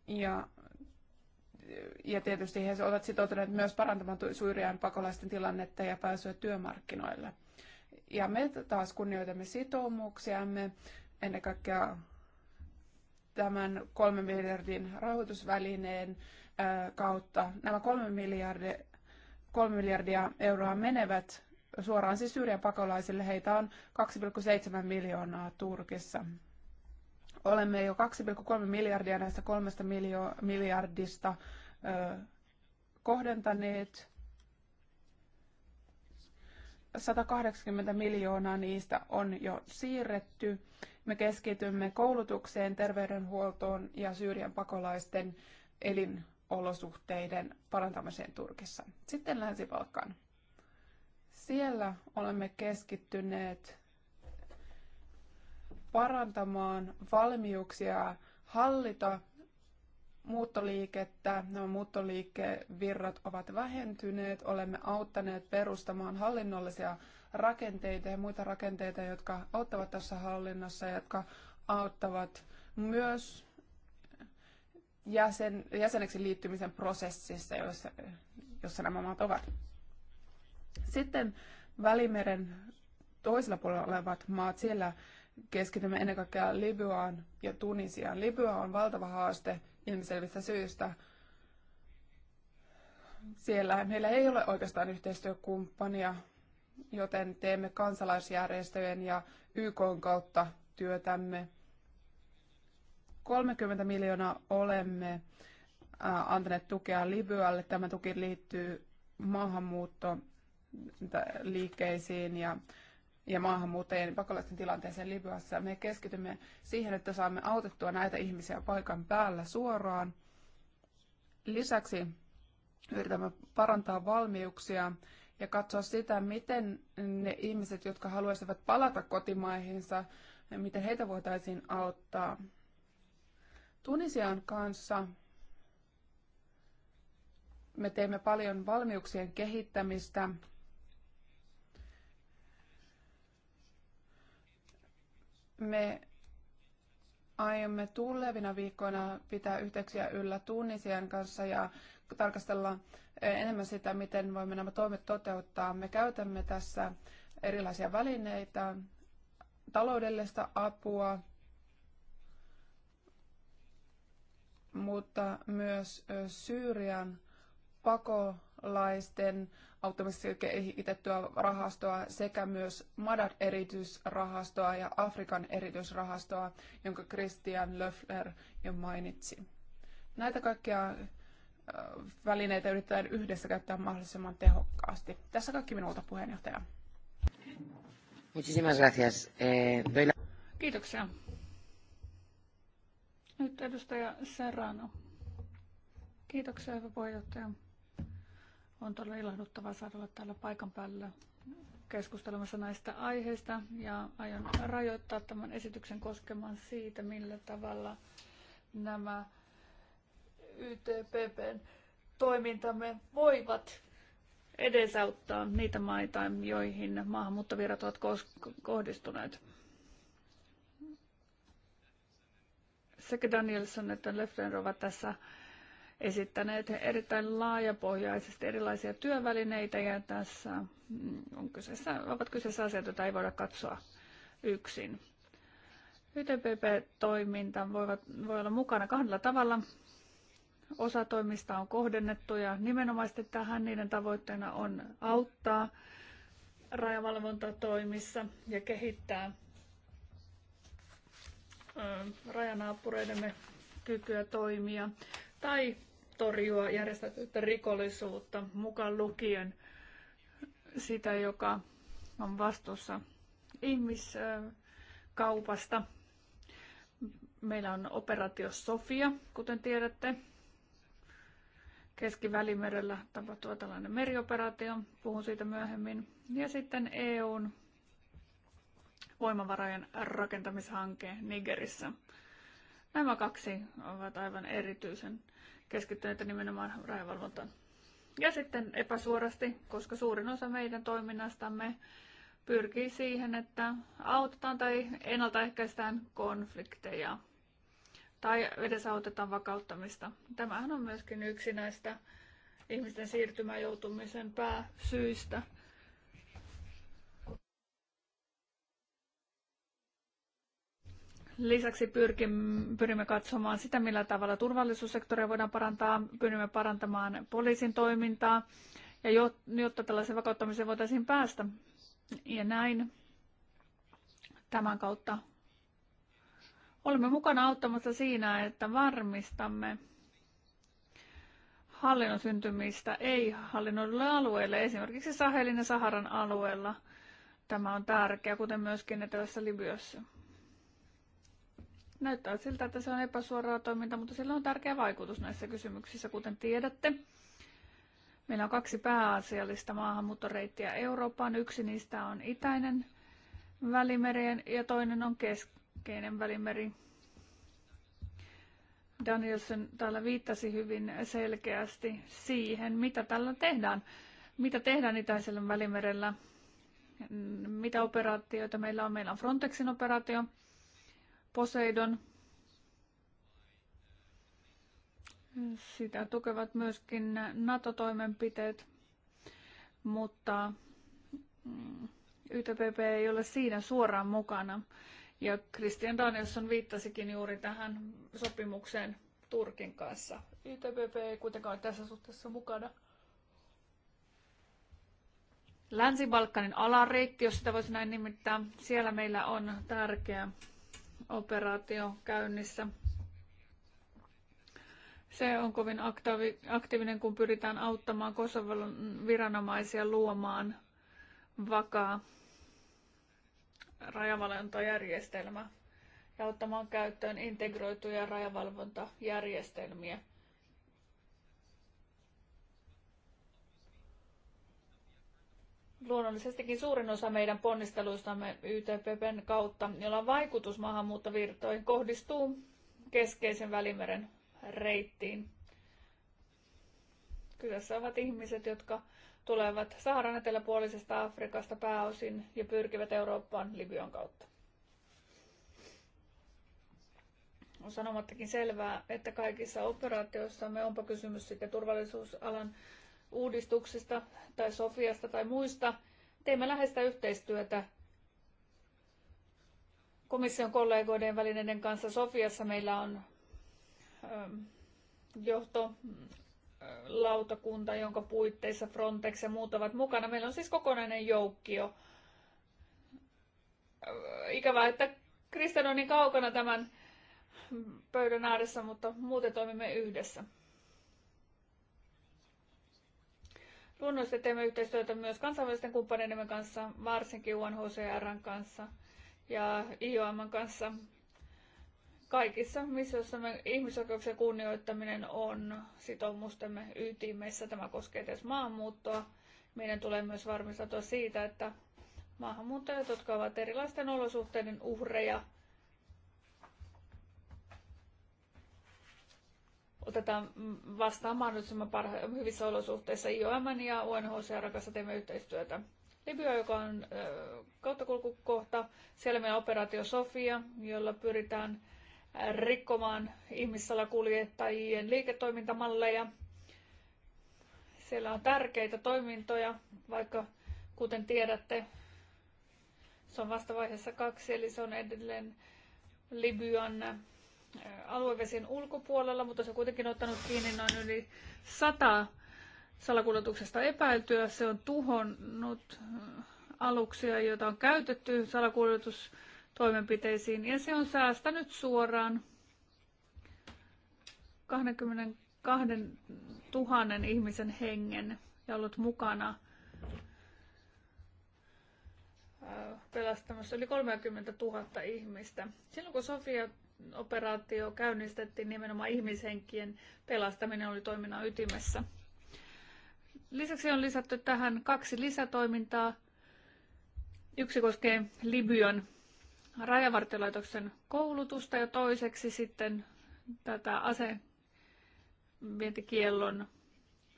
Ja, ja tietysti he ovat sitoutuneet myös parantamaan Syyrian pakolaisten tilannetta ja pääsyä työmarkkinoille. Ja me taas kunnioitamme sitoumuksiamme, ennen kaikkea tämän kolmen miljardin rahoitusvälineen kautta. Nämä kolme miljardia, kolme miljardia euroa menevät suoraan siis Syyrian pakolaisille. Heitä on 2,7 miljoonaa Turkissa. Olemme jo 2,3 miljardia näistä kolmesta miljo- miljardista ö, kohdentaneet. 180 miljoonaa niistä on jo siirretty. Me keskitymme koulutukseen, terveydenhuoltoon ja Syyrian pakolaisten elin olosuhteiden parantamiseen Turkissa. Sitten Länsi-Balkan. Siellä olemme keskittyneet parantamaan valmiuksia hallita muuttoliikettä. Nämä muuttoliikevirrat ovat vähentyneet. Olemme auttaneet perustamaan hallinnollisia rakenteita ja muita rakenteita, jotka auttavat tässä hallinnassa ja jotka auttavat myös jäsen, jäseneksi liittymisen prosessissa, jossa, jossa nämä maat ovat. Sitten Välimeren toisella puolella olevat maat, siellä keskitymme ennen kaikkea Libyaan ja Tunisiaan. Libya on valtava haaste ilmiselvistä syistä. Siellä meillä ei ole oikeastaan yhteistyökumppania, joten teemme kansalaisjärjestöjen ja YK kautta työtämme. 30 miljoonaa olemme antaneet tukea Libyalle. Tämä tuki liittyy maahanmuuttoliikkeisiin ja, ja maahanmuuttajien pakolaisten tilanteeseen Libyassa. Me keskitymme siihen, että saamme autettua näitä ihmisiä paikan päällä suoraan. Lisäksi yritämme parantaa valmiuksia ja katsoa sitä, miten ne ihmiset, jotka haluaisivat palata kotimaihinsa, miten heitä voitaisiin auttaa. Tunisian kanssa me teemme paljon valmiuksien kehittämistä. Me aiomme tulevina viikkoina pitää yhteyksiä yllä Tunisian kanssa ja tarkastella enemmän sitä, miten voimme nämä toimet toteuttaa. Me käytämme tässä erilaisia välineitä, taloudellista apua, mutta myös Syyrian pakolaisten auttamiseksi kehitettyä rahastoa sekä myös Madad-erityisrahastoa ja Afrikan erityisrahastoa, jonka Christian Löffler jo mainitsi. Näitä kaikkia välineitä yritetään yhdessä käyttää mahdollisimman tehokkaasti. Tässä kaikki minulta puheenjohtaja. Muchísimas gracias. Eh, Kiitoksia. Nyt edustaja Serrano. Kiitoksia, hyvä puheenjohtaja. On todella ilahduttavaa saada olla täällä paikan päällä keskustelemassa näistä aiheista ja aion rajoittaa tämän esityksen koskemaan siitä, millä tavalla nämä YTPPn toimintamme voivat edesauttaa niitä maita, joihin maahanmuuttovirrat ovat kohdistuneet. sekä Danielson että Lefren ovat tässä esittäneet erittäin laajapohjaisesti erilaisia työvälineitä ja tässä mm, on kyseessä, ovat kyseessä asiat, joita ei voida katsoa yksin. YTPP-toiminta voivat, voi olla mukana kahdella tavalla. Osa toimista on kohdennettu ja nimenomaisesti tähän niiden tavoitteena on auttaa rajavalvontatoimissa ja kehittää rajanaapureidemme kykyä toimia tai torjua järjestäytynyttä rikollisuutta, mukaan lukien sitä, joka on vastuussa ihmiskaupasta. Meillä on operaatio Sofia, kuten tiedätte. Keski-Välimerellä tapahtuu tällainen merioperaatio, puhun siitä myöhemmin. Ja sitten EUn voimavarojen rakentamishanke Nigerissä. Nämä kaksi ovat aivan erityisen keskittyneitä nimenomaan rajavalvontaan. Ja sitten epäsuorasti, koska suurin osa meidän toiminnastamme pyrkii siihen, että autetaan tai ennaltaehkäistään konflikteja tai edesautetaan vakauttamista. Tämähän on myöskin yksi näistä ihmisten siirtymäjoutumisen pääsyistä. Lisäksi pyrimme katsomaan sitä, millä tavalla turvallisuussektoria voidaan parantaa. Pyrimme parantamaan poliisin toimintaa, ja jotta tällaisen vakauttamiseen voitaisiin päästä. Ja näin tämän kautta olemme mukana auttamassa siinä, että varmistamme hallinnon syntymistä ei-hallinnoidulle alueelle, esimerkiksi Sahelin ja Saharan alueella. Tämä on tärkeää, kuten myöskin Etelässä Libyassa. Näyttää siltä, että se on epäsuoraa toimintaa, mutta sillä on tärkeä vaikutus näissä kysymyksissä, kuten tiedätte. Meillä on kaksi pääasiallista maahanmuuttoreittiä Eurooppaan. Yksi niistä on itäinen välimeri ja toinen on keskeinen välimeri. Danielson täällä viittasi hyvin selkeästi siihen, mitä tällä tehdään. Mitä tehdään Itäisellä välimerellä? Mitä operaatioita meillä on? Meillä on Frontexin operaatio, Poseidon. Sitä tukevat myöskin NATO-toimenpiteet, mutta mm, YTPP ei ole siinä suoraan mukana. Ja Christian Danielson viittasikin juuri tähän sopimukseen Turkin kanssa. YTPP ei kuitenkaan ole tässä suhteessa mukana. Länsi-Balkanin alareitti, jos sitä voisi näin nimittää, siellä meillä on tärkeä operaatio käynnissä. Se on kovin aktiivinen, kun pyritään auttamaan Kosovon viranomaisia luomaan vakaa rajavalvontajärjestelmä ja ottamaan käyttöön integroituja rajavalvontajärjestelmiä – luonnollisestikin suurin osa meidän ponnisteluistamme YTPPn kautta, jolla on vaikutus maahanmuuttovirtoihin, kohdistuu keskeisen välimeren reittiin. Kyseessä ovat ihmiset, jotka tulevat Saharan eteläpuolisesta Afrikasta pääosin ja pyrkivät Eurooppaan Libyan kautta. On sanomattakin selvää, että kaikissa operaatioissamme, onpa kysymys sitten turvallisuusalan uudistuksista tai Sofiasta tai muista. Teemme läheistä yhteistyötä komission kollegoiden välineiden kanssa. Sofiassa meillä on ähm, johto äh, lautakunta, jonka puitteissa Frontex ja muut ovat mukana. Meillä on siis kokonainen joukkio. Äh, Ikävää, että Kristian on niin kaukana tämän pöydän ääressä, mutta muuten toimimme yhdessä. Luonnollisesti teemme yhteistyötä myös kansainvälisten kumppaneidemme kanssa, varsinkin UNHCRn kanssa ja IOM kanssa. Kaikissa missioissa me ihmisoikeuksien kunnioittaminen on sitoumustemme ytimessä. Tämä koskee myös maahanmuuttoa. Meidän tulee myös varmistautua siitä, että maahanmuuttajat, jotka ovat erilaisten olosuhteiden uhreja, otetaan vastaan mahdollisimman parha- hyvissä olosuhteissa. IOM ja UNHCR kanssa teemme yhteistyötä. Libya, joka on kauttakulkukohta. Siellä meidän on operaatio Sofia, jolla pyritään rikkomaan ihmissalakuljettajien liiketoimintamalleja. Siellä on tärkeitä toimintoja, vaikka kuten tiedätte, se on vasta vaiheessa kaksi, eli se on edelleen Libyan aluevesien ulkopuolella, mutta se on kuitenkin ottanut kiinni noin yli sata salakuljetuksesta epäiltyä. Se on tuhonnut äh, aluksia, joita on käytetty salakuljetustoimenpiteisiin, ja se on säästänyt suoraan 22 000 ihmisen hengen ja ollut mukana äh, pelastamassa yli 30 000 ihmistä. Silloin kun Sofia operaatio käynnistettiin, nimenomaan ihmishenkien pelastaminen oli toiminnan ytimessä. Lisäksi on lisätty tähän kaksi lisätoimintaa. Yksi koskee Libyan rajavartiolaitoksen koulutusta ja toiseksi sitten tätä asevientikiellon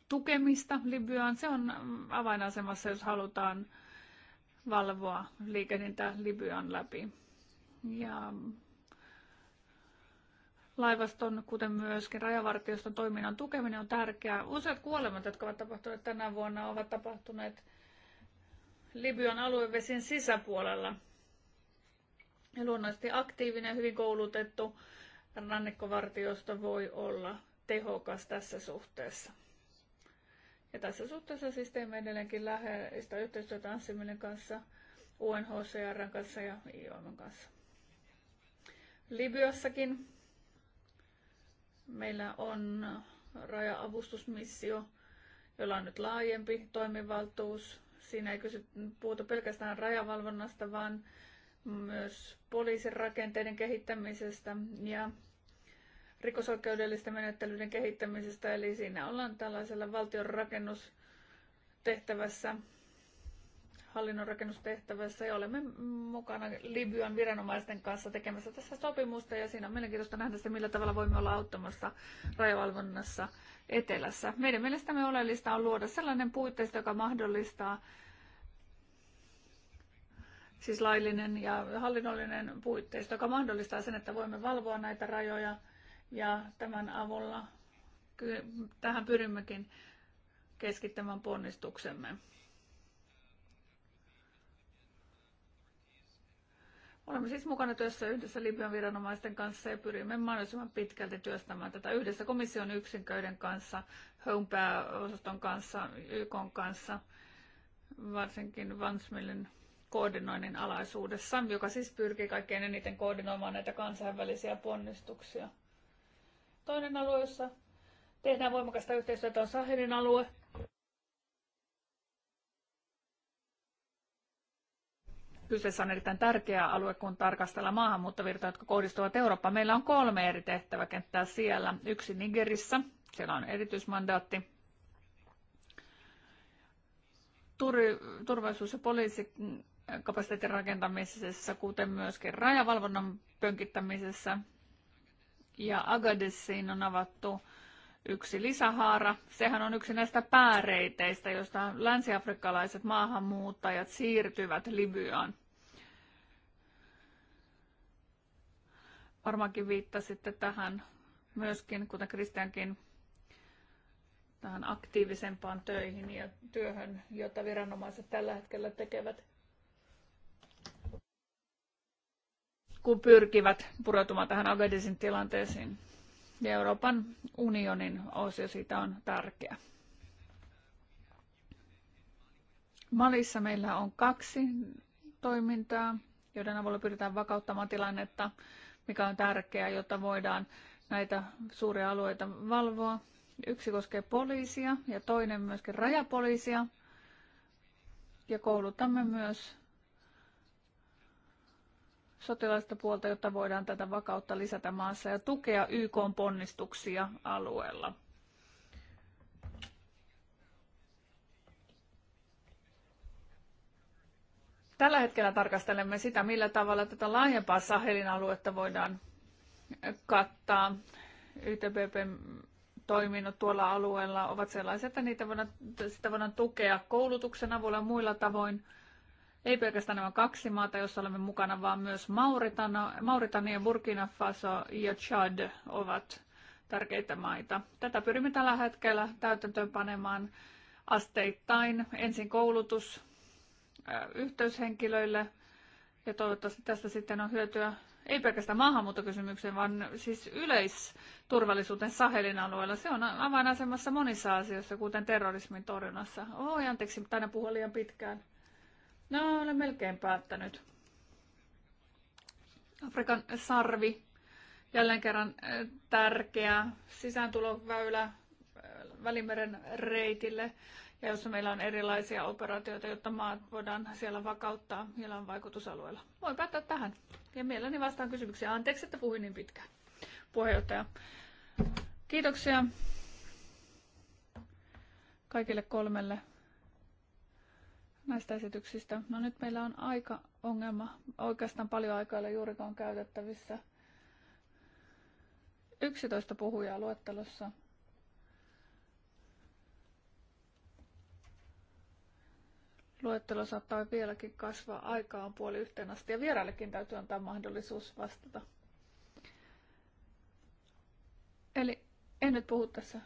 tukemista Libyaan. Se on avainasemassa, jos halutaan valvoa liikehdintää Libyan läpi. Ja laivaston, kuten myöskin rajavartioston toiminnan tukeminen on tärkeää. Useat kuolemat, jotka ovat tapahtuneet tänä vuonna, ovat tapahtuneet Libyan aluevesien sisäpuolella. Ja luonnollisesti aktiivinen, hyvin koulutettu rannikkovartiosto voi olla tehokas tässä suhteessa. Ja tässä suhteessa siis teemme edelleenkin läheistä yhteistyötä Anssimin kanssa, UNHCR kanssa ja IOM kanssa. Libyassakin Meillä on raja-avustusmissio, jolla on nyt laajempi toimivaltuus. Siinä ei kysy, puhuta pelkästään rajavalvonnasta, vaan myös poliisin rakenteiden kehittämisestä ja rikosoikeudellisten menettelyiden kehittämisestä. Eli siinä ollaan tällaisella valtion rakennustehtävässä hallinnon rakennustehtävässä ja olemme mukana Libyan viranomaisten kanssa tekemässä tässä sopimusta ja siinä on mielenkiintoista nähdä se, millä tavalla voimme olla auttamassa rajavalvonnassa etelässä. Meidän mielestämme oleellista on luoda sellainen puitteisto, joka mahdollistaa siis laillinen ja hallinnollinen puitteisto, joka mahdollistaa sen, että voimme valvoa näitä rajoja ja tämän avulla tähän pyrimmekin keskittämään ponnistuksemme. Olemme siis mukana työssä yhdessä Libyan viranomaisten kanssa ja pyrimme mahdollisimman pitkälti työstämään tätä yhdessä komission yksiköiden kanssa, hompa osaston kanssa, YK kanssa, varsinkin Vansmillin koordinoinnin alaisuudessa, joka siis pyrkii kaikkein eniten koordinoimaan näitä kansainvälisiä ponnistuksia. Toinen alue, jossa tehdään voimakasta yhteistyötä, on Sahelin alue. Kyseessä on erittäin tärkeä alue, kun tarkastellaan maahanmuuttovirtoja, jotka kohdistuvat Eurooppaan. Meillä on kolme eri tehtäväkenttää siellä. Yksi Nigerissä, siellä on erityismandaatti. Turvallisuus- ja poliisikapasiteetin rakentamisessa, kuten myöskin rajavalvonnan pönkittämisessä. Ja Agadessiin on avattu yksi lisähaara. Sehän on yksi näistä pääreiteistä, joista länsiafrikkalaiset maahanmuuttajat siirtyvät Libyaan. Varmaankin viittasitte tähän myöskin, kuten Kristiankin, tähän aktiivisempaan töihin ja työhön, jota viranomaiset tällä hetkellä tekevät, kun pyrkivät pureutumaan tähän Agadisin tilanteeseen. Ja Euroopan unionin osio siitä on tärkeä. Malissa meillä on kaksi toimintaa, joiden avulla pyritään vakauttamaan tilannetta, mikä on tärkeää, jotta voidaan näitä suuria alueita valvoa. Yksi koskee poliisia ja toinen myöskin rajapoliisia. Ja koulutamme myös sotilaista puolta, jotta voidaan tätä vakautta lisätä maassa ja tukea YK ponnistuksia alueella. Tällä hetkellä tarkastelemme sitä, millä tavalla tätä laajempaa Sahelin aluetta voidaan kattaa. ytpp toiminnot tuolla alueella ovat sellaisia, että niitä voidaan, sitä voidaan tukea koulutuksen avulla ja muilla tavoin – ei pelkästään nämä kaksi maata, jossa olemme mukana, vaan myös Mauritania, Burkina Faso ja Chad ovat tärkeitä maita. Tätä pyrimme tällä hetkellä täytäntöönpanemaan asteittain. Ensin koulutus äh, yhteyshenkilöille ja toivottavasti tästä sitten on hyötyä ei pelkästään maahanmuuttokysymykseen, vaan siis yleisturvallisuuteen Sahelin alueella. Se on avainasemassa monissa asioissa, kuten terrorismin torjunnassa. Oi, anteeksi, tänä puhua liian pitkään. No, olen melkein päättänyt. Afrikan sarvi, jälleen kerran eh, tärkeä sisääntuloväylä eh, Välimeren reitille, ja jossa meillä on erilaisia operaatioita, jotta maat voidaan siellä vakauttaa, joilla on vaikutusalueella. Voin päättää tähän. Ja mielelläni vastaan kysymyksiä. Anteeksi, että puhuin niin pitkään, puheenjohtaja. Kiitoksia kaikille kolmelle näistä esityksistä. No nyt meillä on aika ongelma. Oikeastaan paljon aikaa ei juurikaan käytettävissä. 11 puhujaa luettelossa. Luettelo saattaa vieläkin kasvaa aikaan puoli yhteen asti ja vieraillekin täytyy antaa mahdollisuus vastata. Eli en nyt puhu tässä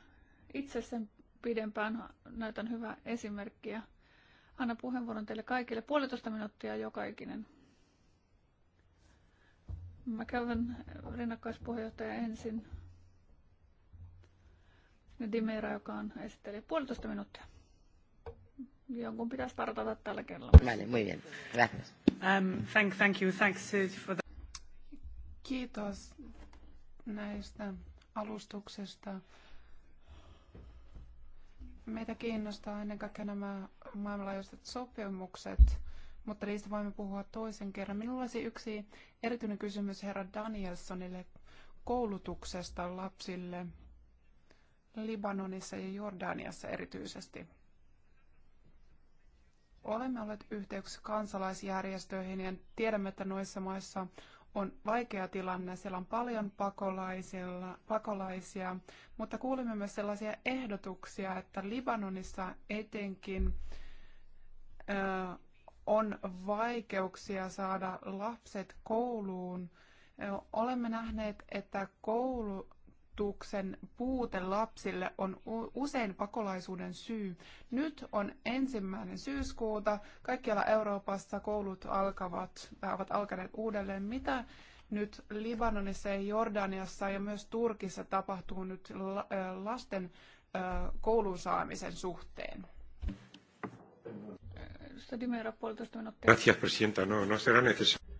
itse sen pidempään, näytän hyvää esimerkkiä Anna puheenvuoron teille kaikille. Puolitoista minuuttia joka ikinen. Mä käyn eh, rinnakkaispuheenjohtaja ensin. Ja Dimeira, joka on esitteli puolitoista minuuttia. Jonkun pitäisi tartata tällä kerralla. Vale, muy bien. Um, thank, thank you. Thanks for the... Kiitos näistä alustuksesta. Meitä kiinnostaa ennen kaikkea nämä maailmanlaajuiset sopimukset, mutta niistä voimme puhua toisen kerran. Minulla olisi yksi erityinen kysymys herra Danielsonille koulutuksesta lapsille Libanonissa ja Jordaniassa erityisesti. Olemme olleet yhteyksissä kansalaisjärjestöihin ja tiedämme, että noissa maissa on vaikea tilanne, siellä on paljon pakolaisia, mutta kuulimme myös sellaisia ehdotuksia, että Libanonissa etenkin ö, on vaikeuksia saada lapset kouluun. Olemme nähneet, että koulu, koulutuksen puute lapsille on usein pakolaisuuden syy. Nyt on ensimmäinen syyskuuta. Kaikkialla Euroopassa koulut alkavat tai äh, ovat alkaneet uudelleen. Mitä nyt Libanonissa ja Jordaniassa ja myös Turkissa tapahtuu nyt äh, lasten äh, koulun saamisen suhteen? Gracias, presidenta. No, no será necesario.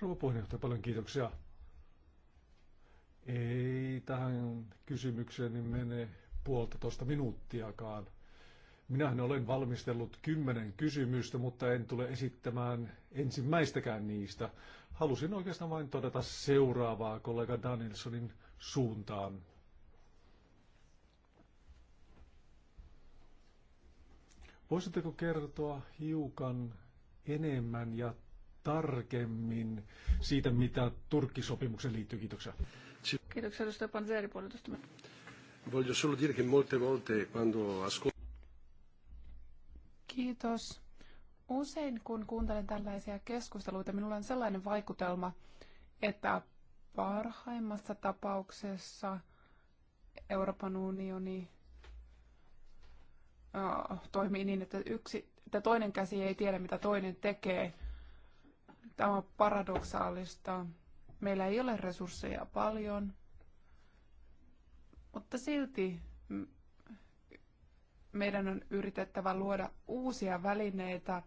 Rouva puheenjohtaja, paljon kiitoksia tähän kysymykseen niin mene puolitoista minuuttiakaan. Minähän olen valmistellut kymmenen kysymystä, mutta en tule esittämään ensimmäistäkään niistä. Halusin oikeastaan vain todeta seuraavaa kollega Danielsonin suuntaan. Voisitteko kertoa hiukan enemmän ja tarkemmin siitä, mitä Turkkisopimuksen liittyy? Kiitoksia. Kiitoksia edustaja Panzeri puolitoista Voglio solo dire che molte volte quando ascolto... Kiitos. Usein kun kuuntelen tällaisia keskusteluita, minulla on sellainen vaikutelma, että parhaimmassa tapauksessa Euroopan unioni toimii niin, että, yksi, että toinen käsi ei tiedä, mitä toinen tekee. Tämä on paradoksaalista. Meillä ei ole resursseja paljon, mutta silti meidän on yritettävä luoda uusia välineitä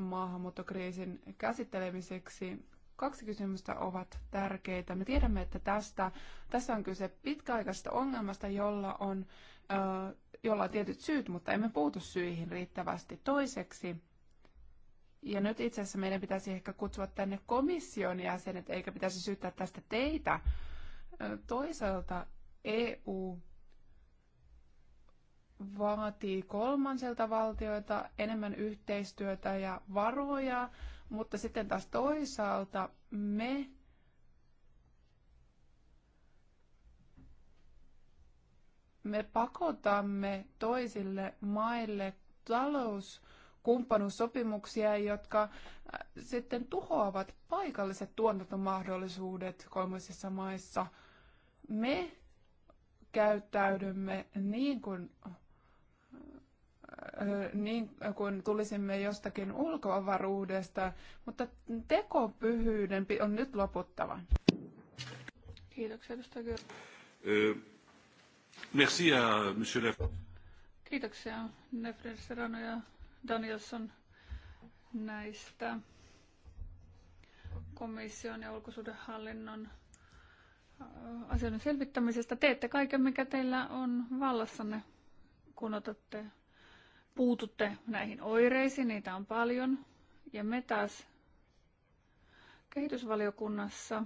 maahanmuuttokriisin käsittelemiseksi. Kaksi kysymystä ovat tärkeitä. Me tiedämme, että tästä, tässä on kyse pitkäaikaisesta ongelmasta, jolla on, jolla on tietyt syyt, mutta emme puutu syihin riittävästi. Toiseksi ja nyt itse asiassa meidän pitäisi ehkä kutsua tänne komission jäsenet, eikä pitäisi syyttää tästä teitä. Toisaalta EU vaatii kolmanselta valtioilta enemmän yhteistyötä ja varoja, mutta sitten taas toisaalta me me pakotamme toisille maille talous- kumppanuussopimuksia, jotka äh, sitten tuhoavat paikalliset tuotantomahdollisuudet kolmansissa maissa. Me käyttäydymme niin kuin, äh, niin kuin tulisimme jostakin ulkoavaruudesta, mutta tekopyhyyden on nyt loputtava. Kiitoksia, edustaja euh, Merci à monsieur Lef. Kiitoksia, Nefren Serrano ja Danielson näistä komission ja ulkosuhdehallinnon äh, asioiden selvittämisestä. Teette kaiken, mikä teillä on vallassanne, kun otatte, puututte näihin oireisiin, niitä on paljon. Ja me taas kehitysvaliokunnassa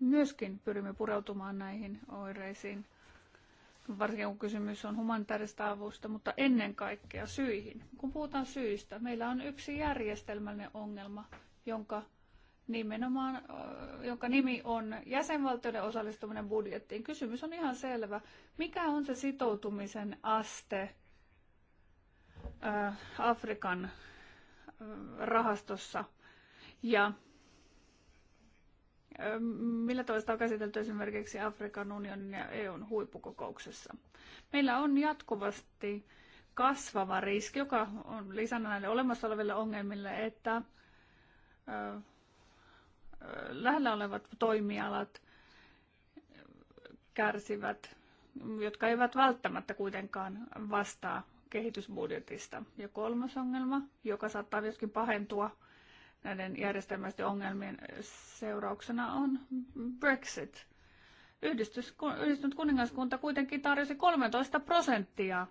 myöskin pyrimme pureutumaan näihin oireisiin varsinkin kun kysymys on humanitaarista avusta, mutta ennen kaikkea syihin. Kun puhutaan syistä, meillä on yksi järjestelmällinen ongelma, jonka, nimenomaan, jonka nimi on jäsenvaltioiden osallistuminen budjettiin. Kysymys on ihan selvä. Mikä on se sitoutumisen aste Afrikan rahastossa? Ja millä toista on käsitelty esimerkiksi Afrikan unionin ja EUn huippukokouksessa. Meillä on jatkuvasti kasvava riski, joka on lisänä näille olemassa oleville ongelmille, että lähellä olevat toimialat kärsivät, jotka eivät välttämättä kuitenkaan vastaa kehitysbudjetista. Ja kolmas ongelma, joka saattaa myöskin pahentua, näiden järjestelmällisten ongelmien seurauksena on Brexit. Yhdistys, yhdistynyt kuningaskunta kuitenkin tarjosi 13 prosenttia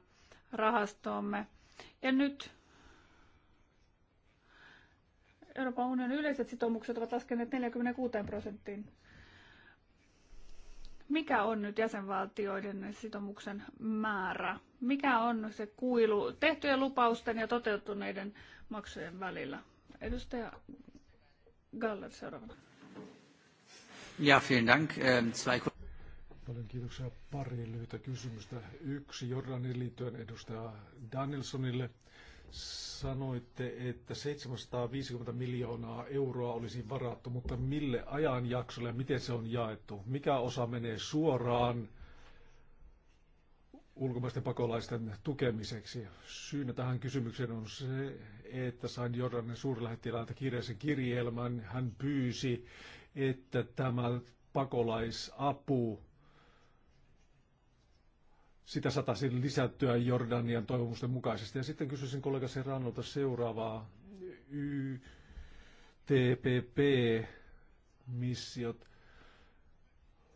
rahastoomme. Ja nyt Euroopan unionin yleiset sitoumukset ovat laskeneet 46 prosenttiin. Mikä on nyt jäsenvaltioiden sitomuksen määrä? Mikä on se kuilu tehtyjen lupausten ja toteutuneiden maksujen välillä? Edustaja Galler seuraavana. Ja, vielen Dank. Ähm, zwei... Paljon kiitoksia. Pari lyhyitä kysymystä. Yksi Jordanin liittyen edustaja Danielsonille. Sanoitte, että 750 miljoonaa euroa olisi varattu, mutta mille ajanjaksolle ja miten se on jaettu? Mikä osa menee suoraan ulkomaisten pakolaisten tukemiseksi. Syynä tähän kysymykseen on se, että sain Jordanin suurlähettiläältä kirjallisen kirjelmän. Hän pyysi, että tämä pakolaisapu sitä sataisi lisättyä Jordanian toivomusten mukaisesti. Ja sitten kysyisin kollega Serranolta seuraavaa. YTPP-missiot.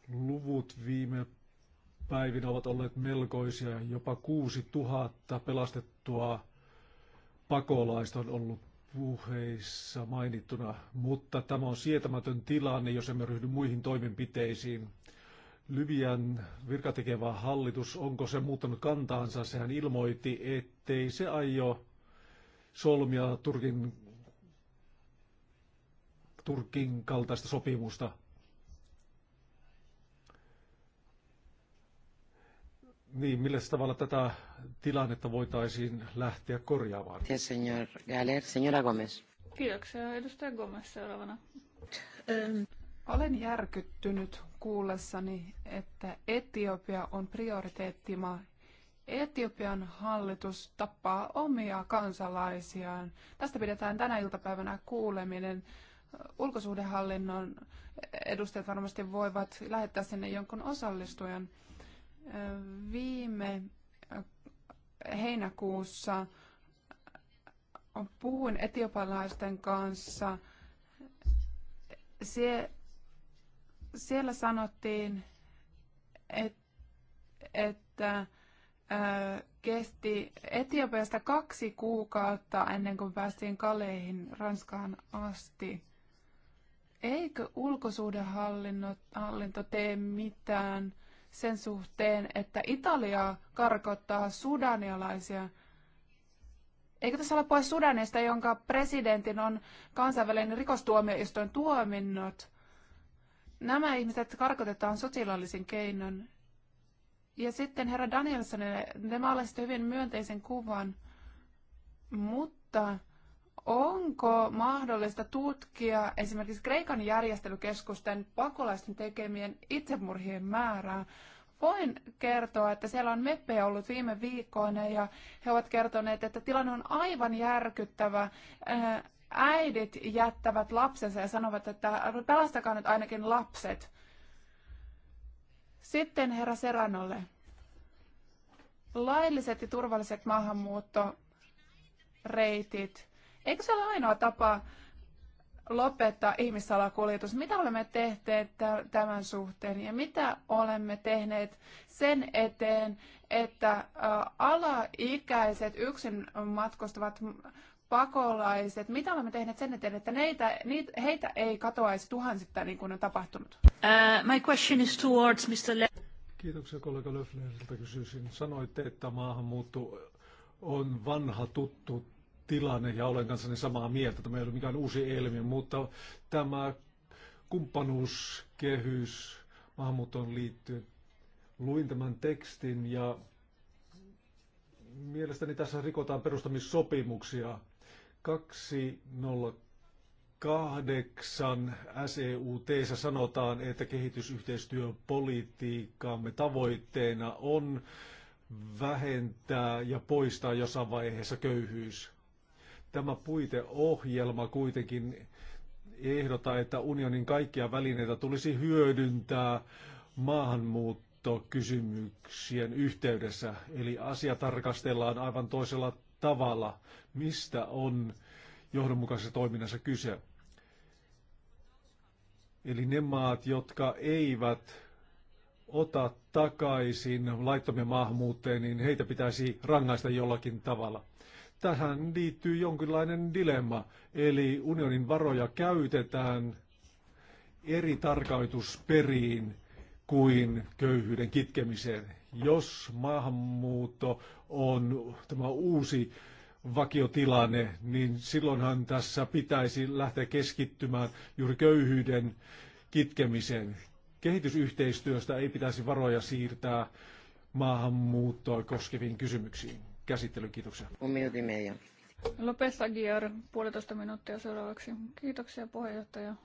Luvut viime päivinä ovat olleet melkoisia. Jopa 6000 pelastettua pakolaista on ollut puheissa mainittuna, mutta tämä on sietämätön tilanne, jos emme ryhdy muihin toimenpiteisiin. Lyvian virkatekevä hallitus, onko se muuttanut kantaansa? Sehän ilmoitti, ettei se aio solmia Turkin, Turkin kaltaista sopimusta Niin, millä tavalla tätä tilannetta voitaisiin lähteä korjaamaan? Kiitos, señor Galer. Señora Gomez. Kiitoksia. Edustaja Gomez seuraavana. Ähm. Olen järkyttynyt kuullessani, että Etiopia on prioriteettimaa. Etiopian hallitus tappaa omia kansalaisiaan. Tästä pidetään tänä iltapäivänä kuuleminen. Ulkosuhdehallinnon edustajat varmasti voivat lähettää sinne jonkun osallistujan. Viime heinäkuussa puhuin etiopalaisten kanssa. Sie, siellä sanottiin, et, että kesti Etiopiasta kaksi kuukautta ennen kuin päästiin Kaleihin Ranskaan asti. Eikö ulkosuhdehallinto tee mitään? sen suhteen, että Italia karkottaa sudanialaisia. Eikö tässä ole puhe Sudanista, jonka presidentin on kansainvälinen rikostuomioistuin tuominnot? Nämä ihmiset karkotetaan sotilaallisin keinon. Ja sitten herra Danielsonille, ne maalasivat hyvin myönteisen kuvan, mutta onko mahdollista tutkia esimerkiksi Kreikan järjestelykeskusten pakolaisten tekemien itsemurhien määrää? Voin kertoa, että siellä on meppejä ollut viime viikkoina ja he ovat kertoneet, että tilanne on aivan järkyttävä. Äh, äidit jättävät lapsensa ja sanovat, että pelastakaa nyt ainakin lapset. Sitten herra Seranolle. Lailliset ja turvalliset maahanmuuttoreitit Eikö se ole ainoa tapa lopettaa ihmissalakuljetus? Mitä olemme tehneet tämän suhteen ja mitä olemme tehneet sen eteen, että alaikäiset yksin matkustavat pakolaiset, mitä olemme tehneet sen eteen, että neitä, niitä, heitä ei katoaisi tuhansittain niin kuin on tapahtunut? Uh, my question is towards Mr. Le- Kiitoksia kollega Löfleriltä kysyisin. Sanoitte, että maahanmuutto on vanha tuttu tilanne ja olen kanssani samaa mieltä. että meillä ei ole mikään uusi ilmiö, mutta tämä kumppanuuskehys maahanmuuttoon liittyen. Luin tämän tekstin ja mielestäni tässä rikotaan perustamissopimuksia. 208 SEUT sanotaan, että kehitysyhteistyöpolitiikkaamme tavoitteena on vähentää ja poistaa jossain vaiheessa köyhyys. Tämä puiteohjelma kuitenkin ehdota, että unionin kaikkia välineitä tulisi hyödyntää maahanmuuttokysymyksien yhteydessä. Eli asia tarkastellaan aivan toisella tavalla, mistä on johdonmukaisessa toiminnassa kyse. Eli ne maat, jotka eivät ota takaisin laittomia maahanmuuttajia, niin heitä pitäisi rangaista jollakin tavalla. Tähän liittyy jonkinlainen dilemma, eli unionin varoja käytetään eri tarkoitusperiin kuin köyhyyden kitkemiseen. Jos maahanmuutto on tämä uusi vakiotilanne, niin silloinhan tässä pitäisi lähteä keskittymään juuri köyhyyden kitkemiseen. Kehitysyhteistyöstä ei pitäisi varoja siirtää maahanmuuttoa koskeviin kysymyksiin käsittelyyn. Kiitoksia. Un minuutin meidän. Lopes Aguiar, puolitoista minuuttia seuraavaksi. Kiitoksia puheenjohtaja.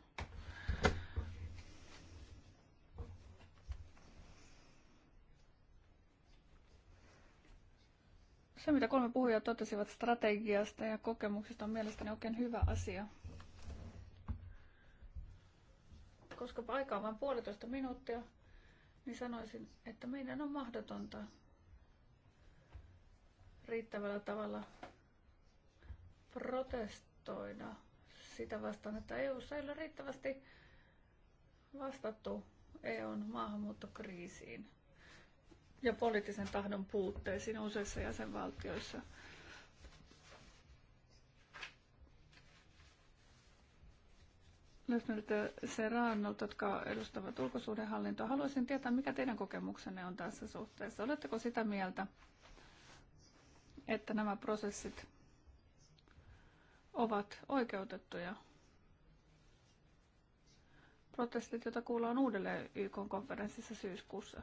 Se, mitä kolme puhujaa totesivat strategiasta ja kokemuksesta, on mielestäni oikein hyvä asia. Koska aika on vain puolitoista minuuttia, niin sanoisin, että meidän on mahdotonta riittävällä tavalla protestoida sitä vastaan, että EUssa ei ole riittävästi vastattu EUn maahanmuuttokriisiin ja poliittisen tahdon puutteisiin useissa jäsenvaltioissa. Jos nyt Serannot, jotka edustavat ulkosuhdehallintoa, haluaisin tietää, mikä teidän kokemuksenne on tässä suhteessa. Oletteko sitä mieltä, että nämä prosessit ovat oikeutettuja. Protestit, joita kuullaan uudelleen YK-konferenssissa syyskuussa.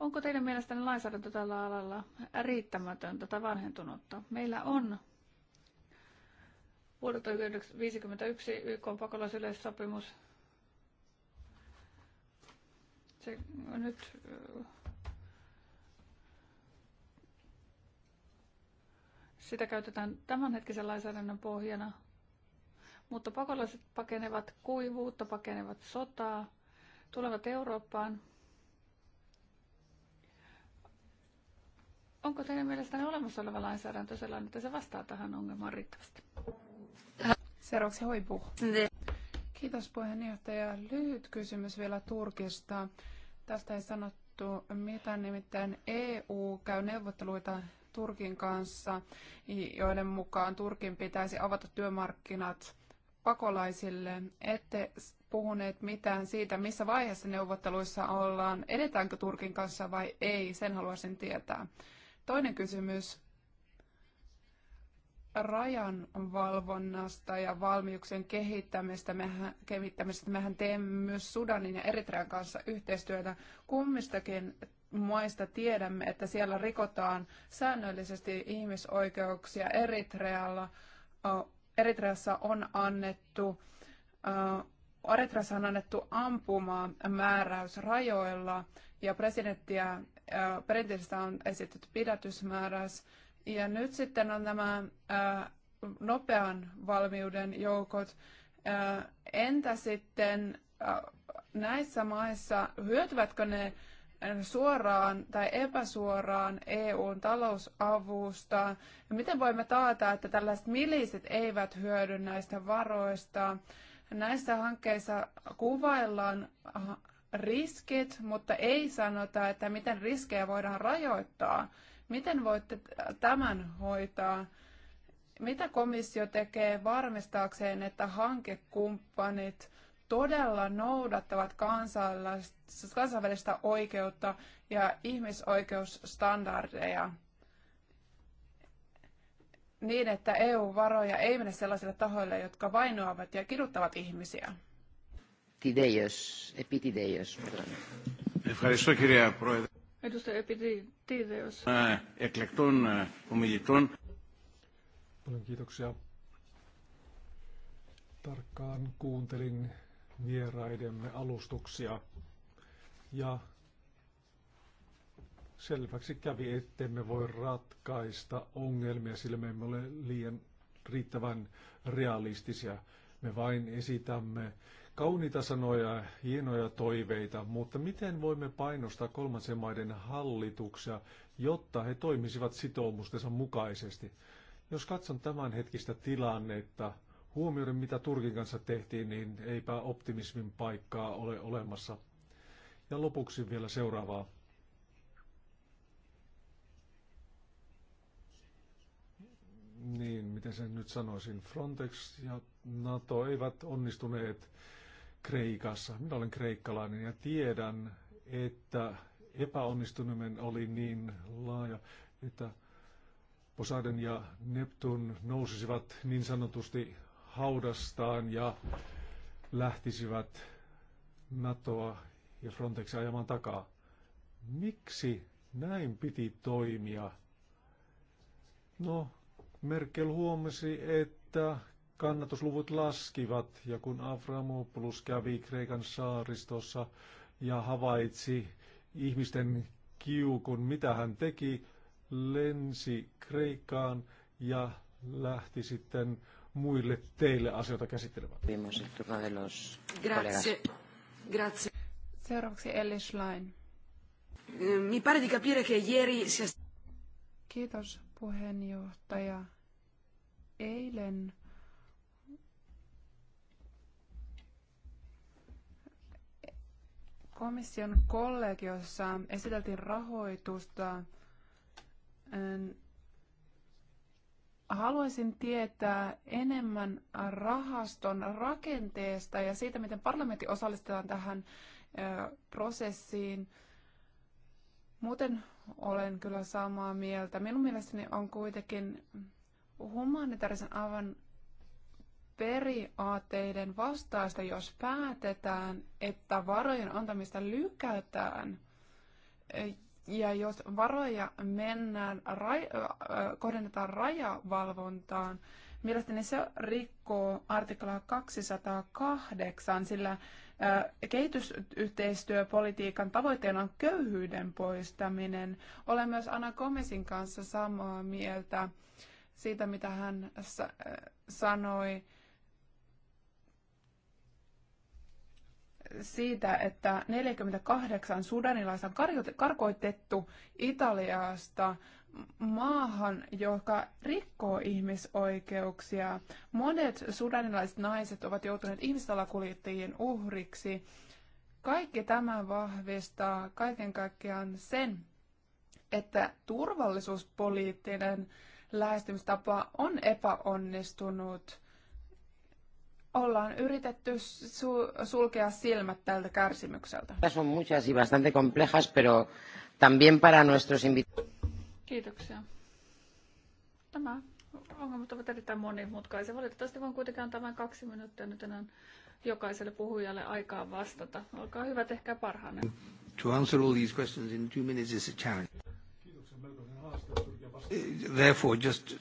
Onko teidän mielestänne lainsäädäntö tällä alalla riittämätöntä tai vanhentunutta? Meillä on vuodelta 1951 YK on pakolaisyleissopimus. Se nyt Sitä käytetään tämänhetkisen lainsäädännön pohjana, mutta pakolaiset pakenevat kuivuutta, pakenevat sotaa, tulevat Eurooppaan. Onko teidän mielestäni olemassa oleva lainsäädäntö sellainen, että se vastaa tähän ongelmaan riittävästi? Seuraavaksi hoipu. Kiitos puheenjohtaja. Lyhyt kysymys vielä Turkista. Tästä ei sanottu mitään, nimittäin EU käy neuvotteluita Turkin kanssa, joiden mukaan Turkin pitäisi avata työmarkkinat pakolaisille. Ette puhuneet mitään siitä, missä vaiheessa neuvotteluissa ollaan, edetäänkö Turkin kanssa vai ei, sen haluaisin tietää. Toinen kysymys rajanvalvonnasta ja valmiuksien kehittämistä. Mehän, kehittämisestä. Mehän teemme myös Sudanin ja Eritrean kanssa yhteistyötä. Kummistakin maista tiedämme, että siellä rikotaan säännöllisesti ihmisoikeuksia. Eritrealla, Eritreassa on annettu, Eritreassa on annettu ampumaa määräys rajoilla ja presidenttiä perinteisestä on esitetty pidätysmääräys. Ja nyt sitten on nämä nopean valmiuden joukot. Entä sitten näissä maissa, hyötyvätkö ne suoraan tai epäsuoraan EUn talousavusta? Ja miten voimme taata, että tällaiset milisit eivät hyödy näistä varoista? Näissä hankkeissa kuvaillaan riskit, mutta ei sanota, että miten riskejä voidaan rajoittaa. Miten voitte tämän hoitaa? Mitä komissio tekee varmistaakseen, että hankekumppanit – todella noudattavat kansainvälistä oikeutta ja ihmisoikeusstandardeja niin, että EU-varoja ei mene sellaisille tahoille, jotka vainoavat ja kiduttavat ihmisiä. Tideios, epitideios, Edustaja Epitideios. Eklekton, ομιλητών. Paljon kiitoksia. Tarkkaan kuuntelin vieraidemme alustuksia. Ja selväksi kävi, ettemme voi ratkaista ongelmia, sillä me emme ole liian riittävän realistisia. Me vain esitämme kauniita sanoja, hienoja toiveita, mutta miten voimme painostaa kolmansien maiden hallituksia, jotta he toimisivat sitoumustensa mukaisesti? Jos katson tämän hetkistä tilannetta, huomioiden, mitä Turkin kanssa tehtiin, niin eipä optimismin paikkaa ole olemassa. Ja lopuksi vielä seuraavaa. Niin, miten sen nyt sanoisin, Frontex ja NATO eivät onnistuneet Kreikassa. Minä olen kreikkalainen ja tiedän, että epäonnistuminen oli niin laaja, että Poseidon ja Neptun nousisivat niin sanotusti haudastaan ja lähtisivät NATOa ja Frontexia ajamaan takaa. Miksi näin piti toimia? No, Merkel huomasi, että kannatusluvut laskivat ja kun Avramopoulos kävi Kreikan saaristossa ja havaitsi ihmisten kiukun, mitä hän teki, lensi Kreikkaan ja lähti sitten muille teille asioita käsittelevät. Grazie. Seuraavaksi Elli Schlein. Eh, mi pare di capire che ieri sia... Kiitos puheenjohtaja. Eilen komission kollegiossa esiteltiin rahoitusta Haluaisin tietää enemmän rahaston rakenteesta ja siitä, miten parlamentti osallistetaan tähän prosessiin. Muuten olen kyllä samaa mieltä. Minun mielestäni on kuitenkin humanitaarisen avan periaatteiden vastaista, jos päätetään, että varojen antamista lykätään ja jos varoja mennään, raj, kohdennetaan rajavalvontaan, mielestäni se rikkoo artiklaa 208, sillä kehitysyhteistyöpolitiikan tavoitteena on köyhyyden poistaminen. Olen myös Anna Komesin kanssa samaa mieltä siitä, mitä hän sanoi siitä, että 48 sudanilaista on karkoitettu Italiasta maahan, joka rikkoo ihmisoikeuksia. Monet sudanilaiset naiset ovat joutuneet ihmissalakuljettajien uhriksi. Kaikki tämä vahvistaa kaiken kaikkiaan sen, että turvallisuuspoliittinen lähestymistapa on epäonnistunut – ollaan yritetty su- sulkea silmät tältä kärsimykseltä. Tässä on muchas y bastante complejas, pero también para nuestros invitados. Kiitoksia. Tämä ongelmat ovat erittäin monimutkaisia. Valitettavasti voin kuitenkin antaa vain kaksi minuuttia nyt enää jokaiselle puhujalle aikaa vastata. Olkaa hyvä, tehkää parhaanne. To answer all these questions in two minutes is a challenge. Kiitoksia, eh, Therefore, just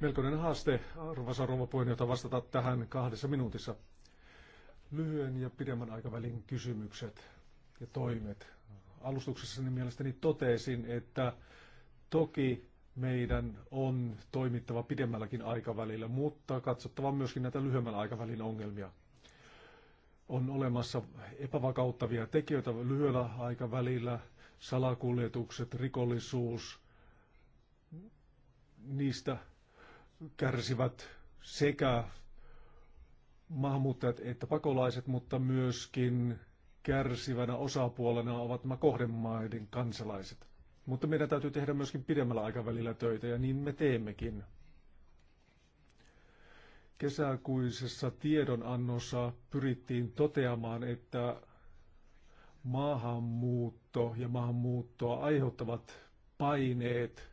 Melkoinen haaste, arvoisa rouva puheenjohtaja, vastata tähän kahdessa minuutissa. Lyhyen ja pidemmän aikavälin kysymykset ja toimet. Alustuksessani mielestäni totesin, että toki meidän on toimittava pidemmälläkin aikavälillä, mutta katsottava myöskin näitä lyhyemmän aikavälin ongelmia. On olemassa epävakauttavia tekijöitä lyhyellä aikavälillä, salakuljetukset, rikollisuus, niistä kärsivät sekä maahanmuuttajat että pakolaiset, mutta myöskin kärsivänä osapuolena ovat nämä kohdemaiden kansalaiset. Mutta meidän täytyy tehdä myöskin pidemmällä aikavälillä töitä ja niin me teemmekin. Kesäkuisessa tiedonannossa pyrittiin toteamaan, että maahanmuutto ja maahanmuuttoa aiheuttavat paineet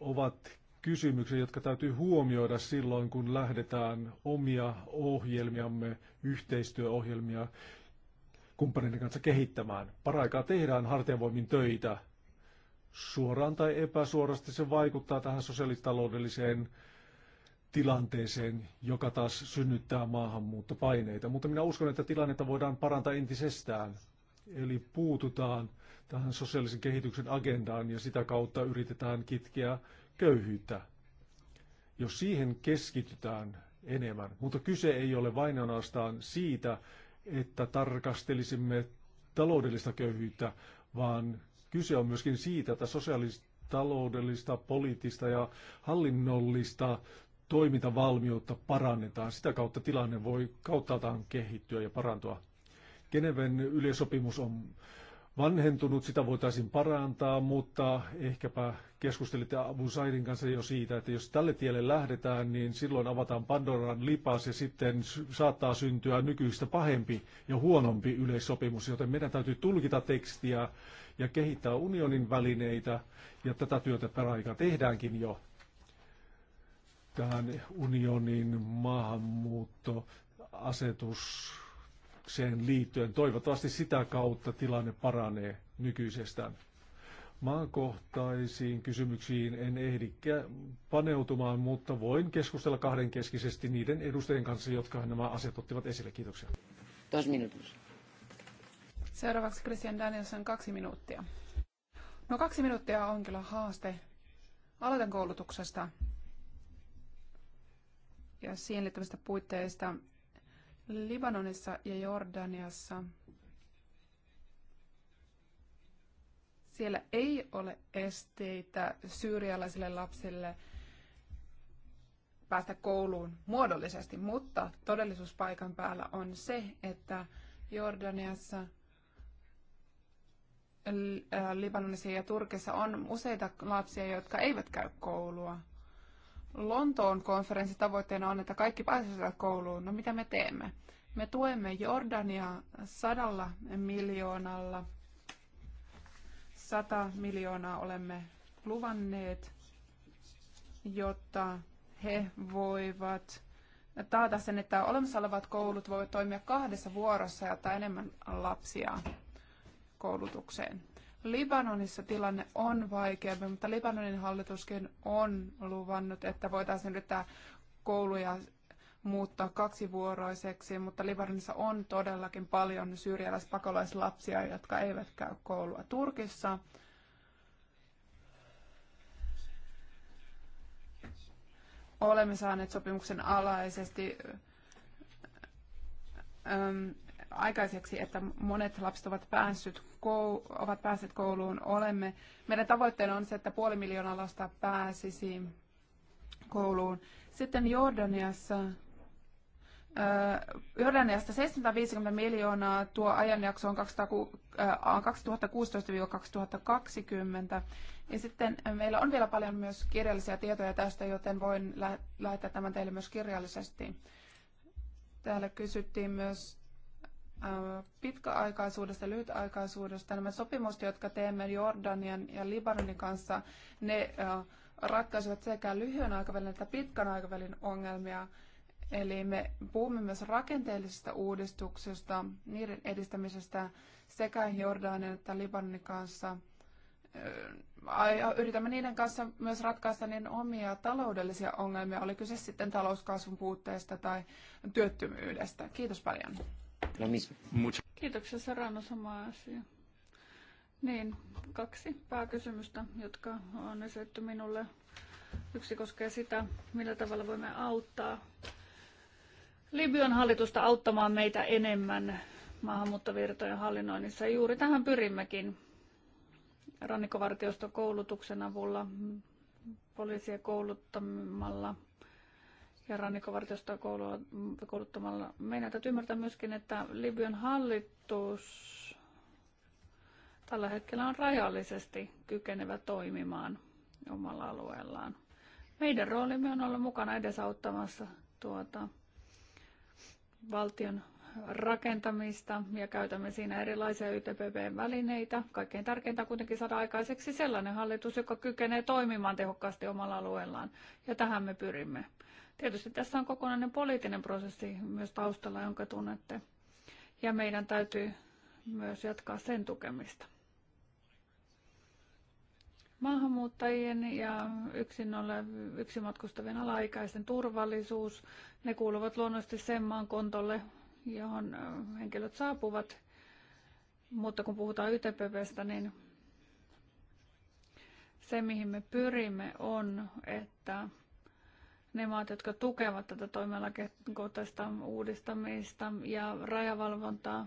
ovat kysymyksiä, jotka täytyy huomioida silloin, kun lähdetään omia ohjelmiamme, yhteistyöohjelmia kumppaneiden kanssa kehittämään. Paraikaa tehdään hartiavoimin töitä. Suoraan tai epäsuorasti se vaikuttaa tähän sosiaalitaloudelliseen tilanteeseen, joka taas synnyttää maahanmuuttopaineita. Mutta minä uskon, että tilannetta voidaan parantaa entisestään. Eli puututaan tähän sosiaalisen kehityksen agendaan ja sitä kautta yritetään kitkeä köyhyyttä, jos siihen keskitytään enemmän. Mutta kyse ei ole vain ainoastaan siitä, että tarkastelisimme taloudellista köyhyyttä, vaan kyse on myöskin siitä, että sosiaalista, taloudellista, poliittista ja hallinnollista toimintavalmiutta parannetaan. Sitä kautta tilanne voi kauttaaltaan kehittyä ja parantua. Geneven yleisopimus on vanhentunut, sitä voitaisiin parantaa, mutta ehkäpä keskustelitte Abu Saidin kanssa jo siitä, että jos tälle tielle lähdetään, niin silloin avataan Pandoran lipas ja sitten saattaa syntyä nykyistä pahempi ja huonompi yleissopimus, joten meidän täytyy tulkita tekstiä ja kehittää unionin välineitä ja tätä työtä peräaika tehdäänkin jo tähän unionin maahanmuuttoasetus rahoitukseen liittyen. Toivottavasti sitä kautta tilanne paranee nykyisestään. Maankohtaisiin kysymyksiin en ehdi paneutumaan, mutta voin keskustella kahdenkeskisesti niiden edustajien kanssa, jotka nämä asiat ottivat esille. Kiitoksia. Dos minuutus. Seuraavaksi Christian Danielson kaksi minuuttia. No kaksi minuuttia on kyllä haaste. Aloitan koulutuksesta ja siihen liittyvistä puitteista Libanonissa ja Jordaniassa siellä ei ole esteitä syyrialaisille lapsille päästä kouluun muodollisesti, mutta todellisuus paikan päällä on se, että Jordaniassa, äh, Libanonissa ja Turkissa on useita lapsia, jotka eivät käy koulua. Lontoon konferenssin tavoitteena on, että kaikki pääsisivät kouluun. No mitä me teemme? Me tuemme Jordania sadalla miljoonalla. Sata miljoonaa olemme luvanneet, jotta he voivat taata sen, että olemassa olevat koulut voivat toimia kahdessa vuorossa ja ottaa enemmän lapsia koulutukseen. Libanonissa tilanne on vaikeampi, mutta Libanonin hallituskin on luvannut, että voitaisiin yrittää kouluja muuttaa kaksivuoroiseksi, mutta Libanonissa on todellakin paljon syyrialaispakolaislapsia, jotka eivät käy koulua Turkissa. Olemme saaneet sopimuksen alaisesti aikaiseksi, että monet lapset ovat, päässyt kou- ovat päässeet kouluun. Olemme, meidän tavoitteena on se, että puoli miljoonaa lasta pääsisi kouluun. Sitten Jordaniassa, Jordaniasta 750 miljoonaa tuo ajanjakso on 2016-2020. Ja sitten meillä on vielä paljon myös kirjallisia tietoja tästä, joten voin lähettää tämän teille myös kirjallisesti. Täällä kysyttiin myös pitkäaikaisuudesta ja lyhytaikaisuudesta. Nämä sopimukset, jotka teemme Jordanian ja Libanonin kanssa, ne ratkaisivat sekä lyhyen aikavälin että pitkän aikavälin ongelmia. Eli me puhumme myös rakenteellisista uudistuksista, niiden edistämisestä sekä Jordanian että Libanonin kanssa. Yritämme niiden kanssa myös ratkaista niiden omia taloudellisia ongelmia, oli kyse sitten talouskasvun puutteesta tai työttömyydestä. Kiitos paljon. Lo mismo. Mucho. Kiitoksia Sarano, sama asia. Niin, kaksi pääkysymystä, jotka on esitetty minulle. Yksi koskee sitä, millä tavalla voimme auttaa Libyan hallitusta auttamaan meitä enemmän maahanmuuttovirtojen hallinnoinnissa. Juuri tähän pyrimmekin rannikkovartioston koulutuksen avulla, poliisia kouluttamalla – ja rannikkovartiostoa kouluttamalla. Meidän täytyy ymmärtää myöskin, että Libyan hallitus tällä hetkellä on rajallisesti kykenevä toimimaan omalla alueellaan. Meidän roolimme on olla mukana edesauttamassa tuota valtion rakentamista ja käytämme siinä erilaisia YTPP-välineitä. Kaikkein tärkeintä on kuitenkin saada aikaiseksi sellainen hallitus, joka kykenee toimimaan tehokkaasti omalla alueellaan ja tähän me pyrimme. Tietysti tässä on kokonainen poliittinen prosessi myös taustalla, jonka tunnette. Ja meidän täytyy myös jatkaa sen tukemista. Maahanmuuttajien ja yksin, ole, yksin matkustavien alaikäisten turvallisuus, ne kuuluvat luonnollisesti sen maan kontolle, johon henkilöt saapuvat. Mutta kun puhutaan YTPVstä, niin se mihin me pyrimme on, että ne maat, jotka tukevat tätä toimialakohtaista uudistamista ja rajavalvontaa.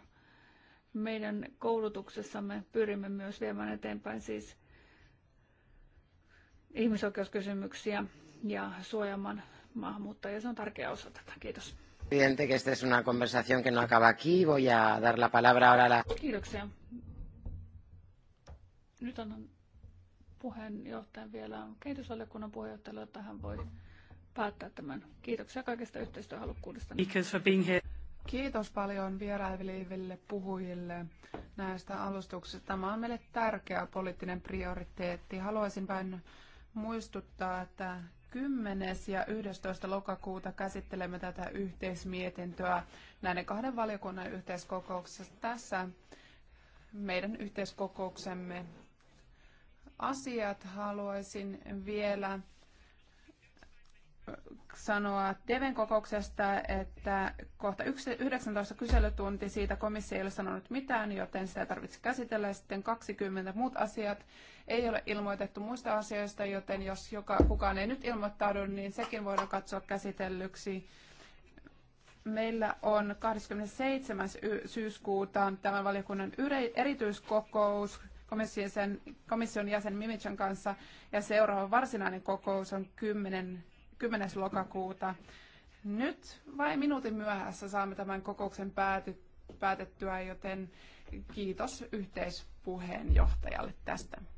Meidän koulutuksessamme pyrimme myös viemään eteenpäin siis ihmisoikeuskysymyksiä ja suojaamaan maahanmuuttajia. Se on tärkeä osa tätä. Kiitos. Evidente que esta es una conversación que no acaba aquí. Voy a dar la palabra ahora a la... Kiitoksia. Nyt annan puheenjohtajan vielä kehitysvaliokunnan puheenjohtajalle, että hän voi päättää tämän. Kiitoksia kaikesta yhteistyöhalukkuudesta. Kiitos paljon vieraileville puhujille näistä alustuksista. Tämä on meille tärkeä poliittinen prioriteetti. Haluaisin vain muistuttaa, että 10. ja 11. lokakuuta käsittelemme tätä yhteismietintöä näiden kahden valiokunnan yhteiskokouksessa. Tässä meidän yhteiskokouksemme asiat haluaisin vielä sanoa Deven kokouksesta, että kohta 19 kyselytunti siitä komissio ei ole sanonut mitään, joten sitä ei tarvitse käsitellä. Sitten 20 muut asiat ei ole ilmoitettu muista asioista, joten jos joka, kukaan ei nyt ilmoittaudu, niin sekin voidaan katsoa käsitellyksi. Meillä on 27. syyskuuta tämän valiokunnan erityiskokous komission jäsen Mimichan kanssa ja seuraava varsinainen kokous on 10 10. lokakuuta. Nyt vain minuutin myöhässä saamme tämän kokouksen pääty, päätettyä, joten kiitos yhteispuheenjohtajalle tästä.